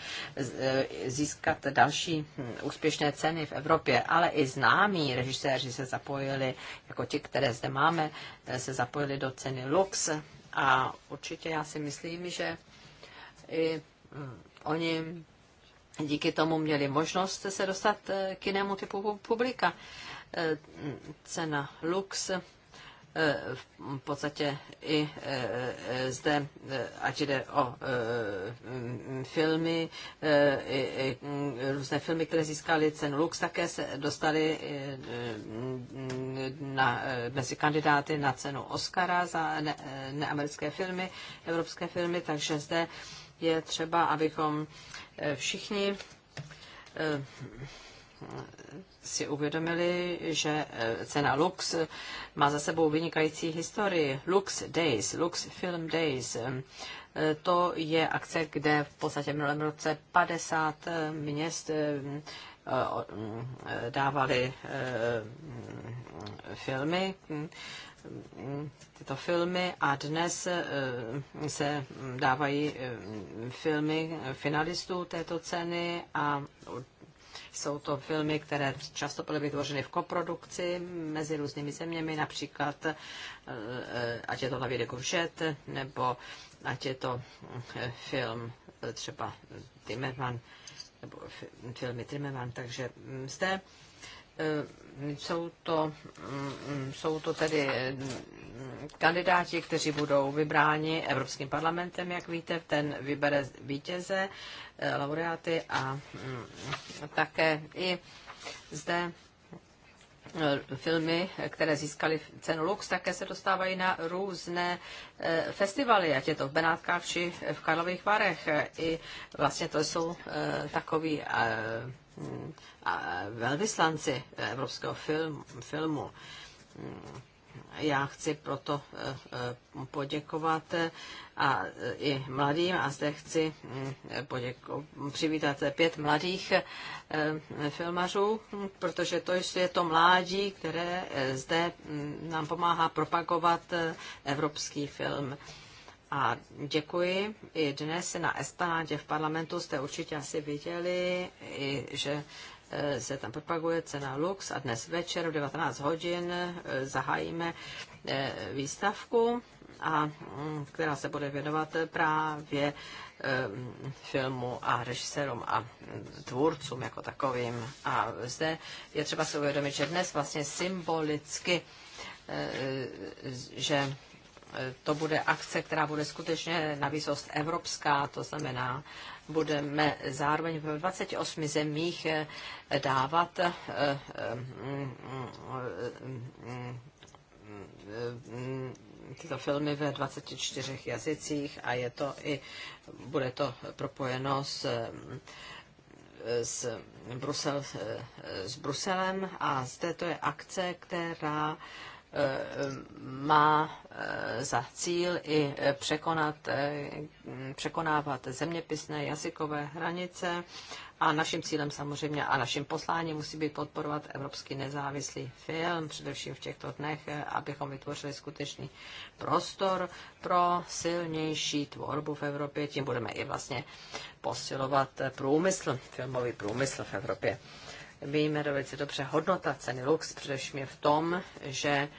S1: získat další hm, úspěšné ceny v Evropě. Ale i známí režiséři se zapojili, jako ti, které zde máme, se zapojili do ceny Lux a určitě já si myslím, že i hm, oni díky tomu měli možnost se dostat eh, k jinému typu publika. Eh, cena Lux eh, v podstatě i zde, ať jde o mm, filmy, mm, různé filmy, které získaly cenu Lux, také se dostaly mm, na, mezi kandidáty na cenu Oscara za ne, neamerické filmy, evropské filmy, takže zde je třeba, abychom Eh, všichni eh, si uvědomili, že eh, cena Lux má za sebou vynikající historii. Lux Days, Lux Film Days, to je akce, kde v podstatě v minulém roce 50 měst mm, dávali mm, filmy tyto filmy a dnes eh, se dávají eh, filmy finalistů této ceny a jsou to filmy, které často byly vytvořeny v koprodukci mezi různými zeměmi, například eh, ať je to La Vie de nebo ať je to film třeba Timmerman, nebo filmy Timmerman, takže mm, zde Eh, jsou to, mm, jsou to tedy eh, kandidáti, kteří budou vybráni Evropským parlamentem, jak víte, ten vybere vítěze, eh, laureáty a mm, také i zde filmy, které získaly cenu Lux, také se dostávají na různé festivaly, ať je to v Benátkách či v Karlových Varech. I vlastně to jsou takový velvyslanci evropského film, filmu. Já chci proto eh, eh, poděkovat eh, a i mladým a zde chci mm, poděko- přivítat pět mladých filmařů, protože to je to mládí, které zde mm, nám pomáhá propagovat evropský film. A děkuji. I dnes na Estanádě v parlamentu jste určitě asi viděli, že e, se tam propaguje cena Lux a dnes večer v 19 hodin e, zahájíme e, výstavku, a, mm, která se bude věnovat právě filmu a režisérům a tvůrcům jako takovým. A zde je třeba si uvědomit, že dnes vlastně symbolicky, že to bude akce, která bude skutečně na výsost evropská, to znamená, budeme zároveň v 28 zemích eh, dávat eh, eh, tyto filmy ve 24 jazycích a je to i, bude to propojeno s s, Brusel, s Bruselem a zde to je akce, která Eh, má eh, za cíl i překonat, eh, překonávat zeměpisné jazykové hranice a naším cílem samozřejmě a naším posláním musí být podporovat evropský nezávislý film, především v těchto dnech, abychom vytvořili skutečný prostor pro silnější tvorbu v Evropě. Tím budeme i vlastně posilovat průmysl, filmový průmysl v Evropě víme velice dobře, hodnota ceny lux především je v tom, že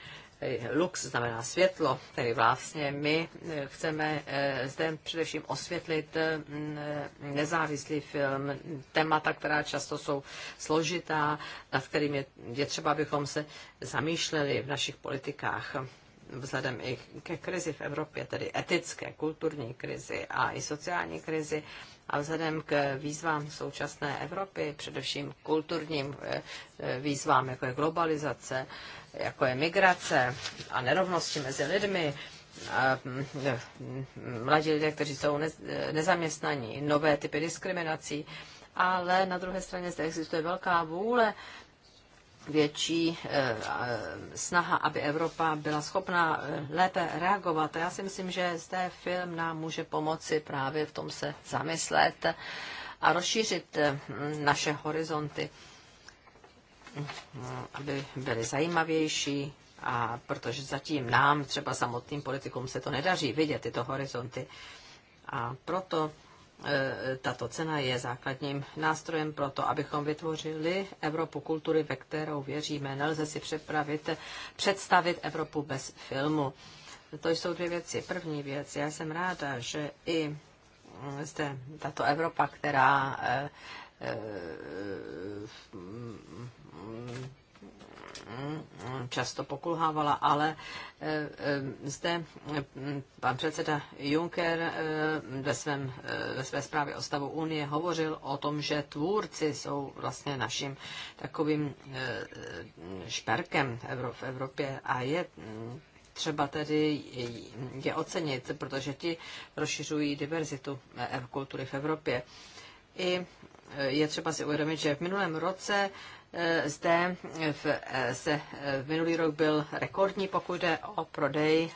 S1: eh, lux znamená světlo, tedy vlastně my eh, chceme eh, zde především osvětlit nezávislý film, témata, která často jsou složitá, nad kterým je, je třeba, abychom se zamýšleli v našich politikách vzhledem i ke krizi v Evropě, tedy etické, kulturní krizi a i sociální krizi, a vzhledem k výzvám současné Evropy, především kulturním eh, eh, výzvám, jako je globalizace, jako je migrace a nerovnosti mezi lidmi, mm, mladí lidé, kteří jsou eh, nezaměstnaní, nové typy diskriminací, ale na druhé straně zde existuje velká vůle větší eh, snaha, aby Evropa byla schopná eh, lépe reagovat. já si myslím, že zde film nám může pomoci právě v tom se zamyslet a rozšířit eh, naše horizonty, mm, aby byly zajímavější, a protože zatím nám, třeba samotným politikům, se to nedaří vidět, tyto horizonty. A proto E, tato cena je základním nástrojem pro to, abychom vytvořili Evropu kultury, ve kterou věříme. Nelze si připravit, představit Evropu bez filmu. To jsou dvě věci. První věc, já jsem ráda, že i zde tato Evropa, která e, e, často pokulhávala, ale eh, eh, zde eh, pan předseda Juncker ve, svém, ve své zprávě o stavu Unie hovořil o tom, že tvůrci jsou vlastně naším takovým šperkem v Evropě a je mm, třeba tedy je ocenit, protože ti rozšiřují diverzitu kultury v Evropě. I je třeba si uvědomit, že v minulém roce Eh, zde eh, v, eh, se v minulý rok byl rekordní, pokud jde o prodej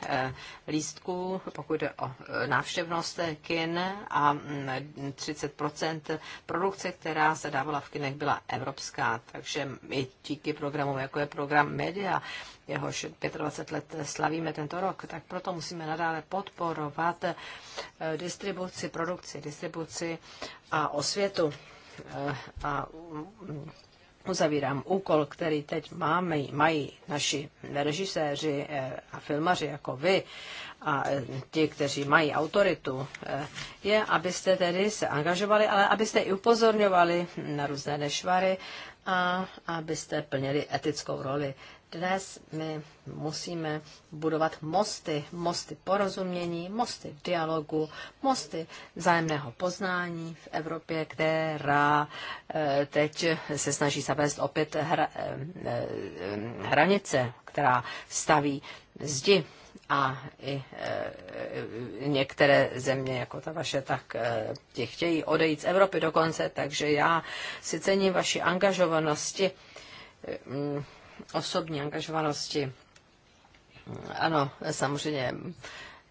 S1: lístků, pokud jde o návštěvnost kin a 30 mm, produkce, která se dávala v kinech, byla evropská. Takže i díky programu, jako je program Media, jehož 25 let slavíme tento rok, tak proto musíme nadále podporovat distribuci, produkci, distribuci a osvětu. A mm, uzavírám úkol, který teď máme, mají naši režiséři eh, a filmaři jako vy a eh, ti, kteří mají autoritu, eh, je, abyste tedy se angažovali, ale abyste i upozorňovali na různé nešvary a abyste plnili etickou roli. Dnes my musíme budovat mosty, mosty porozumění, mosty dialogu, mosty vzájemného poznání v Evropě, která eh, teď se snaží zavést opět hra, eh, eh, hranice, která staví zdi a i e, některé země, jako ta vaše, tak e, ti chtějí odejít z Evropy dokonce, takže já si cením vaší angažovanosti. E, osobní angažovanosti. Ano, samozřejmě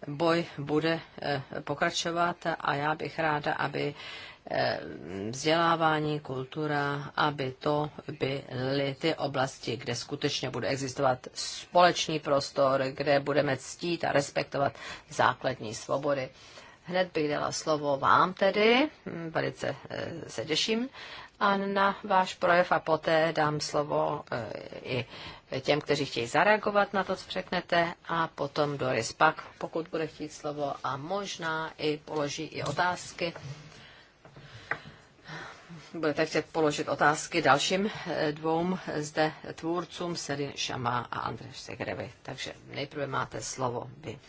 S1: boj bude eh, pokračovat a já bych ráda, aby eh, vzdělávání, kultura, aby to byly ty oblasti, kde skutečně bude existovat společný prostor, kde budeme ctít a respektovat základní svobody. Hned bych dala slovo vám tedy, hm, velice eh, se těším a na váš projev a poté dám slovo eh, i těm, kteří chtějí zareagovat na to, co řeknete a potom Doris pak, pokud bude chtít slovo a možná i položí i otázky. Budete chtět položit otázky dalším eh, dvou zde tvůrcům, Serin Šama a Andrej Segrevi. Takže nejprve máte slovo vy,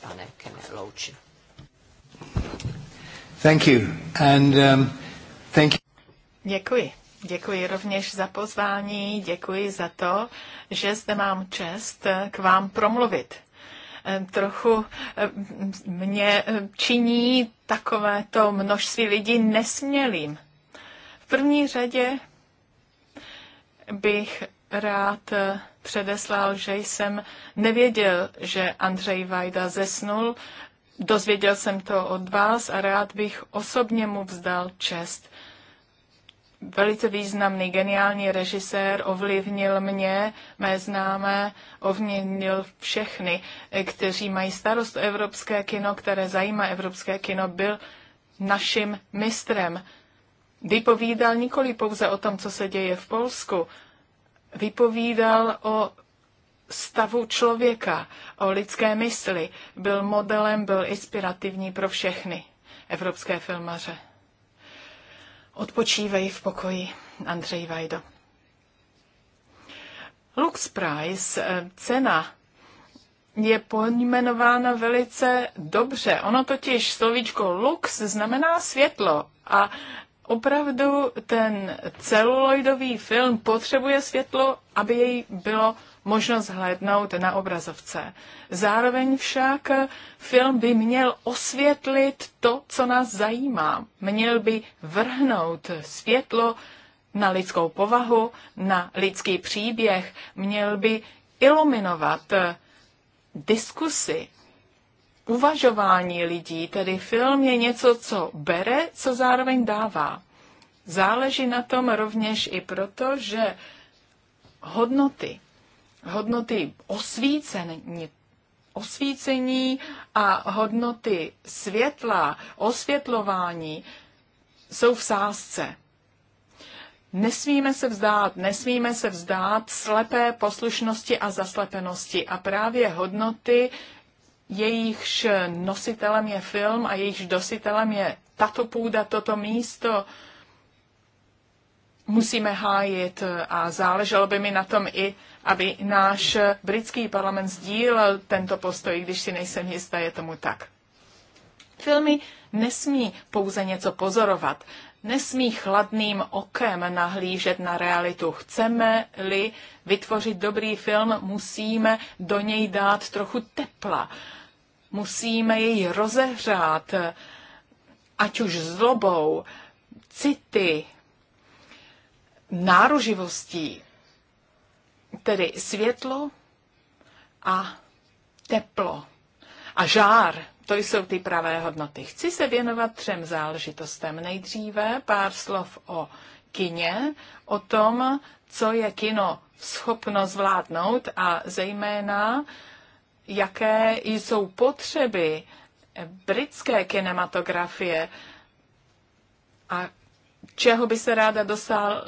S1: pane Kene Louči.
S2: Thank you. And, um, thank you. Děkuji. Děkuji rovněž za pozvání, děkuji za to, že zde mám čest k vám promluvit. Eh, trochu eh, mě eh, činí takovéto množství lidí nesmělým. V první řadě bych rád předeslal, že jsem nevěděl, že Andřej Vajda zesnul. Dozvěděl jsem to od vás a rád bych osobně mu vzdal čest velice významný, geniální režisér, ovlivnil mě, mé známé, ovlivnil všechny, kteří mají starost o evropské kino, které zajímá evropské kino, byl naším mistrem. Vypovídal nikoli pouze o tom, co se děje v Polsku, vypovídal o stavu člověka, o lidské mysli. Byl modelem, byl inspirativní pro všechny evropské filmaře. Odpočívej v pokoji, Andrej Vajdo. Lux Price, eh, cena je pojmenována velice dobře. Ono totiž slovíčko lux znamená světlo a opravdu ten celuloidový film potřebuje světlo, aby jej bylo možnost hlednout na obrazovce. Zároveň však film by měl osvětlit to, co nás zajímá. Měl by vrhnout světlo na lidskou povahu, na lidský příběh, měl by iluminovat diskusy, uvažování lidí, tedy film je něco, co bere, co zároveň dává. Záleží na tom rovněž i proto, že hodnoty, hodnoty osvícení, osvícení a hodnoty světla, osvětlování jsou v sázce. Nesmíme se vzdát, nesmíme se vzdát slepé poslušnosti a zaslepenosti. A právě hodnoty, jejichž nositelem je film a jejichž dositelem je tato půda, toto místo, musíme hájit a záleželo by mi na tom i aby náš britský parlament sdílel tento postoj, když si nejsem jistá, je tomu tak. Filmy nesmí pouze něco pozorovat, nesmí chladným okem nahlížet na realitu. Chceme-li vytvořit dobrý film, musíme do něj dát trochu tepla, musíme jej rozehřát, ať už zlobou, city, náruživostí, tedy světlo a teplo a žár. To jsou ty pravé hodnoty. Chci se věnovat třem záležitostem. Nejdříve pár slov o kině, o tom, co je kino schopno zvládnout a zejména, jaké jsou potřeby britské kinematografie a čeho by se ráda dosál,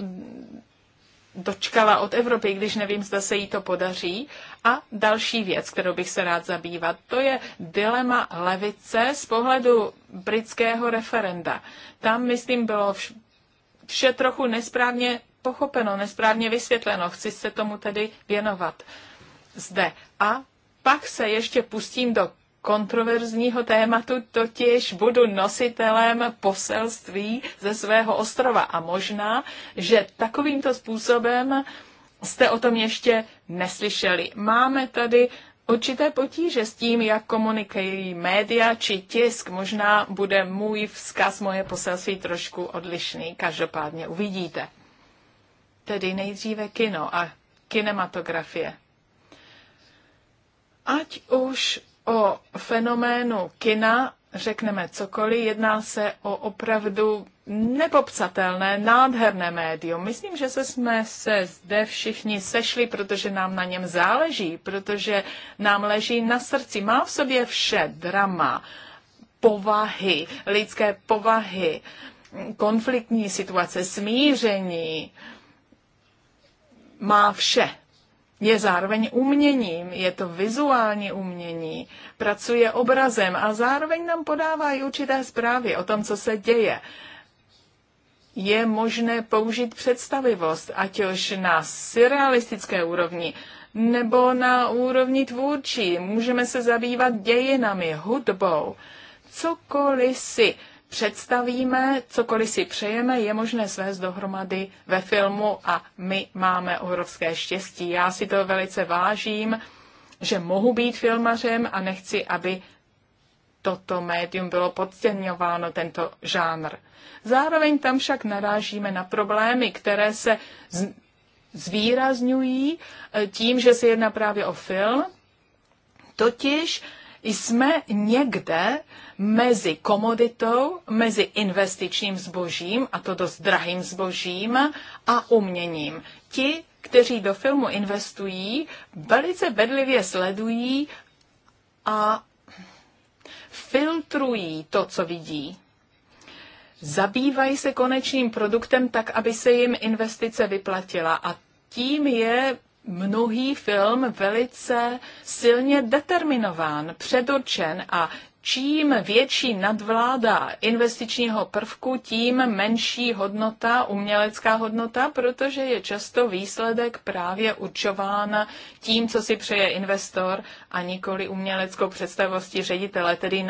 S2: dočkala od Evropy, když nevím, zda se jí to podaří. A další věc, kterou bych se rád zabývat, to je dilema levice z pohledu britského referenda. Tam, myslím, bylo vš- vše trochu nesprávně pochopeno, nesprávně vysvětleno. Chci se tomu tedy věnovat zde. A pak se ještě pustím do kontroverzního tématu, totiž budu nositelem poselství ze svého ostrova. A možná, že takovýmto způsobem jste o tom ještě neslyšeli. Máme tady určité potíže s tím, jak komunikují média či tisk. Možná bude můj vzkaz, moje poselství trošku odlišný. Každopádně uvidíte. Tedy nejdříve kino a kinematografie. Ať už o fenoménu kina řekneme cokoliv, jedná se o opravdu nepopsatelné, nádherné médium. Myslím, že se jsme se zde všichni sešli, protože nám na něm záleží, protože nám leží na srdci. Má v sobě vše drama, povahy, lidské povahy, konfliktní situace, smíření. Má vše je zároveň uměním, je to vizuální umění, pracuje obrazem a zároveň nám podává i určité zprávy o tom, co se děje. Je možné použít představivost, ať už na surrealistické úrovni, nebo na úrovni tvůrčí. Můžeme se zabývat dějinami, hudbou, cokoliv si představíme, cokoliv si přejeme, je možné svést dohromady ve filmu a my máme obrovské štěstí. Já si to velice vážím, že mohu být filmařem a nechci, aby toto médium bylo podceňováno, tento žánr. Zároveň tam však narážíme na problémy, které se zvýrazňují e, tím, že se jedná právě o film, totiž jsme někde, mezi komoditou, mezi investičním zbožím, a to dost drahým zbožím, a uměním. Ti, kteří do filmu investují, velice bedlivě sledují a filtrují to, co vidí. Zabývají se konečným produktem tak, aby se jim investice vyplatila. A tím je mnohý film velice silně determinován, předurčen a čím větší nadvláda investičního prvku, tím menší hodnota, umělecká hodnota, protože je často výsledek právě určován tím, co si přeje investor a nikoli uměleckou představostí ředitele, tedy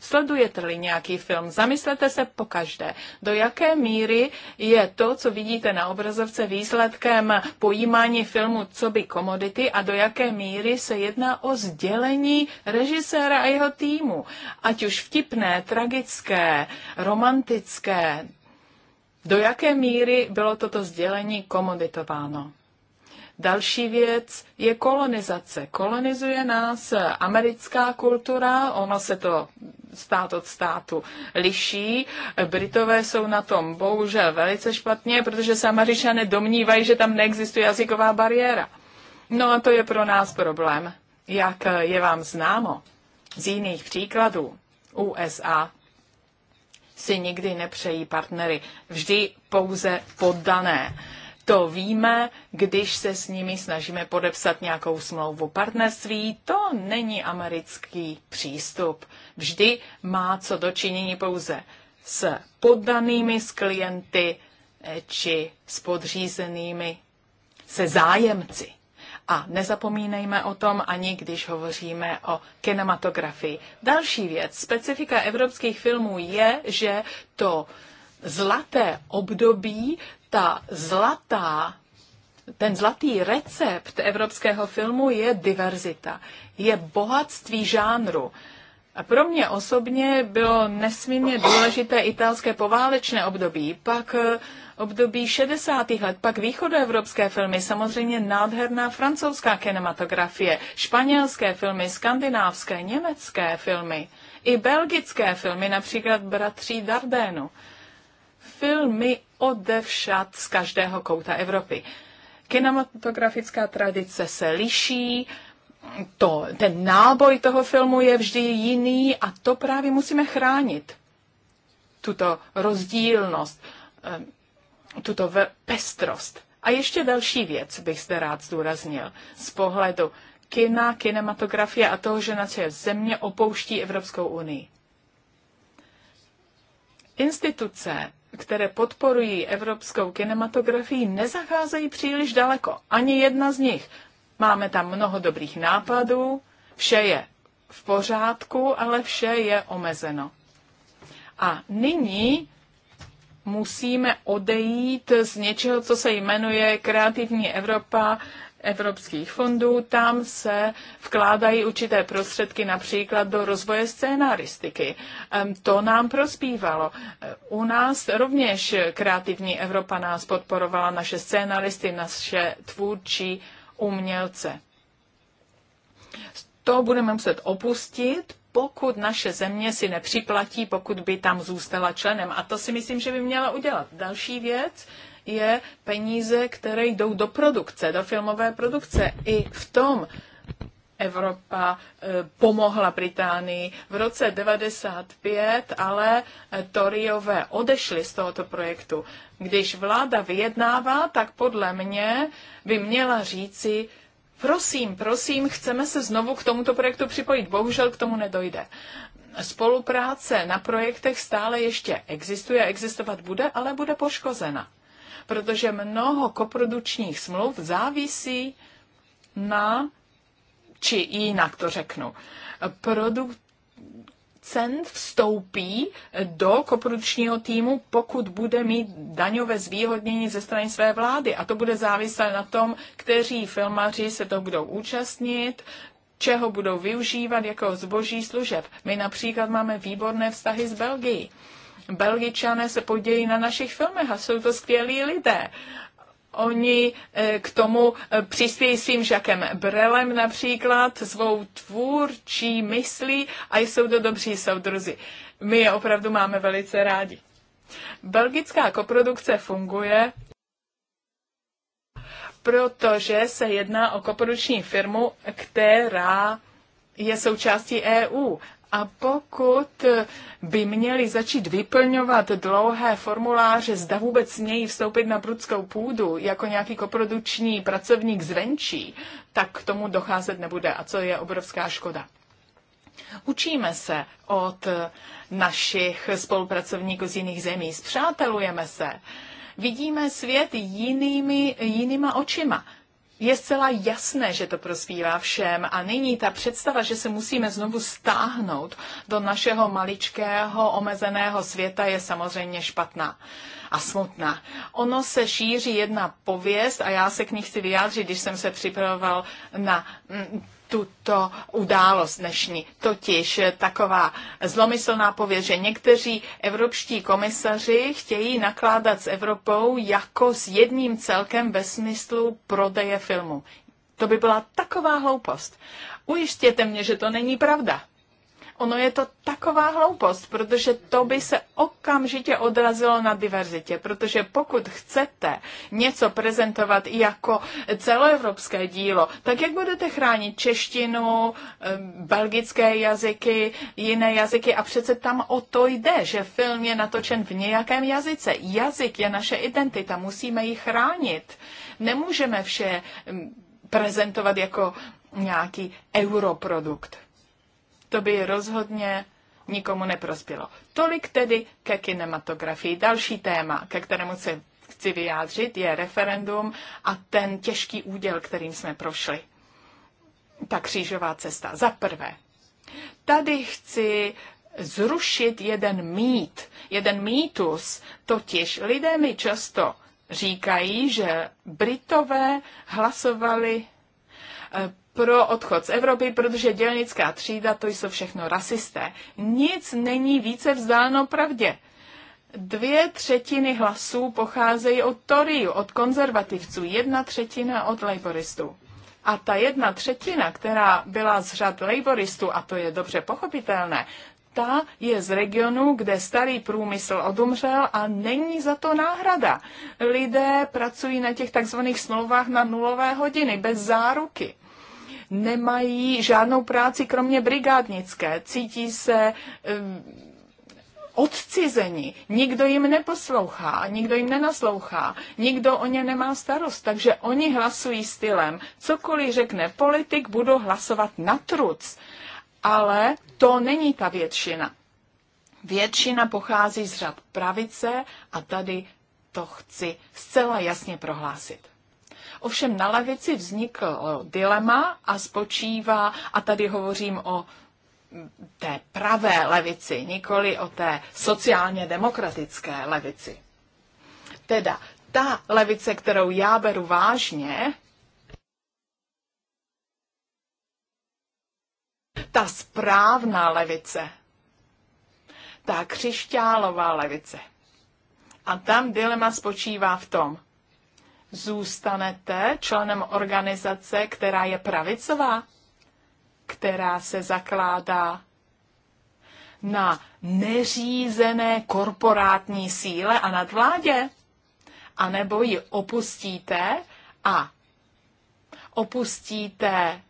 S2: Sledujete-li nějaký film, zamyslete se po každé, do jaké míry je to, co vidíte na obrazovce, výsledkem pojímání filmu co by komodity a do jaké míry se jedná o sdělení režiséra a jeho týmu. Ať už vtipné, tragické, romantické, do jaké míry bylo toto sdělení komoditováno. Další věc je kolonizace. Kolonizuje nás americká kultura, ono se to stát od státu liší. Britové jsou na tom bohužel velice špatně, protože se Američané domnívají, že tam neexistuje jazyková bariéra. No a to je pro nás problém. Jak je vám známo z jiných příkladů, USA si nikdy nepřejí partnery, vždy pouze poddané. To víme, když se s nimi snažíme podepsat nějakou smlouvu partnerství. To není americký přístup. Vždy má co dočinění pouze s poddanými, s klienty eh, či s podřízenými, se zájemci. A nezapomínejme o tom ani, když hovoříme o kinematografii. Další věc, specifika evropských filmů je, že to zlaté období ta zlatá, ten zlatý recept evropského filmu je diverzita, je bohatství žánru. A pro mě osobně bylo nesmírně důležité italské poválečné období, pak eh, období 60. let, pak východoevropské filmy, samozřejmě nádherná francouzská kinematografie, španělské filmy, skandinávské, německé filmy, i belgické filmy, například Bratří Dardénu filmy odevšad z každého kouta Evropy. Kinematografická tradice se liší, to, ten náboj toho filmu je vždy jiný a to právě musíme chránit. Tuto rozdílnost, eh, tuto pestrost. A ještě další věc bych zde rád zdůraznil z pohledu kina, kinematografie a toho, že naše země opouští Evropskou unii. Instituce které podporují evropskou kinematografii, nezacházejí příliš daleko. Ani jedna z nich. Máme tam mnoho dobrých nápadů, vše je v pořádku, ale vše je omezeno. A nyní musíme odejít z něčeho, co se jmenuje Kreativní Evropa evropských fondů, tam se vkládají určité prostředky například do rozvoje scénaristiky. To nám prospívalo. U nás rovněž kreativní Evropa nás podporovala, naše scénaristy, naše tvůrčí umělce. To budeme muset opustit, pokud naše země si nepřiplatí, pokud by tam zůstala členem. A to si myslím, že by měla udělat. Další věc, je peníze, které jdou do produkce, do filmové produkce. I v tom Evropa eh, pomohla Británii. V roce 95 ale eh, Toriové odešli z tohoto projektu. Když vláda vyjednává, tak podle mě by měla říci, prosím, prosím, chceme se znovu k tomuto projektu připojit. Bohužel k tomu nedojde. Spolupráce na projektech stále ještě existuje, existovat bude, ale bude poškozena protože mnoho koprodučních smluv závisí na, či jinak to řeknu, producent vstoupí do koprodučního týmu, pokud bude mít daňové zvýhodnění ze strany své vlády. A to bude záviset na tom, kteří filmaři se to budou účastnit, čeho budou využívat jako zboží služeb. My například máme výborné vztahy s Belgií. Belgičané se podějí na našich filmech a jsou to skvělí lidé. Oni eh, k tomu eh, přispějí svým Žakem Brelem například, svou tvůrčí myslí a jsou to dobří soudruzi. My je opravdu máme velice rádi. Belgická koprodukce funguje, protože se jedná o koprodukční firmu, která je součástí EU. A pokud by měli začít vyplňovat dlouhé formuláře, zda vůbec smějí vstoupit na prudskou půdu jako nějaký koproduční pracovník zvenčí, tak k tomu docházet nebude. A co je obrovská škoda. Učíme se od našich spolupracovníků z jiných zemí, zpřátelujeme se, vidíme svět jinými, jinýma očima je zcela jasné, že to prospívá všem a nyní ta představa, že se musíme znovu stáhnout do našeho maličkého omezeného světa je samozřejmě špatná a smutná. Ono se šíří jedna pověst a já se k ní chci vyjádřit, když jsem se připravoval na mm, tuto událost dnešní, totiž taková zlomyslná pověř, že někteří evropští komisaři chtějí nakládat s Evropou jako s jedním celkem ve smyslu prodeje filmu. To by byla taková hloupost. Ujistěte mě, že to není pravda. Ono je to taková hloupost, protože to by se okamžitě odrazilo na diverzitě, protože pokud chcete něco prezentovat jako celoevropské dílo, tak jak budete chránit češtinu, belgické jazyky, jiné jazyky a přece tam o to jde, že film je natočen v nějakém jazyce. Jazyk je naše identita, musíme ji chránit. Nemůžeme vše prezentovat jako nějaký europrodukt to by rozhodně nikomu neprospělo. Tolik tedy ke kinematografii. Další téma, ke kterému se chci vyjádřit, je referendum a ten těžký úděl, kterým jsme prošli. Ta křížová cesta. Za prvé, tady chci zrušit jeden mýt, jeden mýtus, totiž lidé mi často říkají, že Britové hlasovali pro odchod z Evropy, protože dělnická třída to jsou všechno rasisté. Nic není více vzdáleno pravdě. Dvě třetiny hlasů pocházejí od Toryů, od konzervativců, jedna třetina od laboristů. A ta jedna třetina, která byla z řad laboristů, a to je dobře pochopitelné, ta je z regionu, kde starý průmysl odumřel a není za to náhrada. Lidé pracují na těch takzvaných smlouvách na nulové hodiny, bez záruky nemají žádnou práci kromě brigádnické, cítí se um, odcizeni, nikdo jim neposlouchá, nikdo jim nenaslouchá, nikdo o ně nemá starost, takže oni hlasují stylem, cokoliv řekne politik, budou hlasovat na truc. Ale to není ta většina. Většina pochází z řad pravice a tady to chci zcela jasně prohlásit. Ovšem na levici vzniklo dilema a spočívá, a tady hovořím o té pravé levici, nikoli o té sociálně demokratické levici. Teda ta levice, kterou já beru vážně, ta správná levice, ta křišťálová levice. A tam dilema spočívá v tom, zůstanete členem organizace, která je pravicová, která se zakládá na neřízené korporátní síle a nadvládě? A nebo ji opustíte a opustíte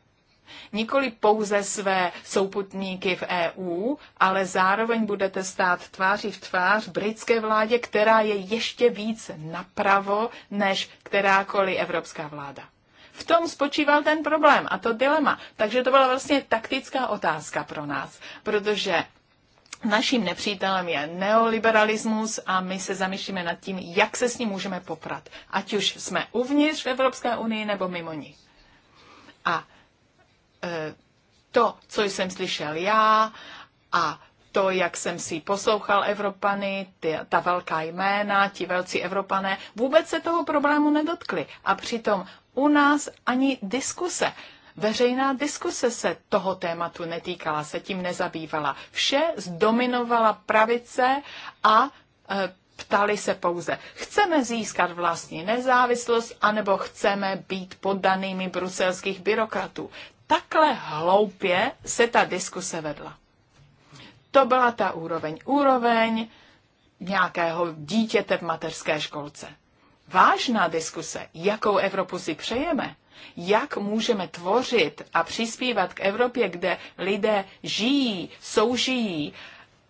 S2: nikoli pouze své souputníky v EU, ale zároveň budete stát tváří v tvář britské vládě, která je ještě víc napravo než kterákoliv evropská vláda. V tom spočíval ten problém a to dilema. Takže to byla vlastně taktická otázka pro nás, protože naším nepřítelem je neoliberalismus a my se zamýšlíme nad tím, jak se s ním můžeme poprat. Ať už jsme uvnitř v Evropské unii nebo mimo ní. A Eh, to, co jsem slyšel já a to, jak jsem si poslouchal Evropany, ty, ta velká jména, ti velcí Evropané, vůbec se toho problému nedotkli. A přitom u nás ani diskuse Veřejná diskuse se toho tématu netýkala, se tím nezabývala. Vše zdominovala pravice a e, ptali se pouze, chceme získat vlastní nezávislost, anebo chceme být poddanými bruselských byrokratů takhle hloupě se ta diskuse vedla. To byla ta úroveň. Úroveň nějakého dítěte v mateřské školce. Vážná diskuse, jakou Evropu si přejeme, jak můžeme tvořit a přispívat k Evropě, kde lidé žijí, soužijí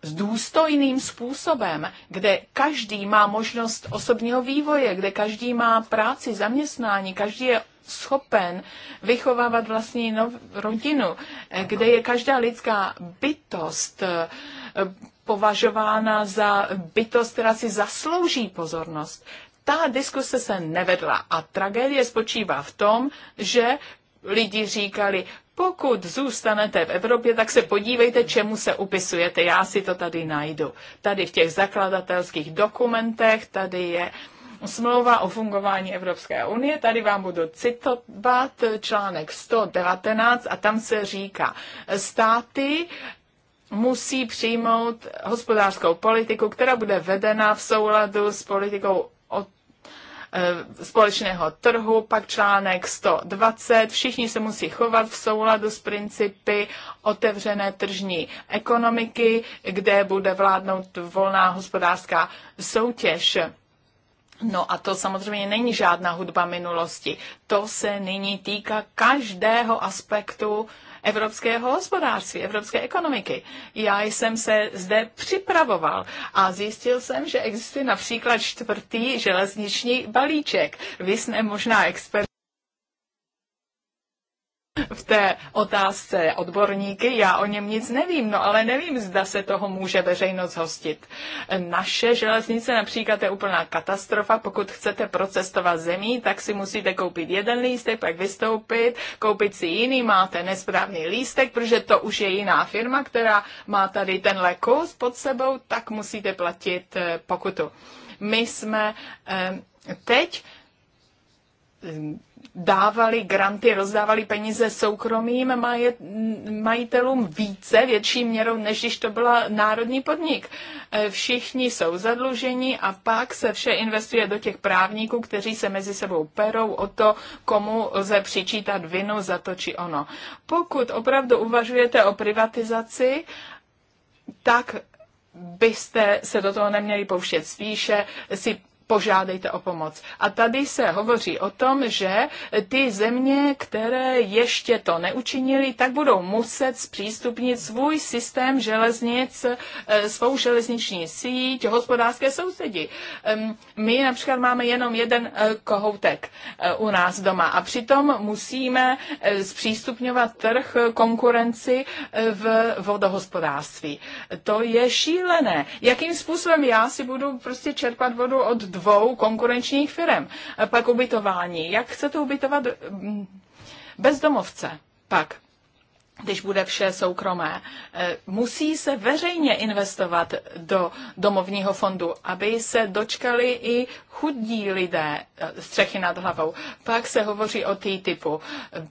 S2: s důstojným způsobem, kde každý má možnost osobního vývoje, kde každý má práci, zaměstnání, každý je schopen vychovávat vlastní nov, rodinu, eh, kde je každá lidská bytost eh, považována za bytost, která si zaslouží pozornost. Ta diskuse se nevedla a tragédie spočívá v tom, že lidi říkali, pokud zůstanete v Evropě, tak se podívejte, čemu se upisujete. Já si to tady najdu. Tady v těch zakladatelských dokumentech, tady je uh, smlouva o fungování Evropské unie. Tady vám budu citovat článek 119 a tam se říká, státy musí přijmout hospodářskou politiku, která bude vedena v souladu s politikou od e, společného trhu, pak článek 120. Všichni se musí chovat v souladu s principy otevřené tržní ekonomiky, kde bude vládnout volná hospodářská soutěž. No a to samozřejmě není žádná hudba minulosti. To se nyní týká každého aspektu evropského hospodářství, evropské ekonomiky. Já jsem se zde připravoval a zjistil jsem, že existuje například čtvrtý železniční balíček. Vy jste možná expert v té otázce odborníky, já o něm nic nevím, no ale nevím, zda se toho může veřejnost hostit. Naše železnice například je úplná katastrofa, pokud chcete procestovat zemí, tak si musíte koupit jeden lístek, pak vystoupit, koupit si jiný, máte nesprávný lístek, protože to už je jiná firma, která má tady ten kus pod sebou, tak musíte platit eh, pokutu. My jsme eh, teď dávali granty, rozdávali peníze soukromým majet, majitelům více, větší měrou, než když to byla národní podnik. E, všichni jsou zadluženi a pak se vše investuje do těch právníků, kteří se mezi sebou perou o to, komu lze přičítat vinu za to či ono. Pokud opravdu uvažujete o privatizaci, tak byste se do toho neměli pouštět. Spíše si požádejte o pomoc. A tady se hovoří o tom, že ty země, které ještě to neučinili, tak budou muset zpřístupnit svůj systém železnic, eh, svou železniční síť, hospodářské sousedí. Ehm, my například máme jenom jeden eh, kohoutek eh, u nás doma a přitom musíme zpřístupňovat trh konkurenci v vodohospodářství. To je šílené. Jakým způsobem já si budu prostě čerpat vodu od dvou konkurenčních firm. Pak ubytování. Jak chcete ubytovat mm, bezdomovce? Pak když bude vše soukromé. E, musí se veřejně investovat do domovního fondu, aby se dočkali i chudí lidé e, střechy nad hlavou. Pak se hovoří o typu.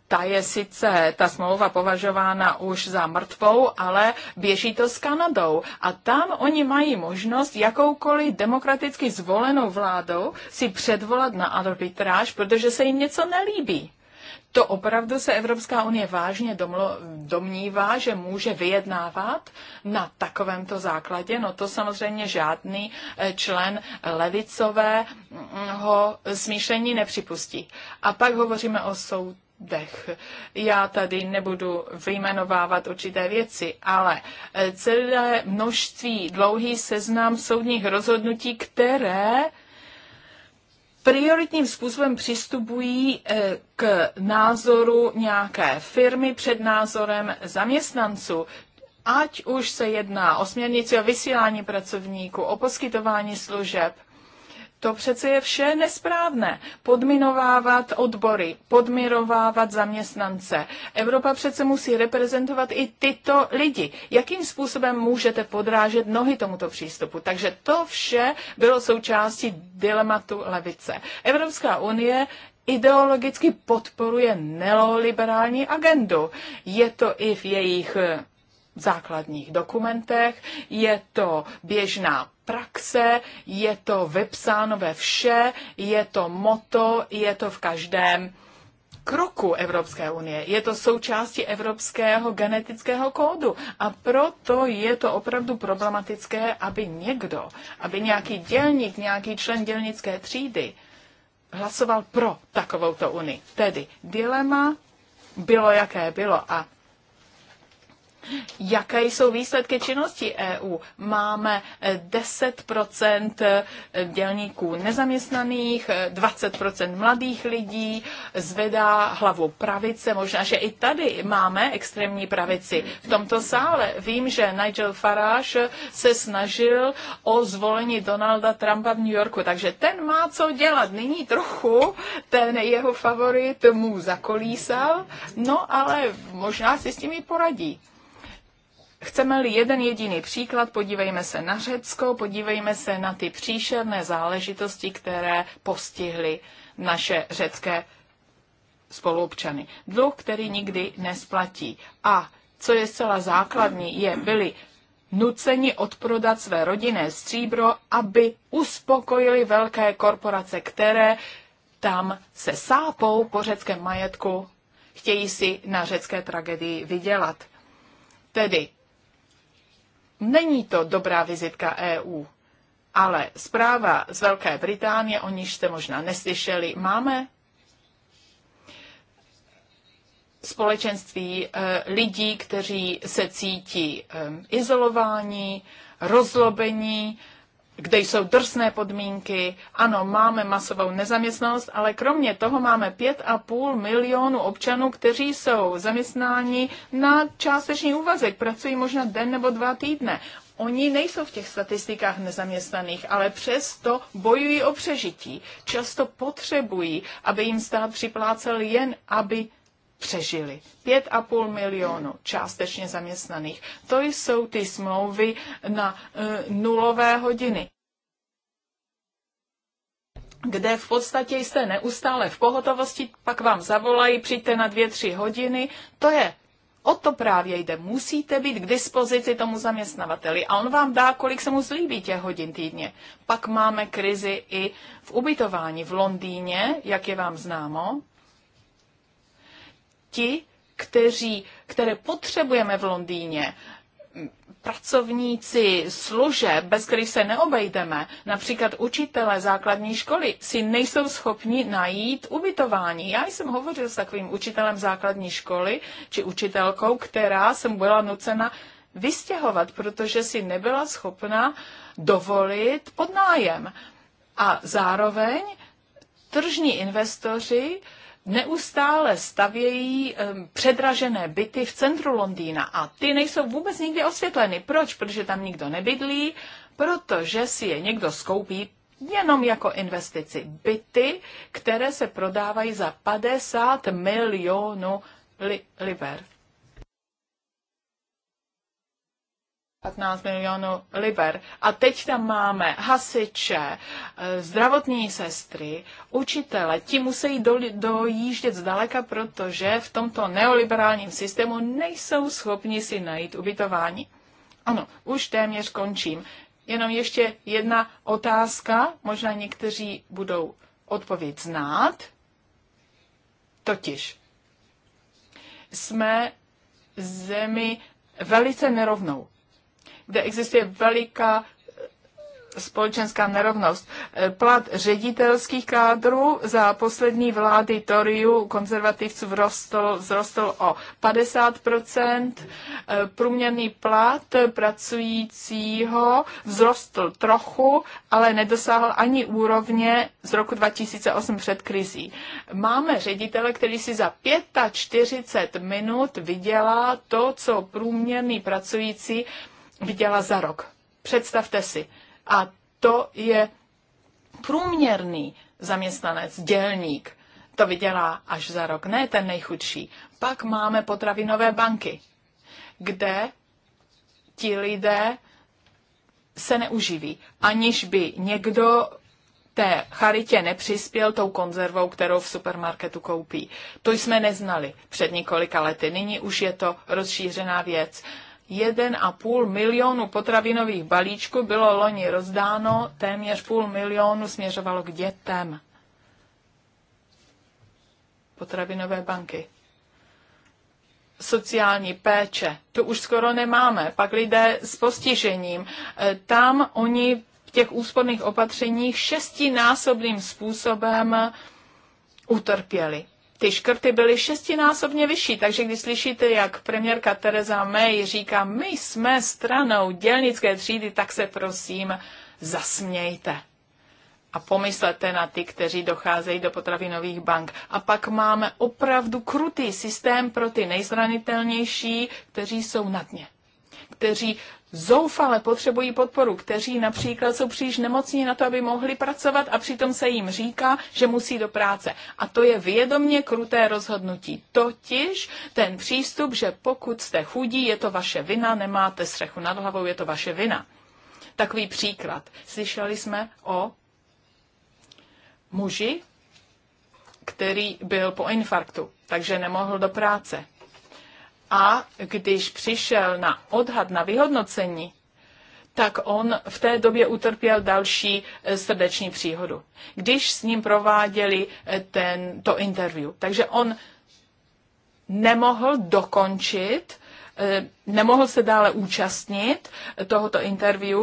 S2: Ta je sice, ta smlouva považována už za mrtvou, ale běží to s Kanadou. A tam oni mají možnost jakoukoliv demokraticky zvolenou vládou si předvolat na arbitráž, protože se jim něco nelíbí to opravdu se Evropská unie vážně domlo, domnívá, že může vyjednávat na takovémto základě? No to samozřejmě žádný eh, člen levicového smýšlení nepřipustí. A pak hovoříme o soud dech. Já tady nebudu vyjmenovávat určité věci, ale eh, celé množství, dlouhý seznam soudních rozhodnutí, které prioritním způsobem přistupují eh, k názoru nějaké firmy před názorem zaměstnanců. Ať už se jedná o směrnici o vysílání pracovníků, o poskytování služeb, to přece je vše nesprávné. Podminovávat odbory, podmirovávat zaměstnance. Evropa přece musí reprezentovat i tyto lidi. Jakým způsobem můžete podrážet nohy tomuto přístupu? Takže to vše bylo součástí dilematu levice. Evropská unie ideologicky podporuje neoliberální agendu. Je to i v jejich základních dokumentech, je to běžná praxe, je to vepsáno ve vše, je to moto, je to v každém kroku Evropské unie. Je to součástí evropského genetického kódu a proto je to opravdu problematické, aby někdo, aby nějaký dělník, nějaký člen dělnické třídy hlasoval pro takovouto unii. Tedy dilema bylo, jaké bylo a Jaké jsou výsledky činnosti EU? Máme 10% eh, eh, dělníků nezaměstnaných, 20% eh, mladých lidí, zvedá hlavu pravice, možná, že i tady máme extrémní pravici. V tomto sále vím, že Nigel Farage se snažil o zvolení Donalda Trumpa v New Yorku, takže ten má co dělat. Nyní trochu ten jeho favorit mu zakolísal, no ale možná si s tím i poradí. Chceme-li jeden jediný příklad, podívejme se na Řecko, podívejme se na ty příšerné záležitosti, které postihly naše řecké spoluobčany. Dluh, který nikdy nesplatí. A co je zcela základní, je, byli nuceni odprodat své rodinné stříbro, aby uspokojili velké korporace, které tam se sápou po řeckém majetku, chtějí si na řecké tragedii vydělat. Tedy Není to dobrá vizitka EU, ale zpráva z Velké Británie, o níž jste možná neslyšeli, máme společenství eh, lidí, kteří se cítí eh, izolováni, rozlobení, kde jsou drsné podmínky. Ano, máme masovou nezaměstnanost, ale kromě toho máme 5,5 milionu občanů, kteří jsou zaměstnáni na částečný úvazek, pracují možná den nebo dva týdne. Oni nejsou v těch statistikách nezaměstnaných, ale přesto bojují o přežití. Často potřebují, aby jim stát připlácel jen, aby přežili. půl milionu částečně zaměstnaných. To jsou ty smlouvy na uh, nulové hodiny kde v podstatě jste neustále v pohotovosti, pak vám zavolají, přijďte na dvě, tři hodiny. To je, o to právě jde. Musíte být k dispozici tomu zaměstnavateli a on vám dá, kolik se mu zlíbí těch hodin týdně. Pak máme krizi i v ubytování v Londýně, jak je vám známo ti, kteří, které potřebujeme v Londýně, pracovníci služe, bez kterých se neobejdeme, například učitele základní školy, si nejsou schopni najít ubytování. Já jsem hovořil s takovým učitelem základní školy či učitelkou, která jsem byla nucena vystěhovat, protože si nebyla schopna dovolit podnájem. A zároveň tržní investoři neustále stavějí předražené byty v centru Londýna a ty nejsou vůbec nikdy osvětleny. Proč? Protože tam nikdo nebydlí, protože si je někdo skoupí jenom jako investici. Byty, které se prodávají za 50 milionů li- liber. 15 milionů liber. A teď tam máme hasiče, eh, zdravotní sestry, učitele. Ti musí do, dojíždět zdaleka, protože v tomto neoliberálním systému nejsou schopni si najít ubytování. Ano, už téměř končím. Jenom ještě jedna otázka, možná někteří budou odpověď znát. Totiž jsme zemi velice nerovnou kde existuje veliká společenská nerovnost. Plat ředitelských kádrů za poslední vlády Toriu konzervativců vzrostl, vzrostl o 50%. Průměrný plat pracujícího vzrostl trochu, ale nedosáhl ani úrovně z roku 2008 před krizí. Máme ředitele, který si za 45 minut vydělá to, co průměrný pracující viděla za rok. Představte si. A to je průměrný zaměstnanec, dělník. To vydělá až za rok, ne ten nejchudší. Pak máme potravinové banky, kde ti lidé se neuživí, aniž by někdo té charitě nepřispěl tou konzervou, kterou v supermarketu koupí. To jsme neznali před několika lety. Nyní už je to rozšířená věc. 1,5 milionu potravinových balíčků bylo loni rozdáno, téměř půl milionu směřovalo k dětem. Potravinové banky. Sociální péče. To už skoro nemáme. Pak lidé s postižením. E, tam oni v těch úsporných opatřeních šestinásobným způsobem utrpěli ty škrty byly šestinásobně vyšší, takže když slyšíte, jak premiérka Tereza May říká, my jsme stranou dělnické třídy, tak se prosím zasmějte. A pomyslete na ty, kteří docházejí do potravinových bank. A pak máme opravdu krutý systém pro ty nejzranitelnější, kteří jsou na dně kteří zoufale potřebují podporu, kteří například jsou příliš nemocní na to, aby mohli pracovat a přitom se jim říká, že musí do práce. A to je vědomně kruté rozhodnutí. Totiž ten přístup, že pokud jste chudí, je to vaše vina, nemáte střechu nad hlavou, je to vaše vina. Takový příklad. Slyšeli jsme o muži, který byl po infarktu, takže nemohl do práce. A když přišel na odhad, na vyhodnocení, tak on v té době utrpěl další eh, srdeční příhodu, když s ním prováděli eh, ten, to interview. Takže on nemohl dokončit, eh, nemohl se dále účastnit tohoto interview,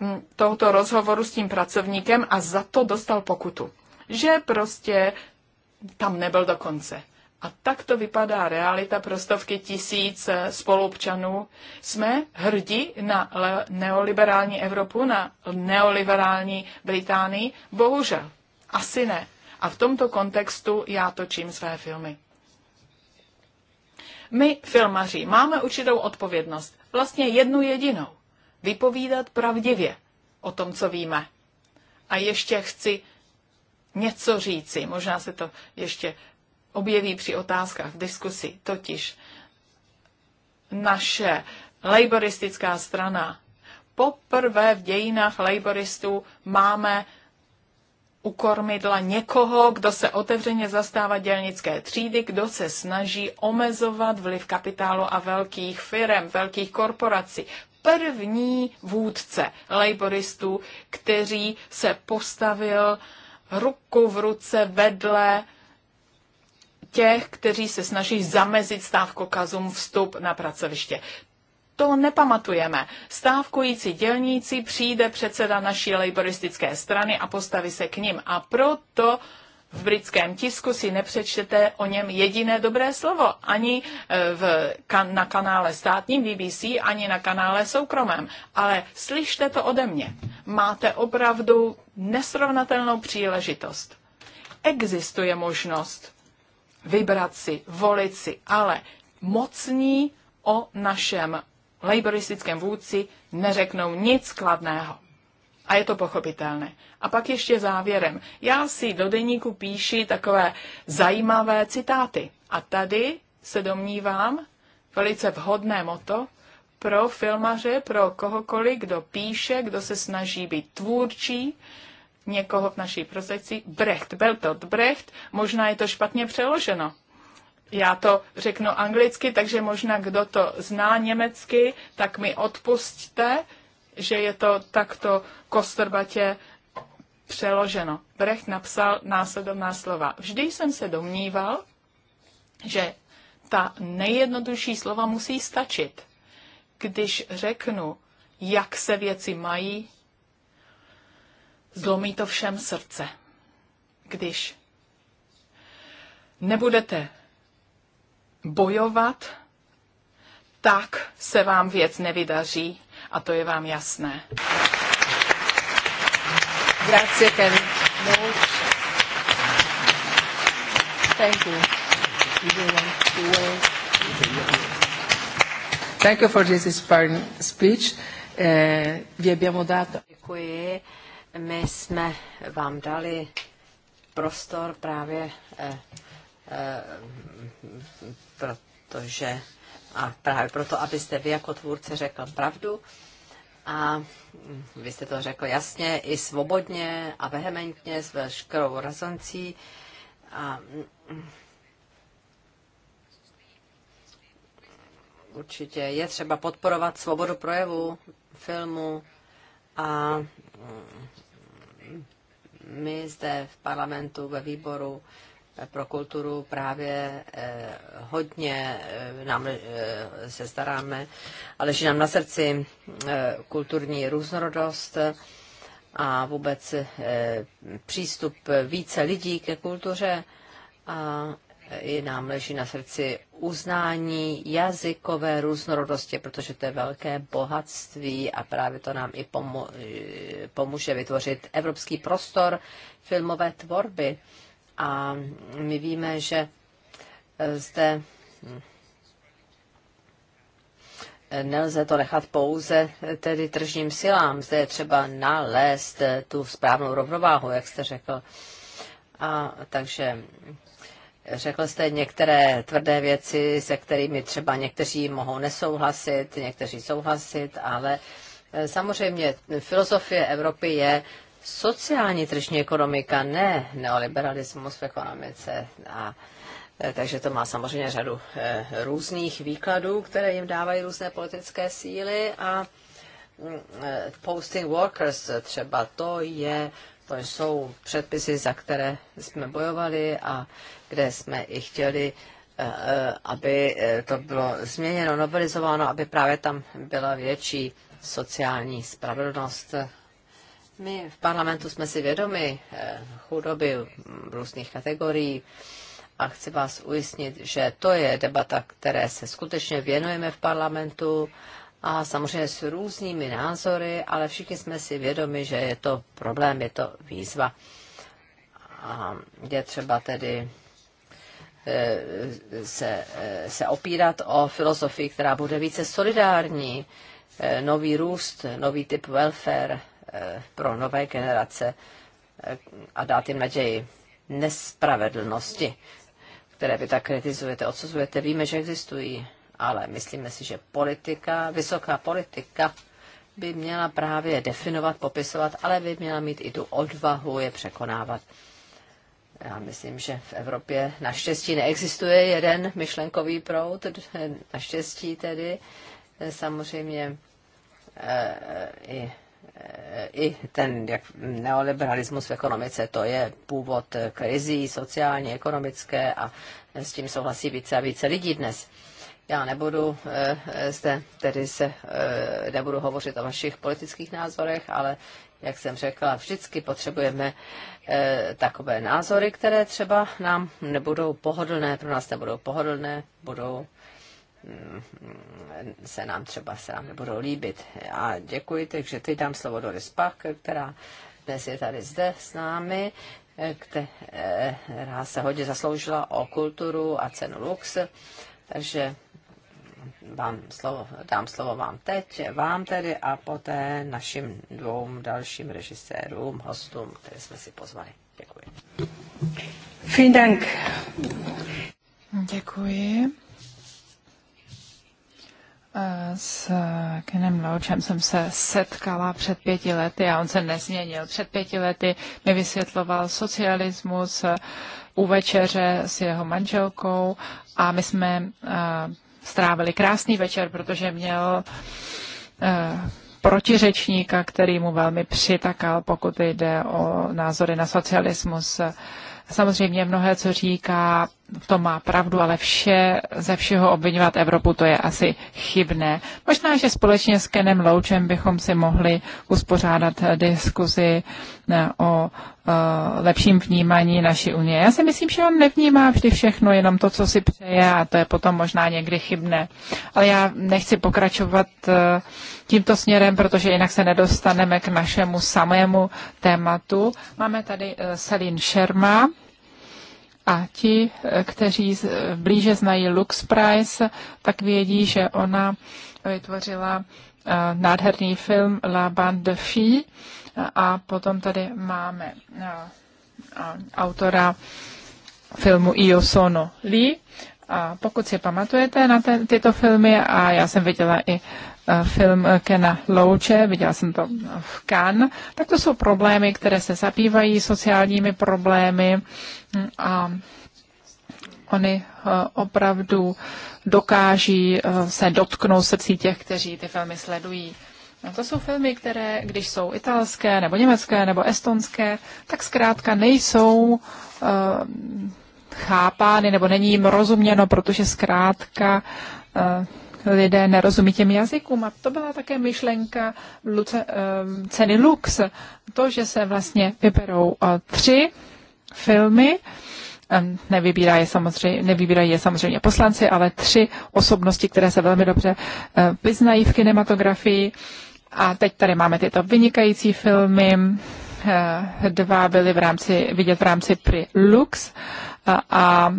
S2: hm, tohoto rozhovoru s tím pracovníkem a za to dostal pokutu. Že prostě tam nebyl do konce. A tak to vypadá realita pro stovky tisíc eh, spolupčanů. Jsme hrdí na neoliberální Evropu, na neoliberální Británii? Bohužel, asi ne. A v tomto kontextu já točím své filmy. My, filmaři, máme určitou odpovědnost, vlastně jednu jedinou. Vypovídat pravdivě o tom, co víme. A ještě chci něco říci, možná se to ještě objeví při otázkách v diskusi. Totiž naše laboristická strana poprvé v dějinách laboristů máme u kormidla někoho, kdo se otevřeně zastává dělnické třídy, kdo se snaží omezovat vliv kapitálu a velkých firm, velkých korporací. První vůdce laboristů, kteří se postavil ruku v ruce vedle těch, kteří se snaží zamezit stávkokazům vstup na pracoviště. To nepamatujeme. Stávkující dělníci přijde předseda naší laboristické strany a postaví se k ním. A proto v britském tisku si nepřečtete o něm jediné dobré slovo, ani eh, v, kan, na kanále státním BBC, ani na kanále soukromém. Ale slyšte to ode mě. Máte opravdu nesrovnatelnou příležitost. Existuje možnost vybrat si, volit si, ale mocní o našem laboristickém vůdci neřeknou nic kladného. A je to pochopitelné. A pak ještě závěrem. Já si do deníku píši takové zajímavé citáty. A tady se domnívám, velice vhodné moto pro filmaře, pro kohokoliv, kdo píše, kdo se snaží být tvůrčí, někoho v naší prozeci, Brecht, Bertolt Brecht, možná je to špatně přeloženo. Já to řeknu anglicky, takže možná kdo to zná německy, tak mi odpustte, že je to takto kostrbatě přeloženo. Brecht napsal následovná slova. Vždy jsem se domníval, že ta nejjednodušší slova musí stačit. Když řeknu, jak se věci mají, Zlomí to všem srdce, když nebudete bojovat, tak se vám věc nevydaří a to je vám jasné.
S1: Grazie Kevin. Thank you.
S4: Thank you for this inspiring speech. Eh, vi abbiamo dato.
S1: My jsme vám dali prostor právě eh, eh, protože a právě proto, abyste vy jako tvůrce řekl pravdu a vy jste to řekl jasně i svobodně a vehementně s veškerou razoncí a určitě je třeba podporovat svobodu projevu filmu a my zde v parlamentu, ve výboru pro kulturu právě eh, hodně eh, nám eh, se staráme, ale leží nám na srdci kulturní různorodost a vůbec přístup více lidí ke kultuře. A i nám leží na srdci uznání jazykové různorodosti, protože to je velké bohatství a právě to nám i pomo- pomůže vytvořit evropský prostor filmové tvorby. A my víme, že eh, zde hm, nelze to nechat pouze eh, tedy tržním silám. Zde je třeba nalézt eh, tu správnou rovnováhu, jak jste řekl. A takže hm, Řekl jste některé tvrdé věci, se kterými třeba někteří mohou nesouhlasit, někteří souhlasit, ale e, samozřejmě filozofie Evropy je sociální tržní ekonomika, ne neoliberalismus v ekonomice. A, e, takže to má samozřejmě řadu e, různých výkladů, které jim dávají různé politické síly a mm, posting workers třeba, to je to jsou předpisy, za které jsme bojovali a kde jsme i chtěli, eh, eh, aby eh, to bylo změněno, novelizováno, aby právě tam byla větší sociální spravedlnost. My v parlamentu jsme si vědomi chudoby v různých kategorií a chci vás ujistnit, že to je debata, které se skutečně věnujeme v parlamentu a samozřejmě s různými názory, ale všichni jsme si vědomi, že je to problém, je to výzva. A je třeba tedy eh, se, eh, se opírat o filozofii, která bude více solidární, eh, nový růst, nový typ welfare pro nové generace a dát jim naději nespravedlnosti, které vy tak kritizujete, odsuzujete. Víme, že existují ale myslíme si, že politika, vysoká politika by měla právě definovat, popisovat, ale by měla mít i tu odvahu je překonávat. Já myslím, že v Evropě naštěstí neexistuje jeden myšlenkový proud, naštěstí tedy samozřejmě eh, i, eh, i ten jak neoliberalismus v ekonomice, to je původ krizí sociálně, ekonomické a s tím souhlasí více a více lidí dnes. Já nebudu eh, eh, zde, tedy se eh, nebudu hovořit o vašich politických názorech, ale jak jsem řekla, vždycky potřebujeme takové názory, které třeba nám nebudou pohodlné, pro nás nebudou pohodlné, budou mm, mm, se nám třeba se nám nebudou líbit. A děkuji, takže teď dám slovo Doris Pak, která dnes je tady zde s námi, která se hodně zasloužila o kulturu a cenu Lux. Takže vám slovo, dám slovo vám teď, vám tedy a poté našim dvou dalším režisérům, hostům, které jsme si pozvali. Děkuji.
S2: Vielen Dank. Děkuji.
S4: E, s Kenem Loučem jsem se setkala před pěti lety a on se nezměnil. Před pěti lety mi vysvětloval socialismus u večeře s jeho manželkou a my jsme e, strávili krásný večer, protože měl eh, protiřečníka, který mu velmi přitakal, pokud jde o názory na socialismus. Samozřejmě mnohé, co říká, v tom má pravdu, ale vše, ze všeho obvinovat Evropu, to je asi chybné. Možná, že společně s Kenem Loučem bychom si mohli uspořádat eh, diskuzi eh, o eh, lepším vnímání naší unie. Já si myslím, že on nevnímá vždy všechno, jenom to, co si přeje a to je potom možná někdy chybné. Ale já nechci pokračovat tímto směrem, protože jinak se nedostaneme k našemu samému tématu. Máme tady Selin Sharma, a ti, eh, kteří blíže znají Lux Price, tak vědí, že ona vytvořila eh, nádherný film La Bande de Fille a potom tady máme eh, autora filmu Io sono Lee. A pokud si pamatujete na ten, tyto filmy, a já jsem viděla i film Kena Louče, viděla jsem to v Cannes, tak to jsou problémy, které se zabývají sociálními problémy a oni eh, opravdu dokáží eh, se dotknout srdcí těch, kteří ty filmy sledují. No to jsou filmy, které, když jsou italské, nebo německé, nebo estonské, tak zkrátka nejsou uh, chápány, nebo není jim rozuměno, protože zkrátka uh, lidé nerozumí těm jazykům. A to byla také myšlenka Luce, ceny Lux. To, že se vlastně vyberou tři filmy. Nevybírá je samozřejmě, nevybírají je samozřejmě poslanci, ale tři osobnosti, které se velmi dobře eh, vyznají v kinematografii. A teď tady máme tyto vynikající filmy. Eh, dva byly v rámci, vidět v rámci Pri Lux a, a,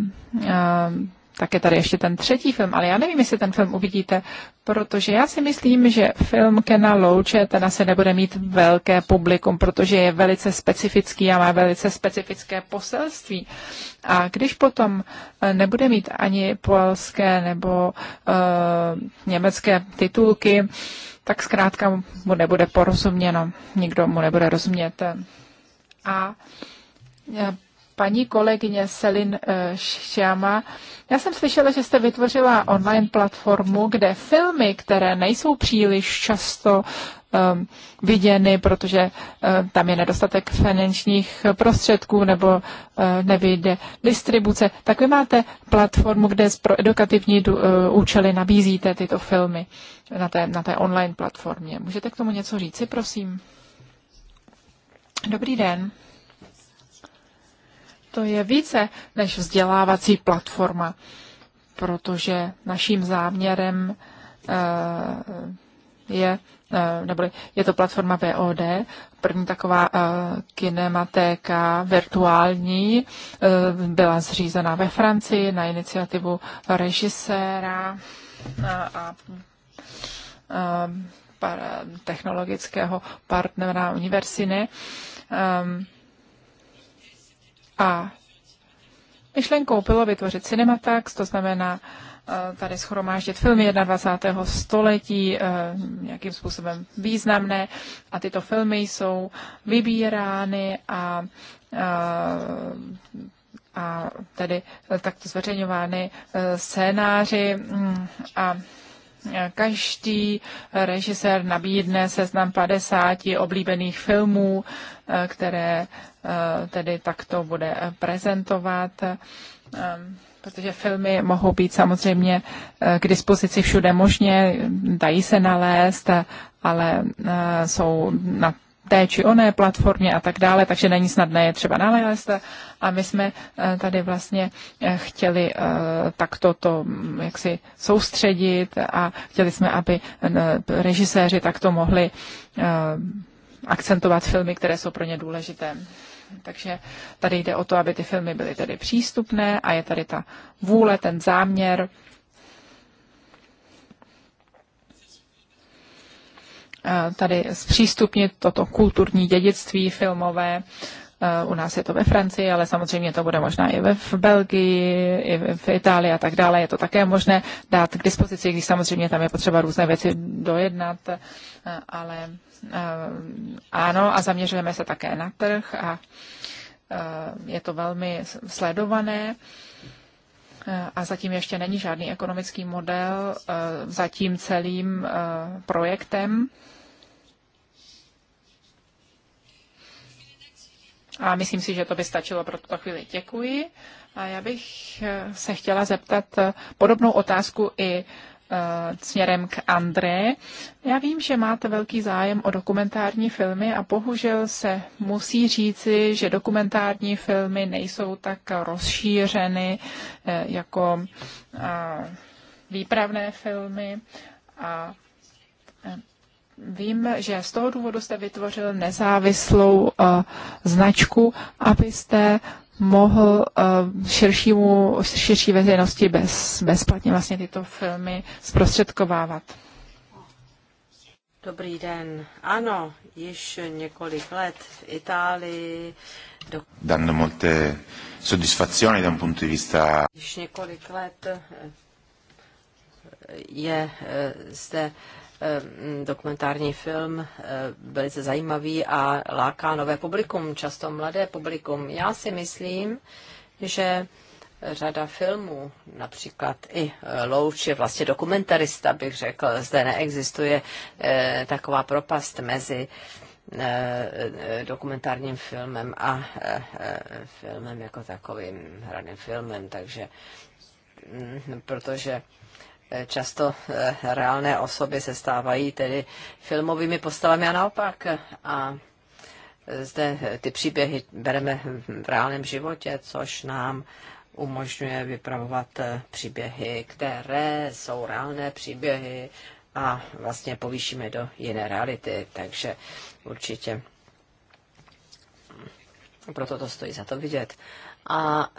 S4: a tak je tady ještě ten třetí film, ale já nevím, jestli ten film uvidíte, protože já si myslím, že film Kena Louče, ten asi nebude mít velké publikum, protože je velice specifický a má velice specifické poselství. A když potom eh, nebude mít ani polské nebo uh, německé titulky, tak zkrátka mu nebude porozuměno, nikdo mu nebude rozumět. A eh, paní kolegyně Selin eh, Šiama. já jsem slyšela, že jste vytvořila online platformu, kde filmy, které nejsou příliš často um, viděny, protože um, tam je nedostatek finančních prostředků nebo uh, nevyjde distribuce, tak vy máte platformu, kde pro edukativní uh, účely nabízíte tyto filmy na té, na té online platformě. Můžete k tomu něco říci, prosím? Dobrý den. To je více než vzdělávací platforma, protože naším záměrem eh, je, eh, nebo je to platforma VOD, první taková eh, kinematéka virtuální, byla zřízena ve Francii na iniciativu režiséra a technologického partnera Universiny. Um, ehm, a myšlenkou bylo vytvořit Cinematax, to znamená eh, tady schromáždit filmy 21. století, eh, nějakým způsobem významné. A tyto filmy jsou vybírány a, a, eh, a tedy takto zveřejňovány scénáři mm, a každý režisér nabídne seznam 50 oblíbených filmů, eh, které eh, tedy takto bude prezentovat ehm, protože filmy mohou být samozřejmě eh, k dispozici všude možně, dají se nalézt, ale jsou na té či oné platformě a tak dále, takže není snadné je třeba nalézt. A my jsme eh, tady vlastně eh, chtěli eh, takto to mm, jaksi soustředit a chtěli jsme, aby režiséři takto mohli akcentovat filmy, které jsou pro ně důležité. Takže tady jde o to, aby ty filmy byly tedy přístupné a je tady ta vůle, ten záměr Eh, tady zpřístupnit toto kulturní dědictví filmové. Eh, u nás je to ve Francii, ale samozřejmě to bude možná i ve, v Belgii, i v Itálii a tak dále. Je to také možné dát k dispozici, když samozřejmě tam je potřeba různé věci dojednat, eh, ale ano, a zaměřujeme se také na trh a je to velmi sledované a zatím ještě není žádný ekonomický model za tím celým projektem. A myslím si, že to by stačilo pro tuto chvíli. Děkuji. A já bych eh, se chtěla zeptat eh, podobnou otázku i eh, směrem k André. Já vím, že máte velký zájem o dokumentární filmy a bohužel se musí říci, že dokumentární filmy nejsou tak rozšířeny jako výpravné filmy a Vím, že z toho důvodu jste vytvořil nezávislou eh, značku, abyste mohl eh, širšímu, širší veřejnosti bez, bezplatně vlastně tyto filmy zprostředkovávat.
S1: Dobrý den. Ano, již několik let v Itálii. Do...
S4: Dando molte soddisfazioni da un punto di
S1: vista... Již několik let eh, je zde dokumentární film eh, velice zajímavý a láká nové publikum, často mladé publikum. Já si myslím, že řada filmů, například i eh, Louč je vlastně dokumentarista, bych řekl, zde neexistuje eh, taková propast mezi dokumentárním filmem a filmem jako takovým hraným filmem, takže mm, protože často eh, reálné osoby se stávají tedy filmovými postavami a naopak. A zde ty příběhy bereme v reálném životě, což nám umožňuje vypravovat eh, příběhy, které jsou reálné příběhy a vlastně povýšíme do jiné reality. Takže určitě proto to stojí za to vidět. A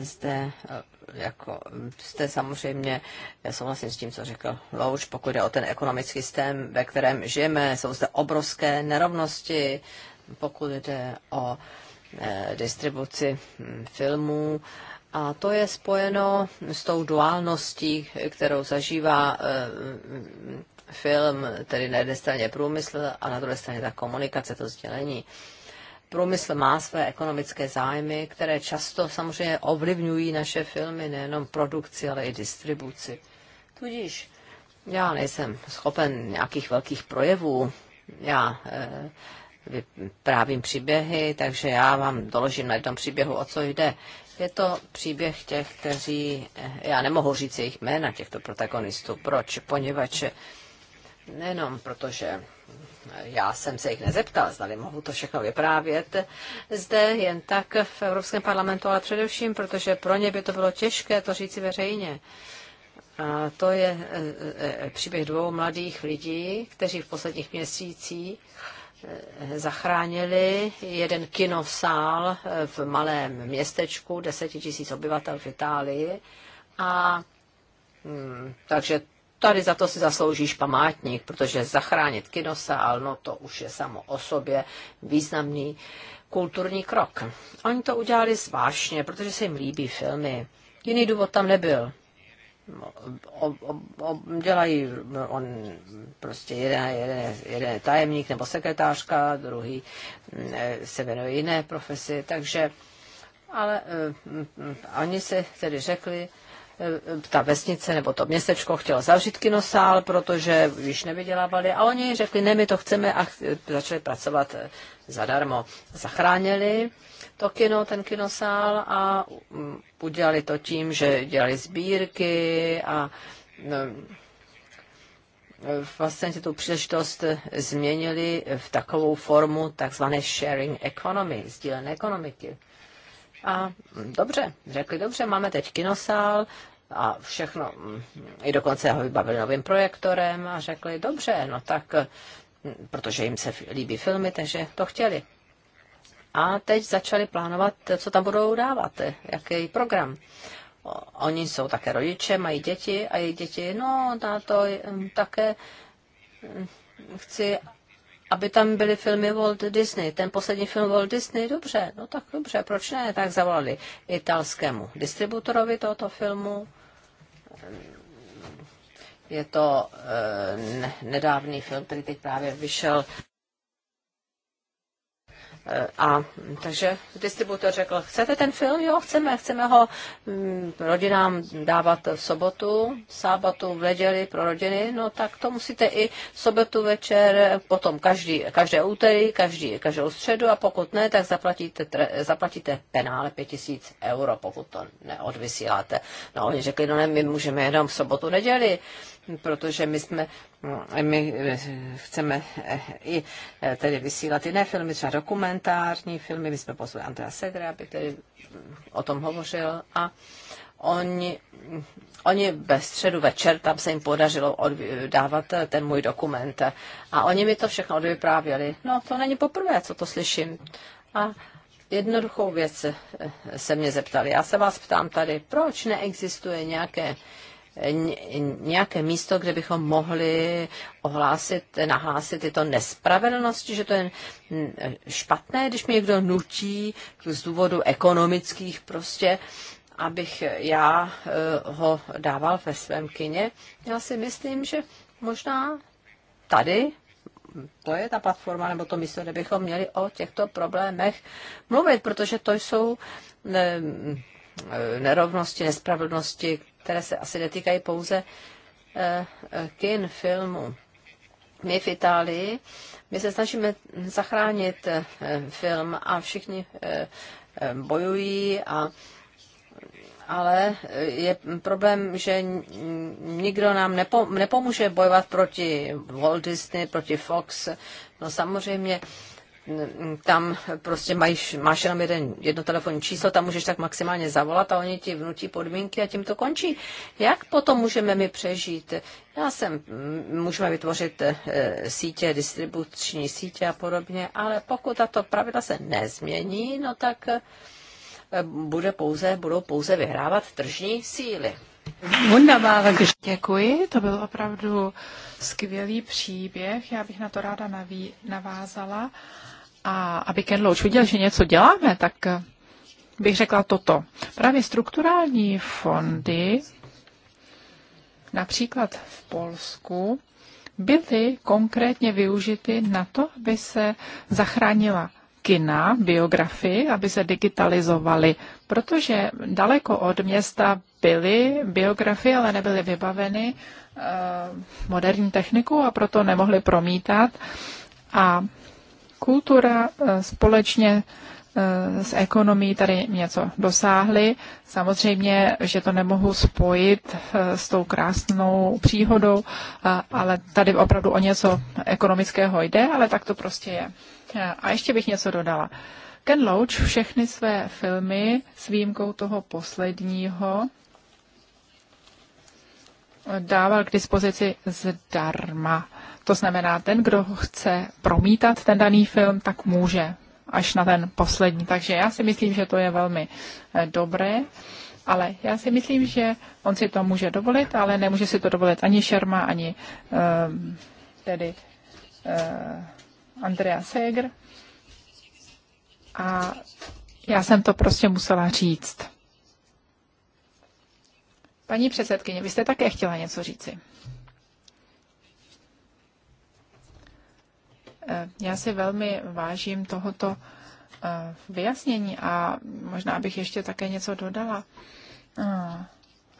S1: zde eh, jako jste samozřejmě, já souhlasím s tím, co řekl Louč, pokud jde o ten ekonomický systém, ve kterém žijeme, jsou zde obrovské nerovnosti, pokud jde o e, distribuci hm, filmů. A to je spojeno s tou duálností, kterou zažívá e, film, tedy na jedné straně průmysl a na druhé straně ta komunikace, to sdělení. E, průmysl má své ekonomické zájmy, které často samozřejmě ovlivňují naše filmy, nejenom produkci, ale i distribuci. Tudíž já nejsem schopen nějakých velkých projevů, já e, vyprávím příběhy, takže já vám doložím na jednom příběhu, o co jde. Je to příběh těch, kteří, eh, já nemohu říct jejich jména, těchto protagonistů. Proč? Poněvadž nejenom protože já jsem se jich nezeptal, zdali mohu to všechno vyprávět zde jen tak v Evropském parlamentu, ale především, protože pro ně by to bylo těžké to říci veřejně. A to je e, e, e, příběh dvou mladých lidí, kteří v posledních měsících zachránili jeden kinosál v malém městečku, deseti tisíc obyvatel v Itálii. A mm, takže tady za to si zasloužíš památník, protože zachránit kinosál, no to už je samo o sobě významný kulturní krok. Oni to udělali zvláštně, protože se jim líbí filmy. Jiný důvod tam nebyl. O, o, o, dělají no, on prostě jeden, jeden, jeden tajemník nebo sekretářka, druhý mm, eh, se věnuje jiné profesi, takže ale eh, oni mm, mm, se tedy řekli, Eh, ta vesnice nebo to městečko chtělo zavřít kinosál, protože již nevydělávali a oni řekli, ne, my to chceme a začali pracovat eh, zadarmo. Zachránili to kino, ten kinosál a mm, udělali to tím, že dělali sbírky a no, eh, vlastně tu příležitost změnili v takovou formu takzvané sharing economy, sdílené ekonomiky. A dobře, řekli dobře, máme teď kinosál, a všechno, mm, i dokonce ho vybavili novým projektorem a řekli, dobře, no tak, mm, protože jim se líbí filmy, takže to chtěli. A teď začali plánovat, co tam budou dávat, jaký program. Oni jsou také rodiče, mají děti a jejich děti, no, na to mm, také chci, aby tam byly filmy Walt Disney. Ten poslední film Walt Disney, dobře, no tak dobře, proč ne? Tak zavolali italskému distributorovi tohoto filmu. Je to e, nedávný film, který teď právě vyšel Eh, a takže distributor řekl, chcete ten film? Jo, chceme, chceme ho mm, rodinám dávat v sobotu, v sábatu, v neděli pro rodiny, no tak to musíte i v sobotu večer, potom každý, každé úterý, každý, každou středu a pokud ne, tak zaplatíte, zaplatíte penále 5000 euro, pokud to neodvysíláte. No oni řekli, no ne, my můžeme jenom v sobotu, neděli, protože my jsme my eh, chceme eh, i eh, tedy vysílat jiné filmy, třeba dokumentární filmy, my jsme pozvali Andrea Segre, aby tedy mm, o tom hovořil a oni, mm, oni ve středu večer, tam se jim podařilo dávat ten můj dokument a oni mi to všechno odvyprávěli. No to není poprvé, co to slyším. A jednoduchou věc se mě zeptali. Já se vás ptám tady, proč neexistuje nějaké nějaké místo, kde bychom mohli ohlásit, nahlásit tyto nespravedlnosti, že to je špatné, když mi někdo nutí z důvodu ekonomických prostě, abych já eh, ho dával ve svém kině. Já si myslím, že možná tady to je ta platforma nebo to místo, kde bychom měli o těchto problémech mluvit, protože to jsou eh, nerovnosti, nespravedlnosti, které se asi netýkají pouze eh, eh, kin, filmu. My v Itálii, my se snažíme zachránit eh, film a všichni bojují a ale je problém, že nikdo nám nepo, nepomůže bojovat proti Walt Disney, proti Fox. No samozřejmě tam prostě máš, máš jenom jeden, jedno telefonní číslo, tam můžeš tak maximálně zavolat a oni ti vnutí podmínky a tím to končí. Jak potom můžeme my přežít? Já jsem, mm, můžeme vytvořit eh, sítě, distribuční sítě a podobně, ale pokud tato pravidla se nezmění, no tak eh, bude pouze, budou pouze vyhrávat tržní síly.
S4: Wunderbare Děkuji, to byl opravdu skvělý příběh. Já bych na to ráda naví, navázala a aby Ken Loach viděl, že něco děláme, tak eh, bych řekla toto. Právě strukturální fondy, například v Polsku, byly konkrétně využity na to, aby se zachránila kina, biografii, aby se digitalizovaly, protože daleko od města byly biografie, ale nebyly vybaveny eh, moderní technikou a proto nemohly promítat. A kultura eh, společně eh, s ekonomí tady něco dosáhly. Samozřejmě, že to nemohu spojit eh, s tou krásnou příhodou, ale tady opravdu o něco ekonomického jde, ale tak to prostě je. A ještě bych něco dodala. Ken Loach všechny své filmy s výjimkou toho posledního dával k dispozici zdarma. To znamená, ten, kdo chce promítat ten daný film, tak může až na ten poslední. Takže já si myslím, že to je velmi eh, dobré. Ale já si myslím, že on si to může dovolit, ale nemůže si to dovolit ani Šerma, ani um, tedy uh, Andrea Seger. A já jsem to prostě musela říct. Paní předsedkyně, vy jste také chtěla něco říci. Já si velmi vážím tohoto eh, vyjasnění a možná bych ještě také něco dodala. Eh,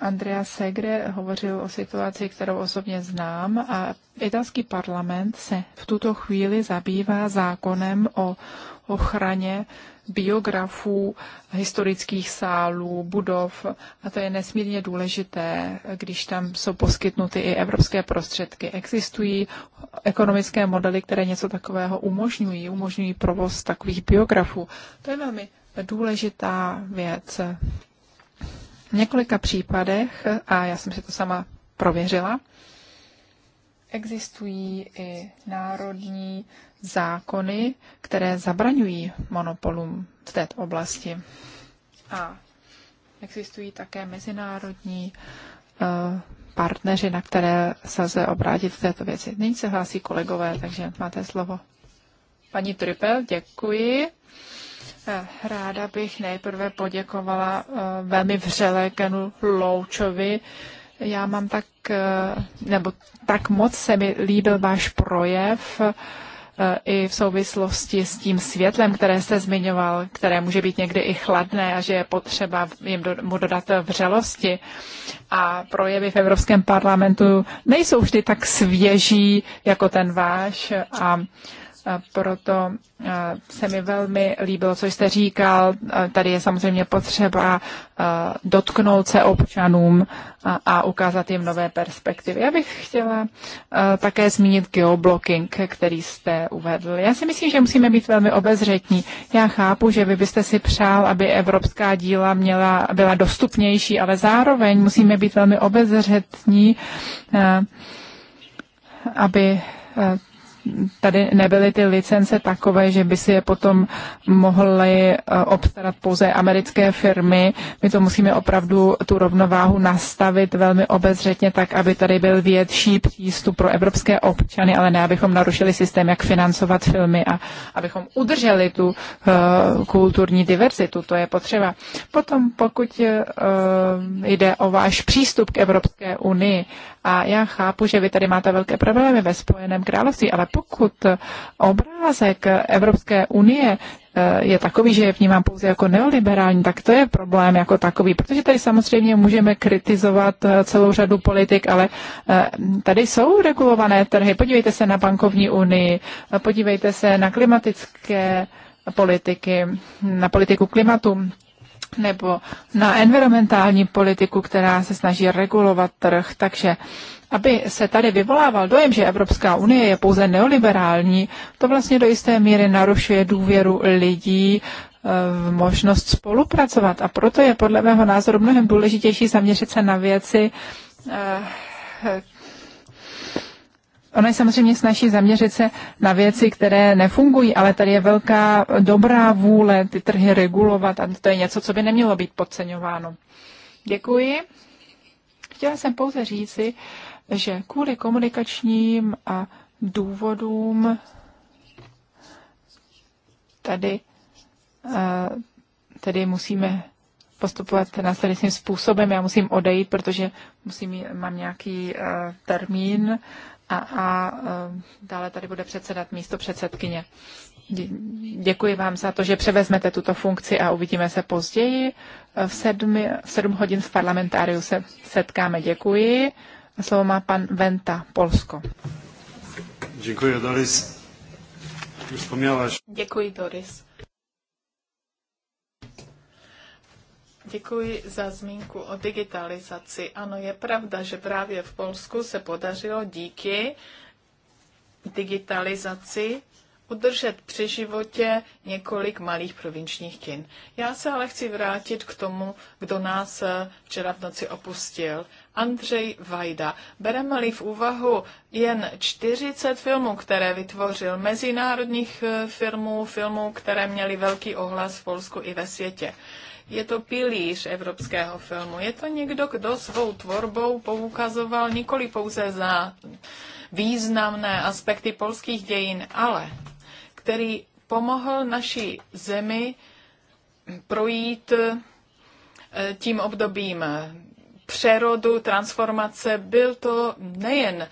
S4: Andrea Segre hovořil o situaci, kterou osobně znám a italský parlament se v tuto chvíli zabývá zákonem o ochraně biografů historických sálů, budov a to je nesmírně důležité, když tam jsou poskytnuty i evropské prostředky. Existují ekonomické modely, které něco takového umožňují, umožňují provoz takových biografů. To je velmi důležitá věc. V několika případech, a já jsem si to sama prověřila, existují i národní zákony, které zabraňují monopolům v této oblasti. A existují také mezinárodní eh, partneři, na které se lze obrátit v této věci. Nyní se hlásí kolegové, takže máte slovo. Paní Trypel, děkuji. Eh, ráda bych nejprve poděkovala eh, velmi vřele Kenu Loučovi. Já mám tak, nebo tak moc se mi líbil váš projev. E, i v souvislosti s tím světlem, které jste zmiňoval, které může být někdy i chladné a že je potřeba jim do, mu dodat vřelosti. A projevy v Evropském parlamentu nejsou vždy tak svěží jako ten váš a proto se mi velmi líbilo, co jste říkal. Tady je samozřejmě potřeba dotknout se občanům a ukázat jim nové perspektivy. Já bych chtěla také zmínit geoblocking, který jste uvedl. Já si myslím, že musíme být velmi obezřetní. Já chápu, že vy byste si přál, aby evropská díla měla, byla dostupnější, ale zároveň musíme být velmi obezřetní, aby tady nebyly ty licence takové, že by si je potom mohly eh, obstarat pouze americké firmy. My to musíme opravdu tu rovnováhu nastavit velmi obezřetně tak, aby tady byl větší přístup pro evropské občany, ale ne abychom narušili systém, jak financovat filmy a abychom udrželi tu uh, kulturní diverzitu. To je potřeba. Potom, pokud uh, jde o váš přístup k Evropské unii, a já chápu, že vy tady máte velké problémy ve Spojeném království, ale pokud obrázek Evropské unie eh, je takový, že je vnímám pouze jako neoliberální, tak to je problém jako takový, protože tady samozřejmě můžeme kritizovat eh, celou řadu politik, ale eh, tady jsou regulované trhy. Podívejte se na bankovní unii, podívejte se na klimatické politiky, na politiku klimatu nebo na environmentální politiku, která se snaží regulovat trh. Takže aby se tady vyvolával dojem, že Evropská unie je pouze neoliberální, to vlastně do jisté míry narušuje důvěru lidí eh, v možnost spolupracovat. A proto je podle mého názoru mnohem důležitější zaměřit se na věci, eh, Ono je samozřejmě snaží zaměřit se na věci, které nefungují, ale tady je velká dobrá vůle ty trhy regulovat a to je něco, co by nemělo být podceňováno. Děkuji. Chtěla jsem pouze říci, že kvůli komunikačním a důvodům tady, eh, tady musíme postupovat následujícím způsobem. Já musím odejít, protože musím, mám nějaký eh, termín a, a e, dále tady bude předsedat místo předsedkyně. Děkuji vám za to, že převezmete tuto funkci a uvidíme se později. E, v, sedmi, v sedm hodin v parlamentáriu se setkáme. Děkuji. Slovo má pan Venta, Polsko.
S3: Děkuji, Doris.
S2: Děkuji, Doris. děkuji za zmínku o digitalizaci. Ano, je pravda, že právě v Polsku se podařilo díky digitalizaci udržet při životě několik malých provinčních kin. Já se ale chci vrátit k tomu, kdo nás eh, včera v noci opustil. Andřej Vajda. Bereme-li v úvahu jen 40 filmů, které vytvořil, mezinárodních eh, filmů, filmů, které měly velký ohlas v Polsku i ve světě. Je to pilíř evropského filmu. Je to někdo, kdo svou tvorbou poukazoval nikoli pouze za významné aspekty polských dějin, ale který pomohl naší zemi projít eh, tím obdobím přerodu, transformace. Byl to nejen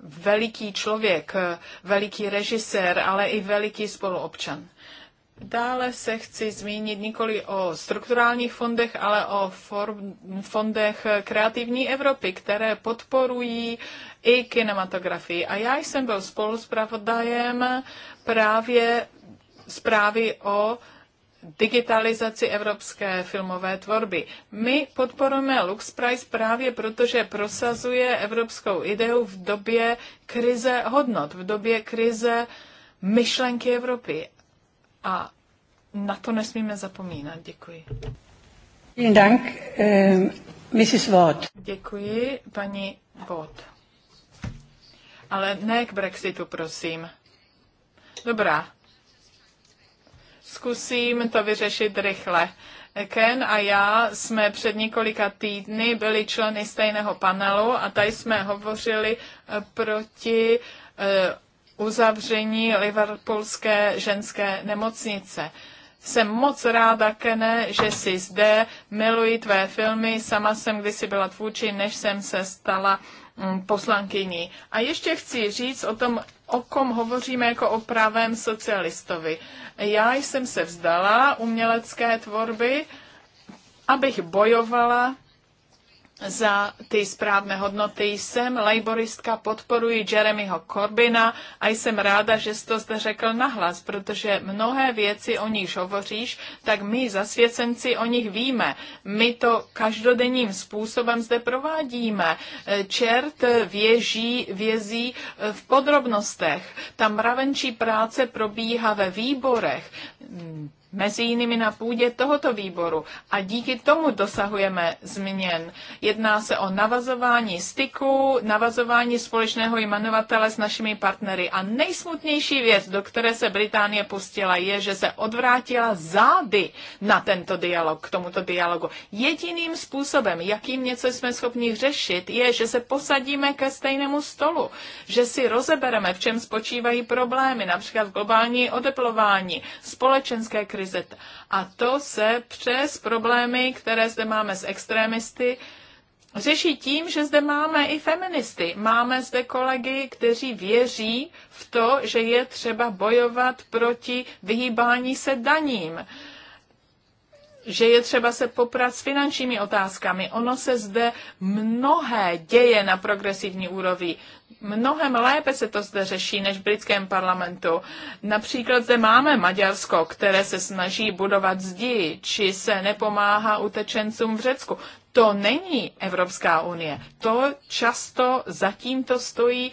S2: veliký člověk, eh, veliký režisér, ale i veliký spoluobčan. Dále se chci zmínit nikoli o strukturálních fondech, ale o fondech kreativní Evropy, které podporují i kinematografii. A já jsem byl spoluzpravodajem právě zprávy o digitalizaci evropské filmové tvorby. My podporujeme Lux Price právě proto, že prosazuje evropskou ideu v době krize hodnot, v době krize myšlenky Evropy. A na to nesmíme zapomínat. Děkuji.
S3: Vielen Dank, Mrs. Ähm,
S2: Děkuji, paní Watt. Ale ne k Brexitu, prosím. Dobrá. Zkusím to vyřešit rychle. Ken a já jsme před několika týdny byli členy stejného panelu a tady jsme hovořili eh, proti eh, uzavření Liverpoolské ženské nemocnice. Jsem moc ráda, Kene, že jsi zde, miluji tvé filmy, sama jsem kdysi byla tvůči, než jsem se stala mm, poslankyní. A ještě chci říct o tom, o kom hovoříme jako o pravém socialistovi. Já jsem se vzdala umělecké tvorby, abych bojovala za ty správné hodnoty. Jsem laboristka, podporuji Jeremyho Corbina a jsem ráda, že jsi to zde řekl nahlas, protože mnohé věci, o nich hovoříš, tak my zasvěcenci o nich víme. My to každodenním způsobem zde provádíme. Čert věží, vězí v podrobnostech. Ta mravenčí práce probíhá ve výborech mezi jinými na půdě tohoto výboru a díky tomu dosahujeme změn. Jedná se o navazování styku, navazování společného jmenovatele s našimi partnery a nejsmutnější věc, do které se Británie pustila, je, že se odvrátila zády na tento dialog, k tomuto dialogu. Jediným způsobem, jakým něco jsme schopni řešit, je, že se posadíme ke stejnému stolu, že si rozebereme, v čem spočívají problémy, například globální odeplování, společenské krize, solidarita. A to se přes problémy, které zde máme s extrémisty, řeší tím, že zde máme i feministy. Máme zde kolegy, kteří věří v to, že je třeba bojovat proti vyhýbání se daním že je třeba se poprat s finančními otázkami. Ono se zde mnohé děje na progresivní úrovni. Mnohem lépe se to zde řeší než v britském parlamentu. Například zde máme Maďarsko, které se snaží budovat zdi, či se nepomáhá utečencům v Řecku. To není Evropská unie. To často zatím to stojí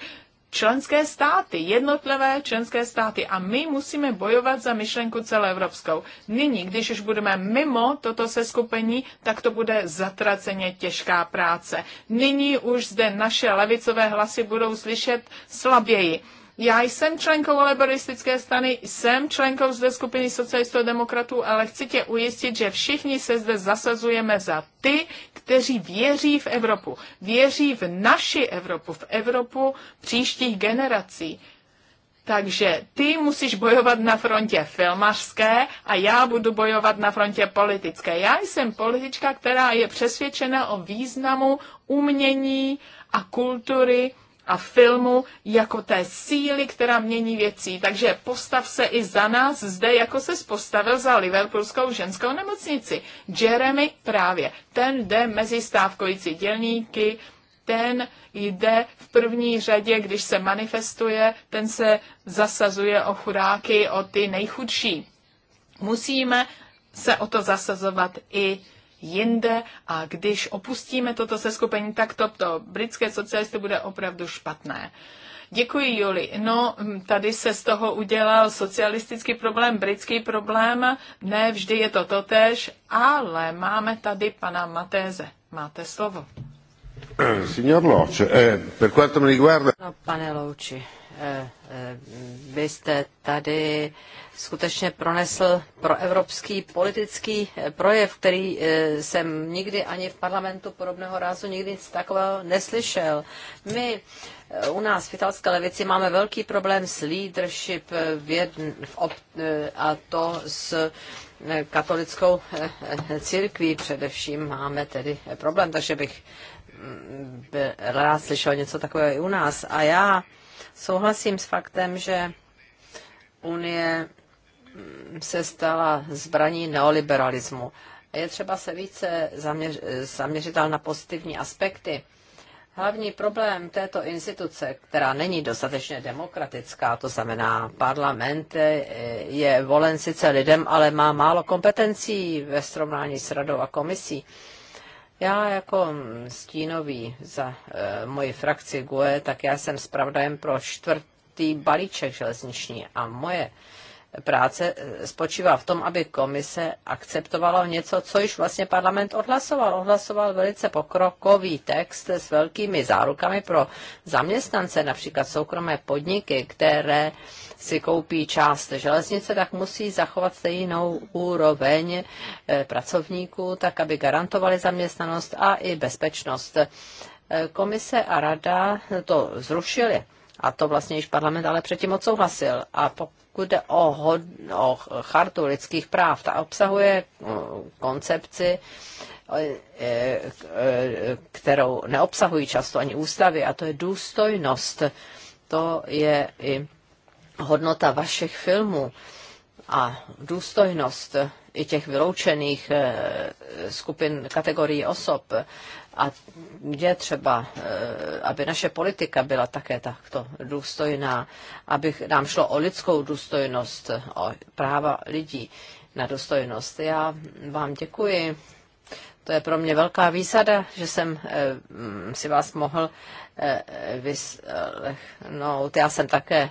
S2: členské státy, jednotlivé členské státy a my musíme bojovat za myšlenku celoevropskou. Nyní, když už budeme mimo toto seskupení, tak to bude zatraceně těžká práce. Nyní už zde naše levicové hlasy budou slyšet slaběji já jsem členkou laboristické strany, jsem členkou zde skupiny socialistů a demokratů, ale chci tě ujistit, že všichni se zde zasazujeme za ty, kteří věří v Evropu. Věří v naši Evropu, v Evropu příštích generací. Takže ty musíš bojovat na frontě filmařské a já budu bojovat na frontě politické. Já jsem politička, která je přesvědčena o významu umění a kultury a filmu jako té síly, která mění věcí. Takže postav se i za nás zde, jako se postavil za Liverpoolskou ženskou nemocnici. Jeremy právě, ten jde mezi stávkující dělníky, ten jde v první řadě, když se manifestuje, ten se zasazuje o chudáky, o ty nejchudší. Musíme se o to zasazovat i jinde a když opustíme toto seskupení, tak to, to britské socialisty bude opravdu špatné. Děkuji, Juli. No, tady se z toho udělal socialistický problém, britský problém. Ne, vždy je to totéž, ale máme tady pana Matéze. Máte slovo.
S3: Signor Loce, eh, per quanto mi riguarda...
S1: No, pane Louči, Eh, eh, vy jste tady skutečně pronesl proevropský politický eh, projev, který jsem nikdy ani v parlamentu podobného rázu nikdy nic takového neslyšel. My u nás v italské levici máme velký problém s leadership v jedn, v ob, a to s katolickou církví především máme tedy problém, takže bych mm, rád slyšel něco takového i u nás. A já Souhlasím s faktem, že Unie mm, se stala zbraní neoliberalismu. Je třeba se více zaměř, zaměřit na pozitivní aspekty. Hlavní problém této instituce, která není dostatečně demokratická, to znamená parlament, je volen sice lidem, ale má málo kompetencí ve srovnání s radou a komisí. Já jako stínový za e, moji frakci GUE, tak já jsem spravdajem pro čtvrtý balíček železniční a moje práce eh, spočívá v tom, aby komise akceptovala něco, co již vlastně parlament odhlasoval. Odhlasoval velice pokrokový text s velkými zárukami pro zaměstnance, například soukromé podniky, které si koupí část železnice, tak musí zachovat stejnou úroveň eh, pracovníků, tak aby garantovali zaměstnanost a i bezpečnost. Eh, komise a rada to zrušily a to vlastně již parlament ale předtím odsouhlasil. A pokud jde o, hod, o chartu lidských práv, ta obsahuje koncepci, e, e, kterou neobsahují často ani ústavy, a to je důstojnost. To je i hodnota vašich filmů a důstojnost i těch vyloučených e, skupin kategorií osob. A je třeba, eh, aby naše politika byla také takto důstojná, aby nám šlo o lidskou důstojnost, o práva lidí na důstojnost. Já vám děkuji. To je pro mě velká výsada, že jsem eh, si vás mohl eh, vyslechnout. Já jsem také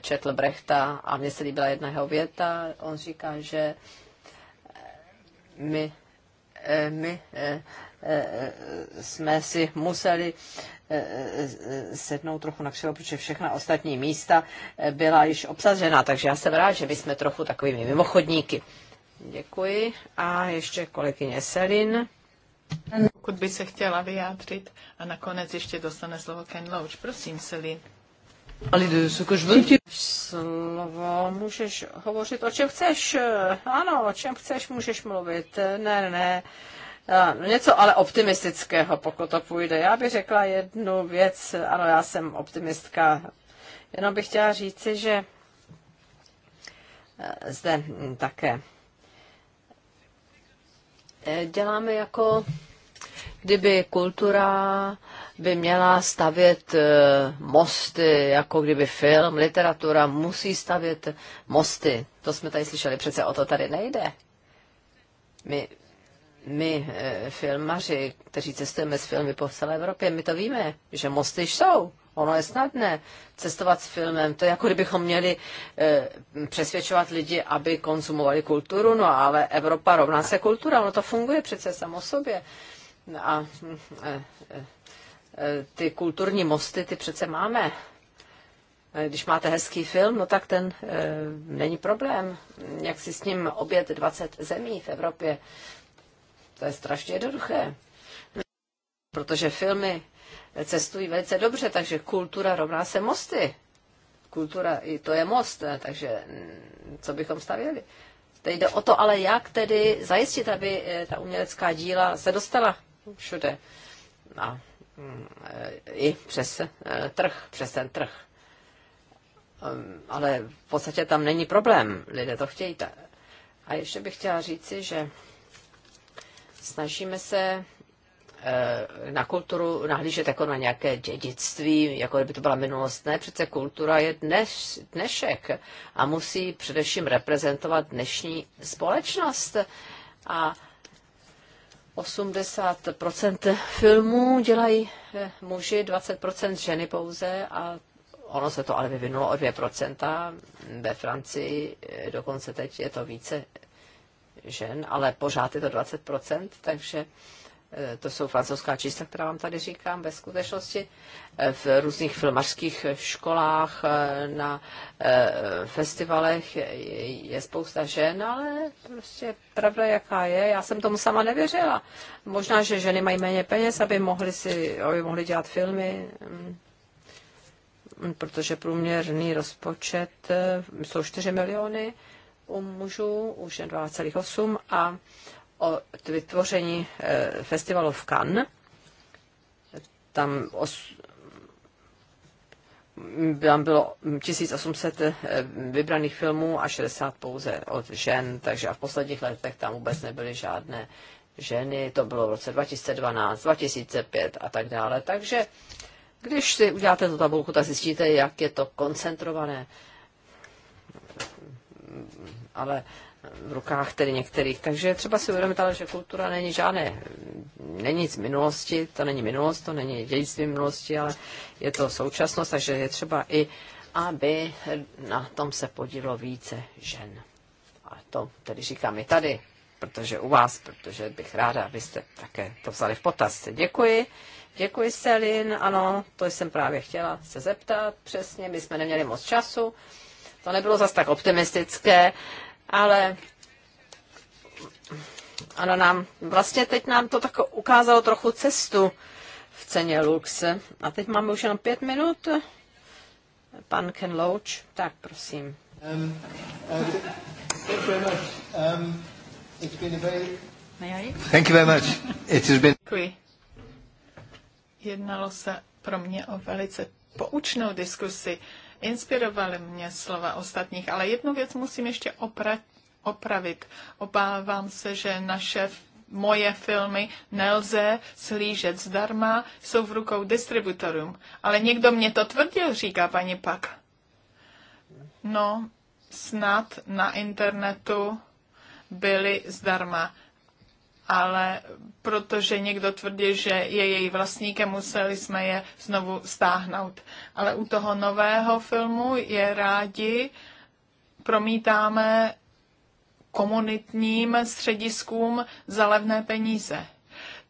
S1: četl Brechta a mně se líbila jedna jeho věta. On říká, že my, my jsme si museli eh, eh, sednout trochu na křivo, protože všechna ostatní místa eh, byla již obsazená, takže já jsem rád, že my jsme trochu takovými mimochodníky. Děkuji. A ještě kolegyně Selin. Pokud by se chtěla vyjádřit a nakonec ještě
S2: dostane slovo Ken Loach. Prosím, Selin. Slovo,
S1: můžeš hovořit o čem chceš. Ano, o čem chceš, můžeš mluvit. Ne, ne, ne něco ale optimistického, pokud to půjde. Já bych řekla jednu věc, ano, já jsem optimistka, jenom bych chtěla říci, že e, zde hm, také e, děláme jako kdyby kultura by měla stavět e, mosty, jako kdyby film, literatura musí stavět mosty. To jsme tady slyšeli, přece o to tady nejde. My my, eh, filmaři, kteří cestujeme s filmy po celé Evropě, my to víme, že mosty jsou. Ono je snadné cestovat s filmem. To je jako kdybychom měli e, přesvědčovat lidi, aby konzumovali kulturu, no ale Evropa rovná se kultura, ono to funguje přece samo sobě. A e, e, ty kulturní mosty, ty přece máme. Když máte hezký film, no tak ten e, není problém, jak si s ním obět 20 zemí v Evropě. E, to je strašně jednoduché. Protože filmy cestují velice dobře, takže kultura rovná se mosty. Kultura, i to je most, eh, takže mm, co bychom stavěli? Teď jde o to, ale jak tedy zajistit, aby eh, ta umělecká díla se dostala všude. A mm, eh, i přes trh, přes ten trh. Ehm, ale v podstatě tam není problém, lidé to chtějí. A ještě bych chtěla říci, že Snažíme se eh, na kulturu nahlížet jako na nějaké dědictví, jako kdyby to byla minulost. Ne, přece kultura je dneš, dnešek a musí především reprezentovat dnešní společnost. A 80% filmů dělají eh, muži, 20% ženy pouze a ono se to ale vyvinulo o 2%. Ve Francii eh, dokonce teď je to více žen, ale pořád je to 20%, takže e, to jsou francouzská čísla, která vám tady říkám, ve skutečnosti e, v různých filmařských školách, e, na festivalech je spousta žen, ale prostě pravda jaká je, já jsem tomu sama nevěřila. Možná, že ženy mají méně peněz, aby mohly, si, aby mohly dělat filmy, mm, protože průměrný rozpočet jsou 4 miliony, u mužů, už 2,8 a o vytvoření e, festivalu v Cannes. Tam, os, tam bylo 1800 e, vybraných filmů a 60 pouze od žen, takže a v posledních letech tam vůbec nebyly žádné ženy, to bylo v roce 2012, 2005 a tak dále. Takže když si uděláte tu tabulku, tak zjistíte, jak je to koncentrované ale v rukách tedy některých. Takže třeba si uvědomit, ale že kultura není žádné, není z minulosti, to není minulost, to není dědictví minulosti, ale je to současnost, takže je třeba i, aby na tom se podílo více žen. A to tedy říkám i tady, protože u vás, protože bych ráda, abyste také to vzali v potaz. Děkuji. Děkuji, Selin. Ano, to jsem právě chtěla se zeptat. Přesně, my jsme neměli moc času. To nebylo zas tak optimistické, ale ano, nám, vlastně teď nám to tak ukázalo trochu cestu v ceně Lux. A teď máme už jenom pět minut. Pan Ken Loach, tak prosím. Um, uh, thank you very much. Um, it's been a very...
S2: May I? Thank
S1: you very much. It has been...
S2: Děkuji. Jednalo se pro mě o velice poučnou diskusi. Inspirovaly mě slova ostatních, ale jednu věc musím ještě opra- opravit. Obávám se, že naše moje filmy nelze slížet zdarma, jsou v rukou distributorům. Ale někdo mě to tvrdil, říká paní Pak. No, snad na internetu byly zdarma ale protože někdo tvrdí, že je její vlastníkem, museli jsme je znovu stáhnout. Ale u toho nového filmu je rádi promítáme komunitním střediskům za levné peníze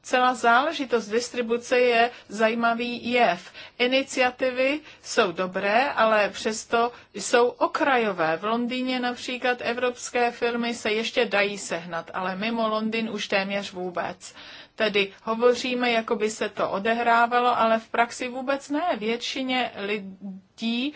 S2: celá záležitost distribuce je zajímavý jev. Iniciativy jsou dobré, ale přesto jsou okrajové. V Londýně například evropské firmy se ještě dají sehnat, ale mimo Londýn už téměř vůbec. Tedy hovoříme, jako by se to odehrávalo, ale v praxi vůbec ne. Většině lidí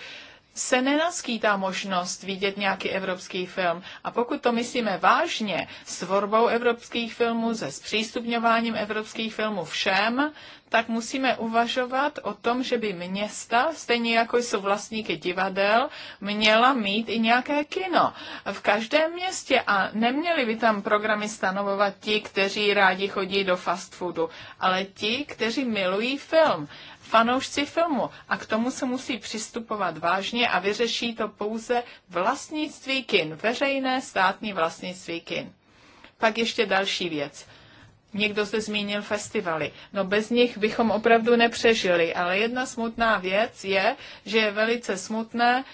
S2: se nenaskýtá možnost vidět nějaký evropský film. A pokud to myslíme vážně s tvorbou evropských filmů, se zpřístupňováním evropských filmů všem, tak musíme uvažovat o tom, že by města, stejně jako jsou vlastníky divadel, měla mít i nějaké kino v každém městě a neměli by tam programy stanovovat ti, kteří rádi chodí do fast foodu, ale ti, kteří milují film fanoušci filmu a k tomu se musí přistupovat vážně a vyřeší to pouze vlastnictví kin, veřejné státní vlastnictví kin. Pak ještě další věc. Někdo zde zmínil festivaly. No bez nich bychom opravdu nepřežili, ale jedna smutná věc je, že je velice smutné,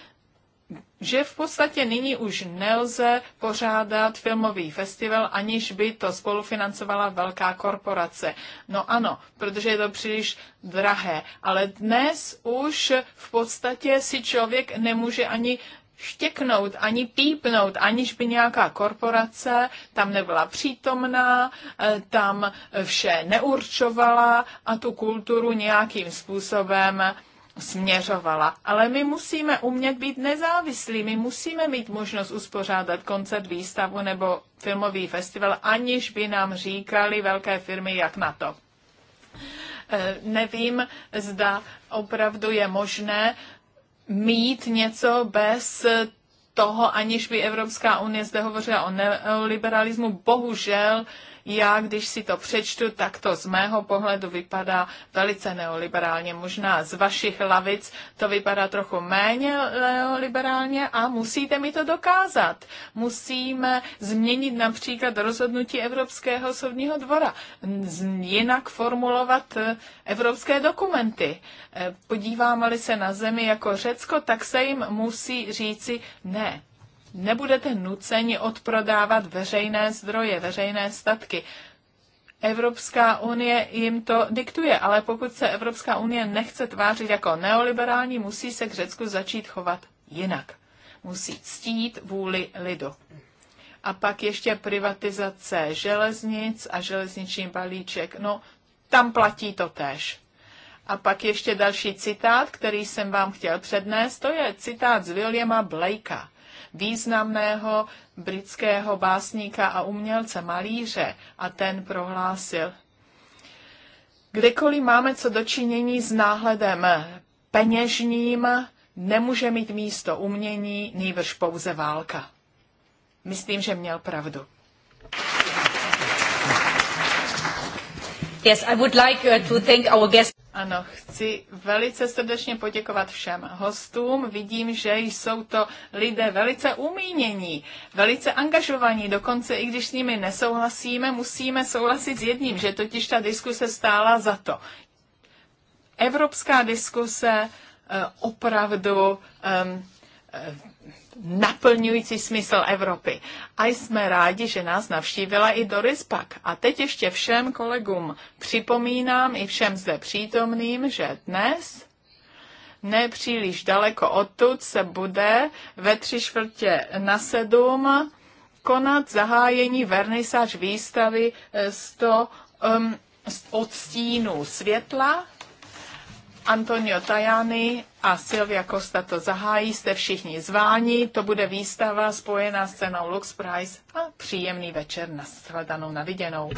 S2: že v podstatě nyní už nelze pořádat filmový festival, aniž by to spolufinancovala velká korporace. No ano, protože je to příliš drahé, ale dnes už v podstatě si člověk nemůže ani štěknout, ani pípnout, aniž by nějaká korporace tam nebyla přítomná, eh, tam vše neurčovala a tu kulturu nějakým způsobem směřovala. Ale my musíme umět být nezávislí, my musíme mít možnost uspořádat koncert, výstavu nebo filmový festival, aniž by nám říkali velké firmy, jak na to. Eh, nevím, zda opravdu je možné mít něco bez toho, aniž by Evropská unie zde hovořila o neoliberalismu. Bohužel já, když si to přečtu, tak to z mého pohledu vypadá velice neoliberálně. Možná z vašich lavic to vypadá trochu méně neoliberálně a musíte mi to dokázat. Musíme změnit například rozhodnutí Evropského soudního dvora, jinak formulovat eh, evropské dokumenty. Eh, podíváme-li se na zemi jako Řecko, tak se jim musí říci ne nebudete nuceni odprodávat veřejné zdroje, veřejné statky. Evropská unie jim to diktuje, ale pokud se Evropská unie nechce tvářit jako neoliberální, musí se k Řecku začít chovat jinak. Musí ctít vůli lidu. A pak ještě privatizace železnic a železniční balíček. No, tam platí to tež. A pak ještě další citát, který jsem vám chtěl přednést, to je citát z Williama Blakea významného britského básníka a umělce, malíře, a ten prohlásil, kdekoliv máme co dočinění s náhledem peněžním, nemůže mít místo umění, nejvrž pouze válka. Myslím, že měl pravdu. Yes, I would like uh, to thank our guest. Ano, chci velice srdečně poděkovat všem hostům. Vidím, že jsou to lidé velice umínění, velice angažovaní. Dokonce i když s nimi nesouhlasíme, musíme souhlasit s jedním, že totiž ta diskuse stála za to. Evropská diskuse eh, opravdu um, naplňující smysl Evropy. A jsme rádi, že nás navštívila i Doris Pak. A teď ještě všem kolegům připomínám i všem zde přítomným, že dnes nepříliš daleko odtud se bude ve tři čtvrtě na sedm konat zahájení vernisáž výstavy 100 eh, um, od stínu světla Antonio Tajani a Silvia Costa to zahájí, jste všichni zváni, to bude výstava spojená s cenou Lux Prize a příjemný večer, nashledanou, naviděnou.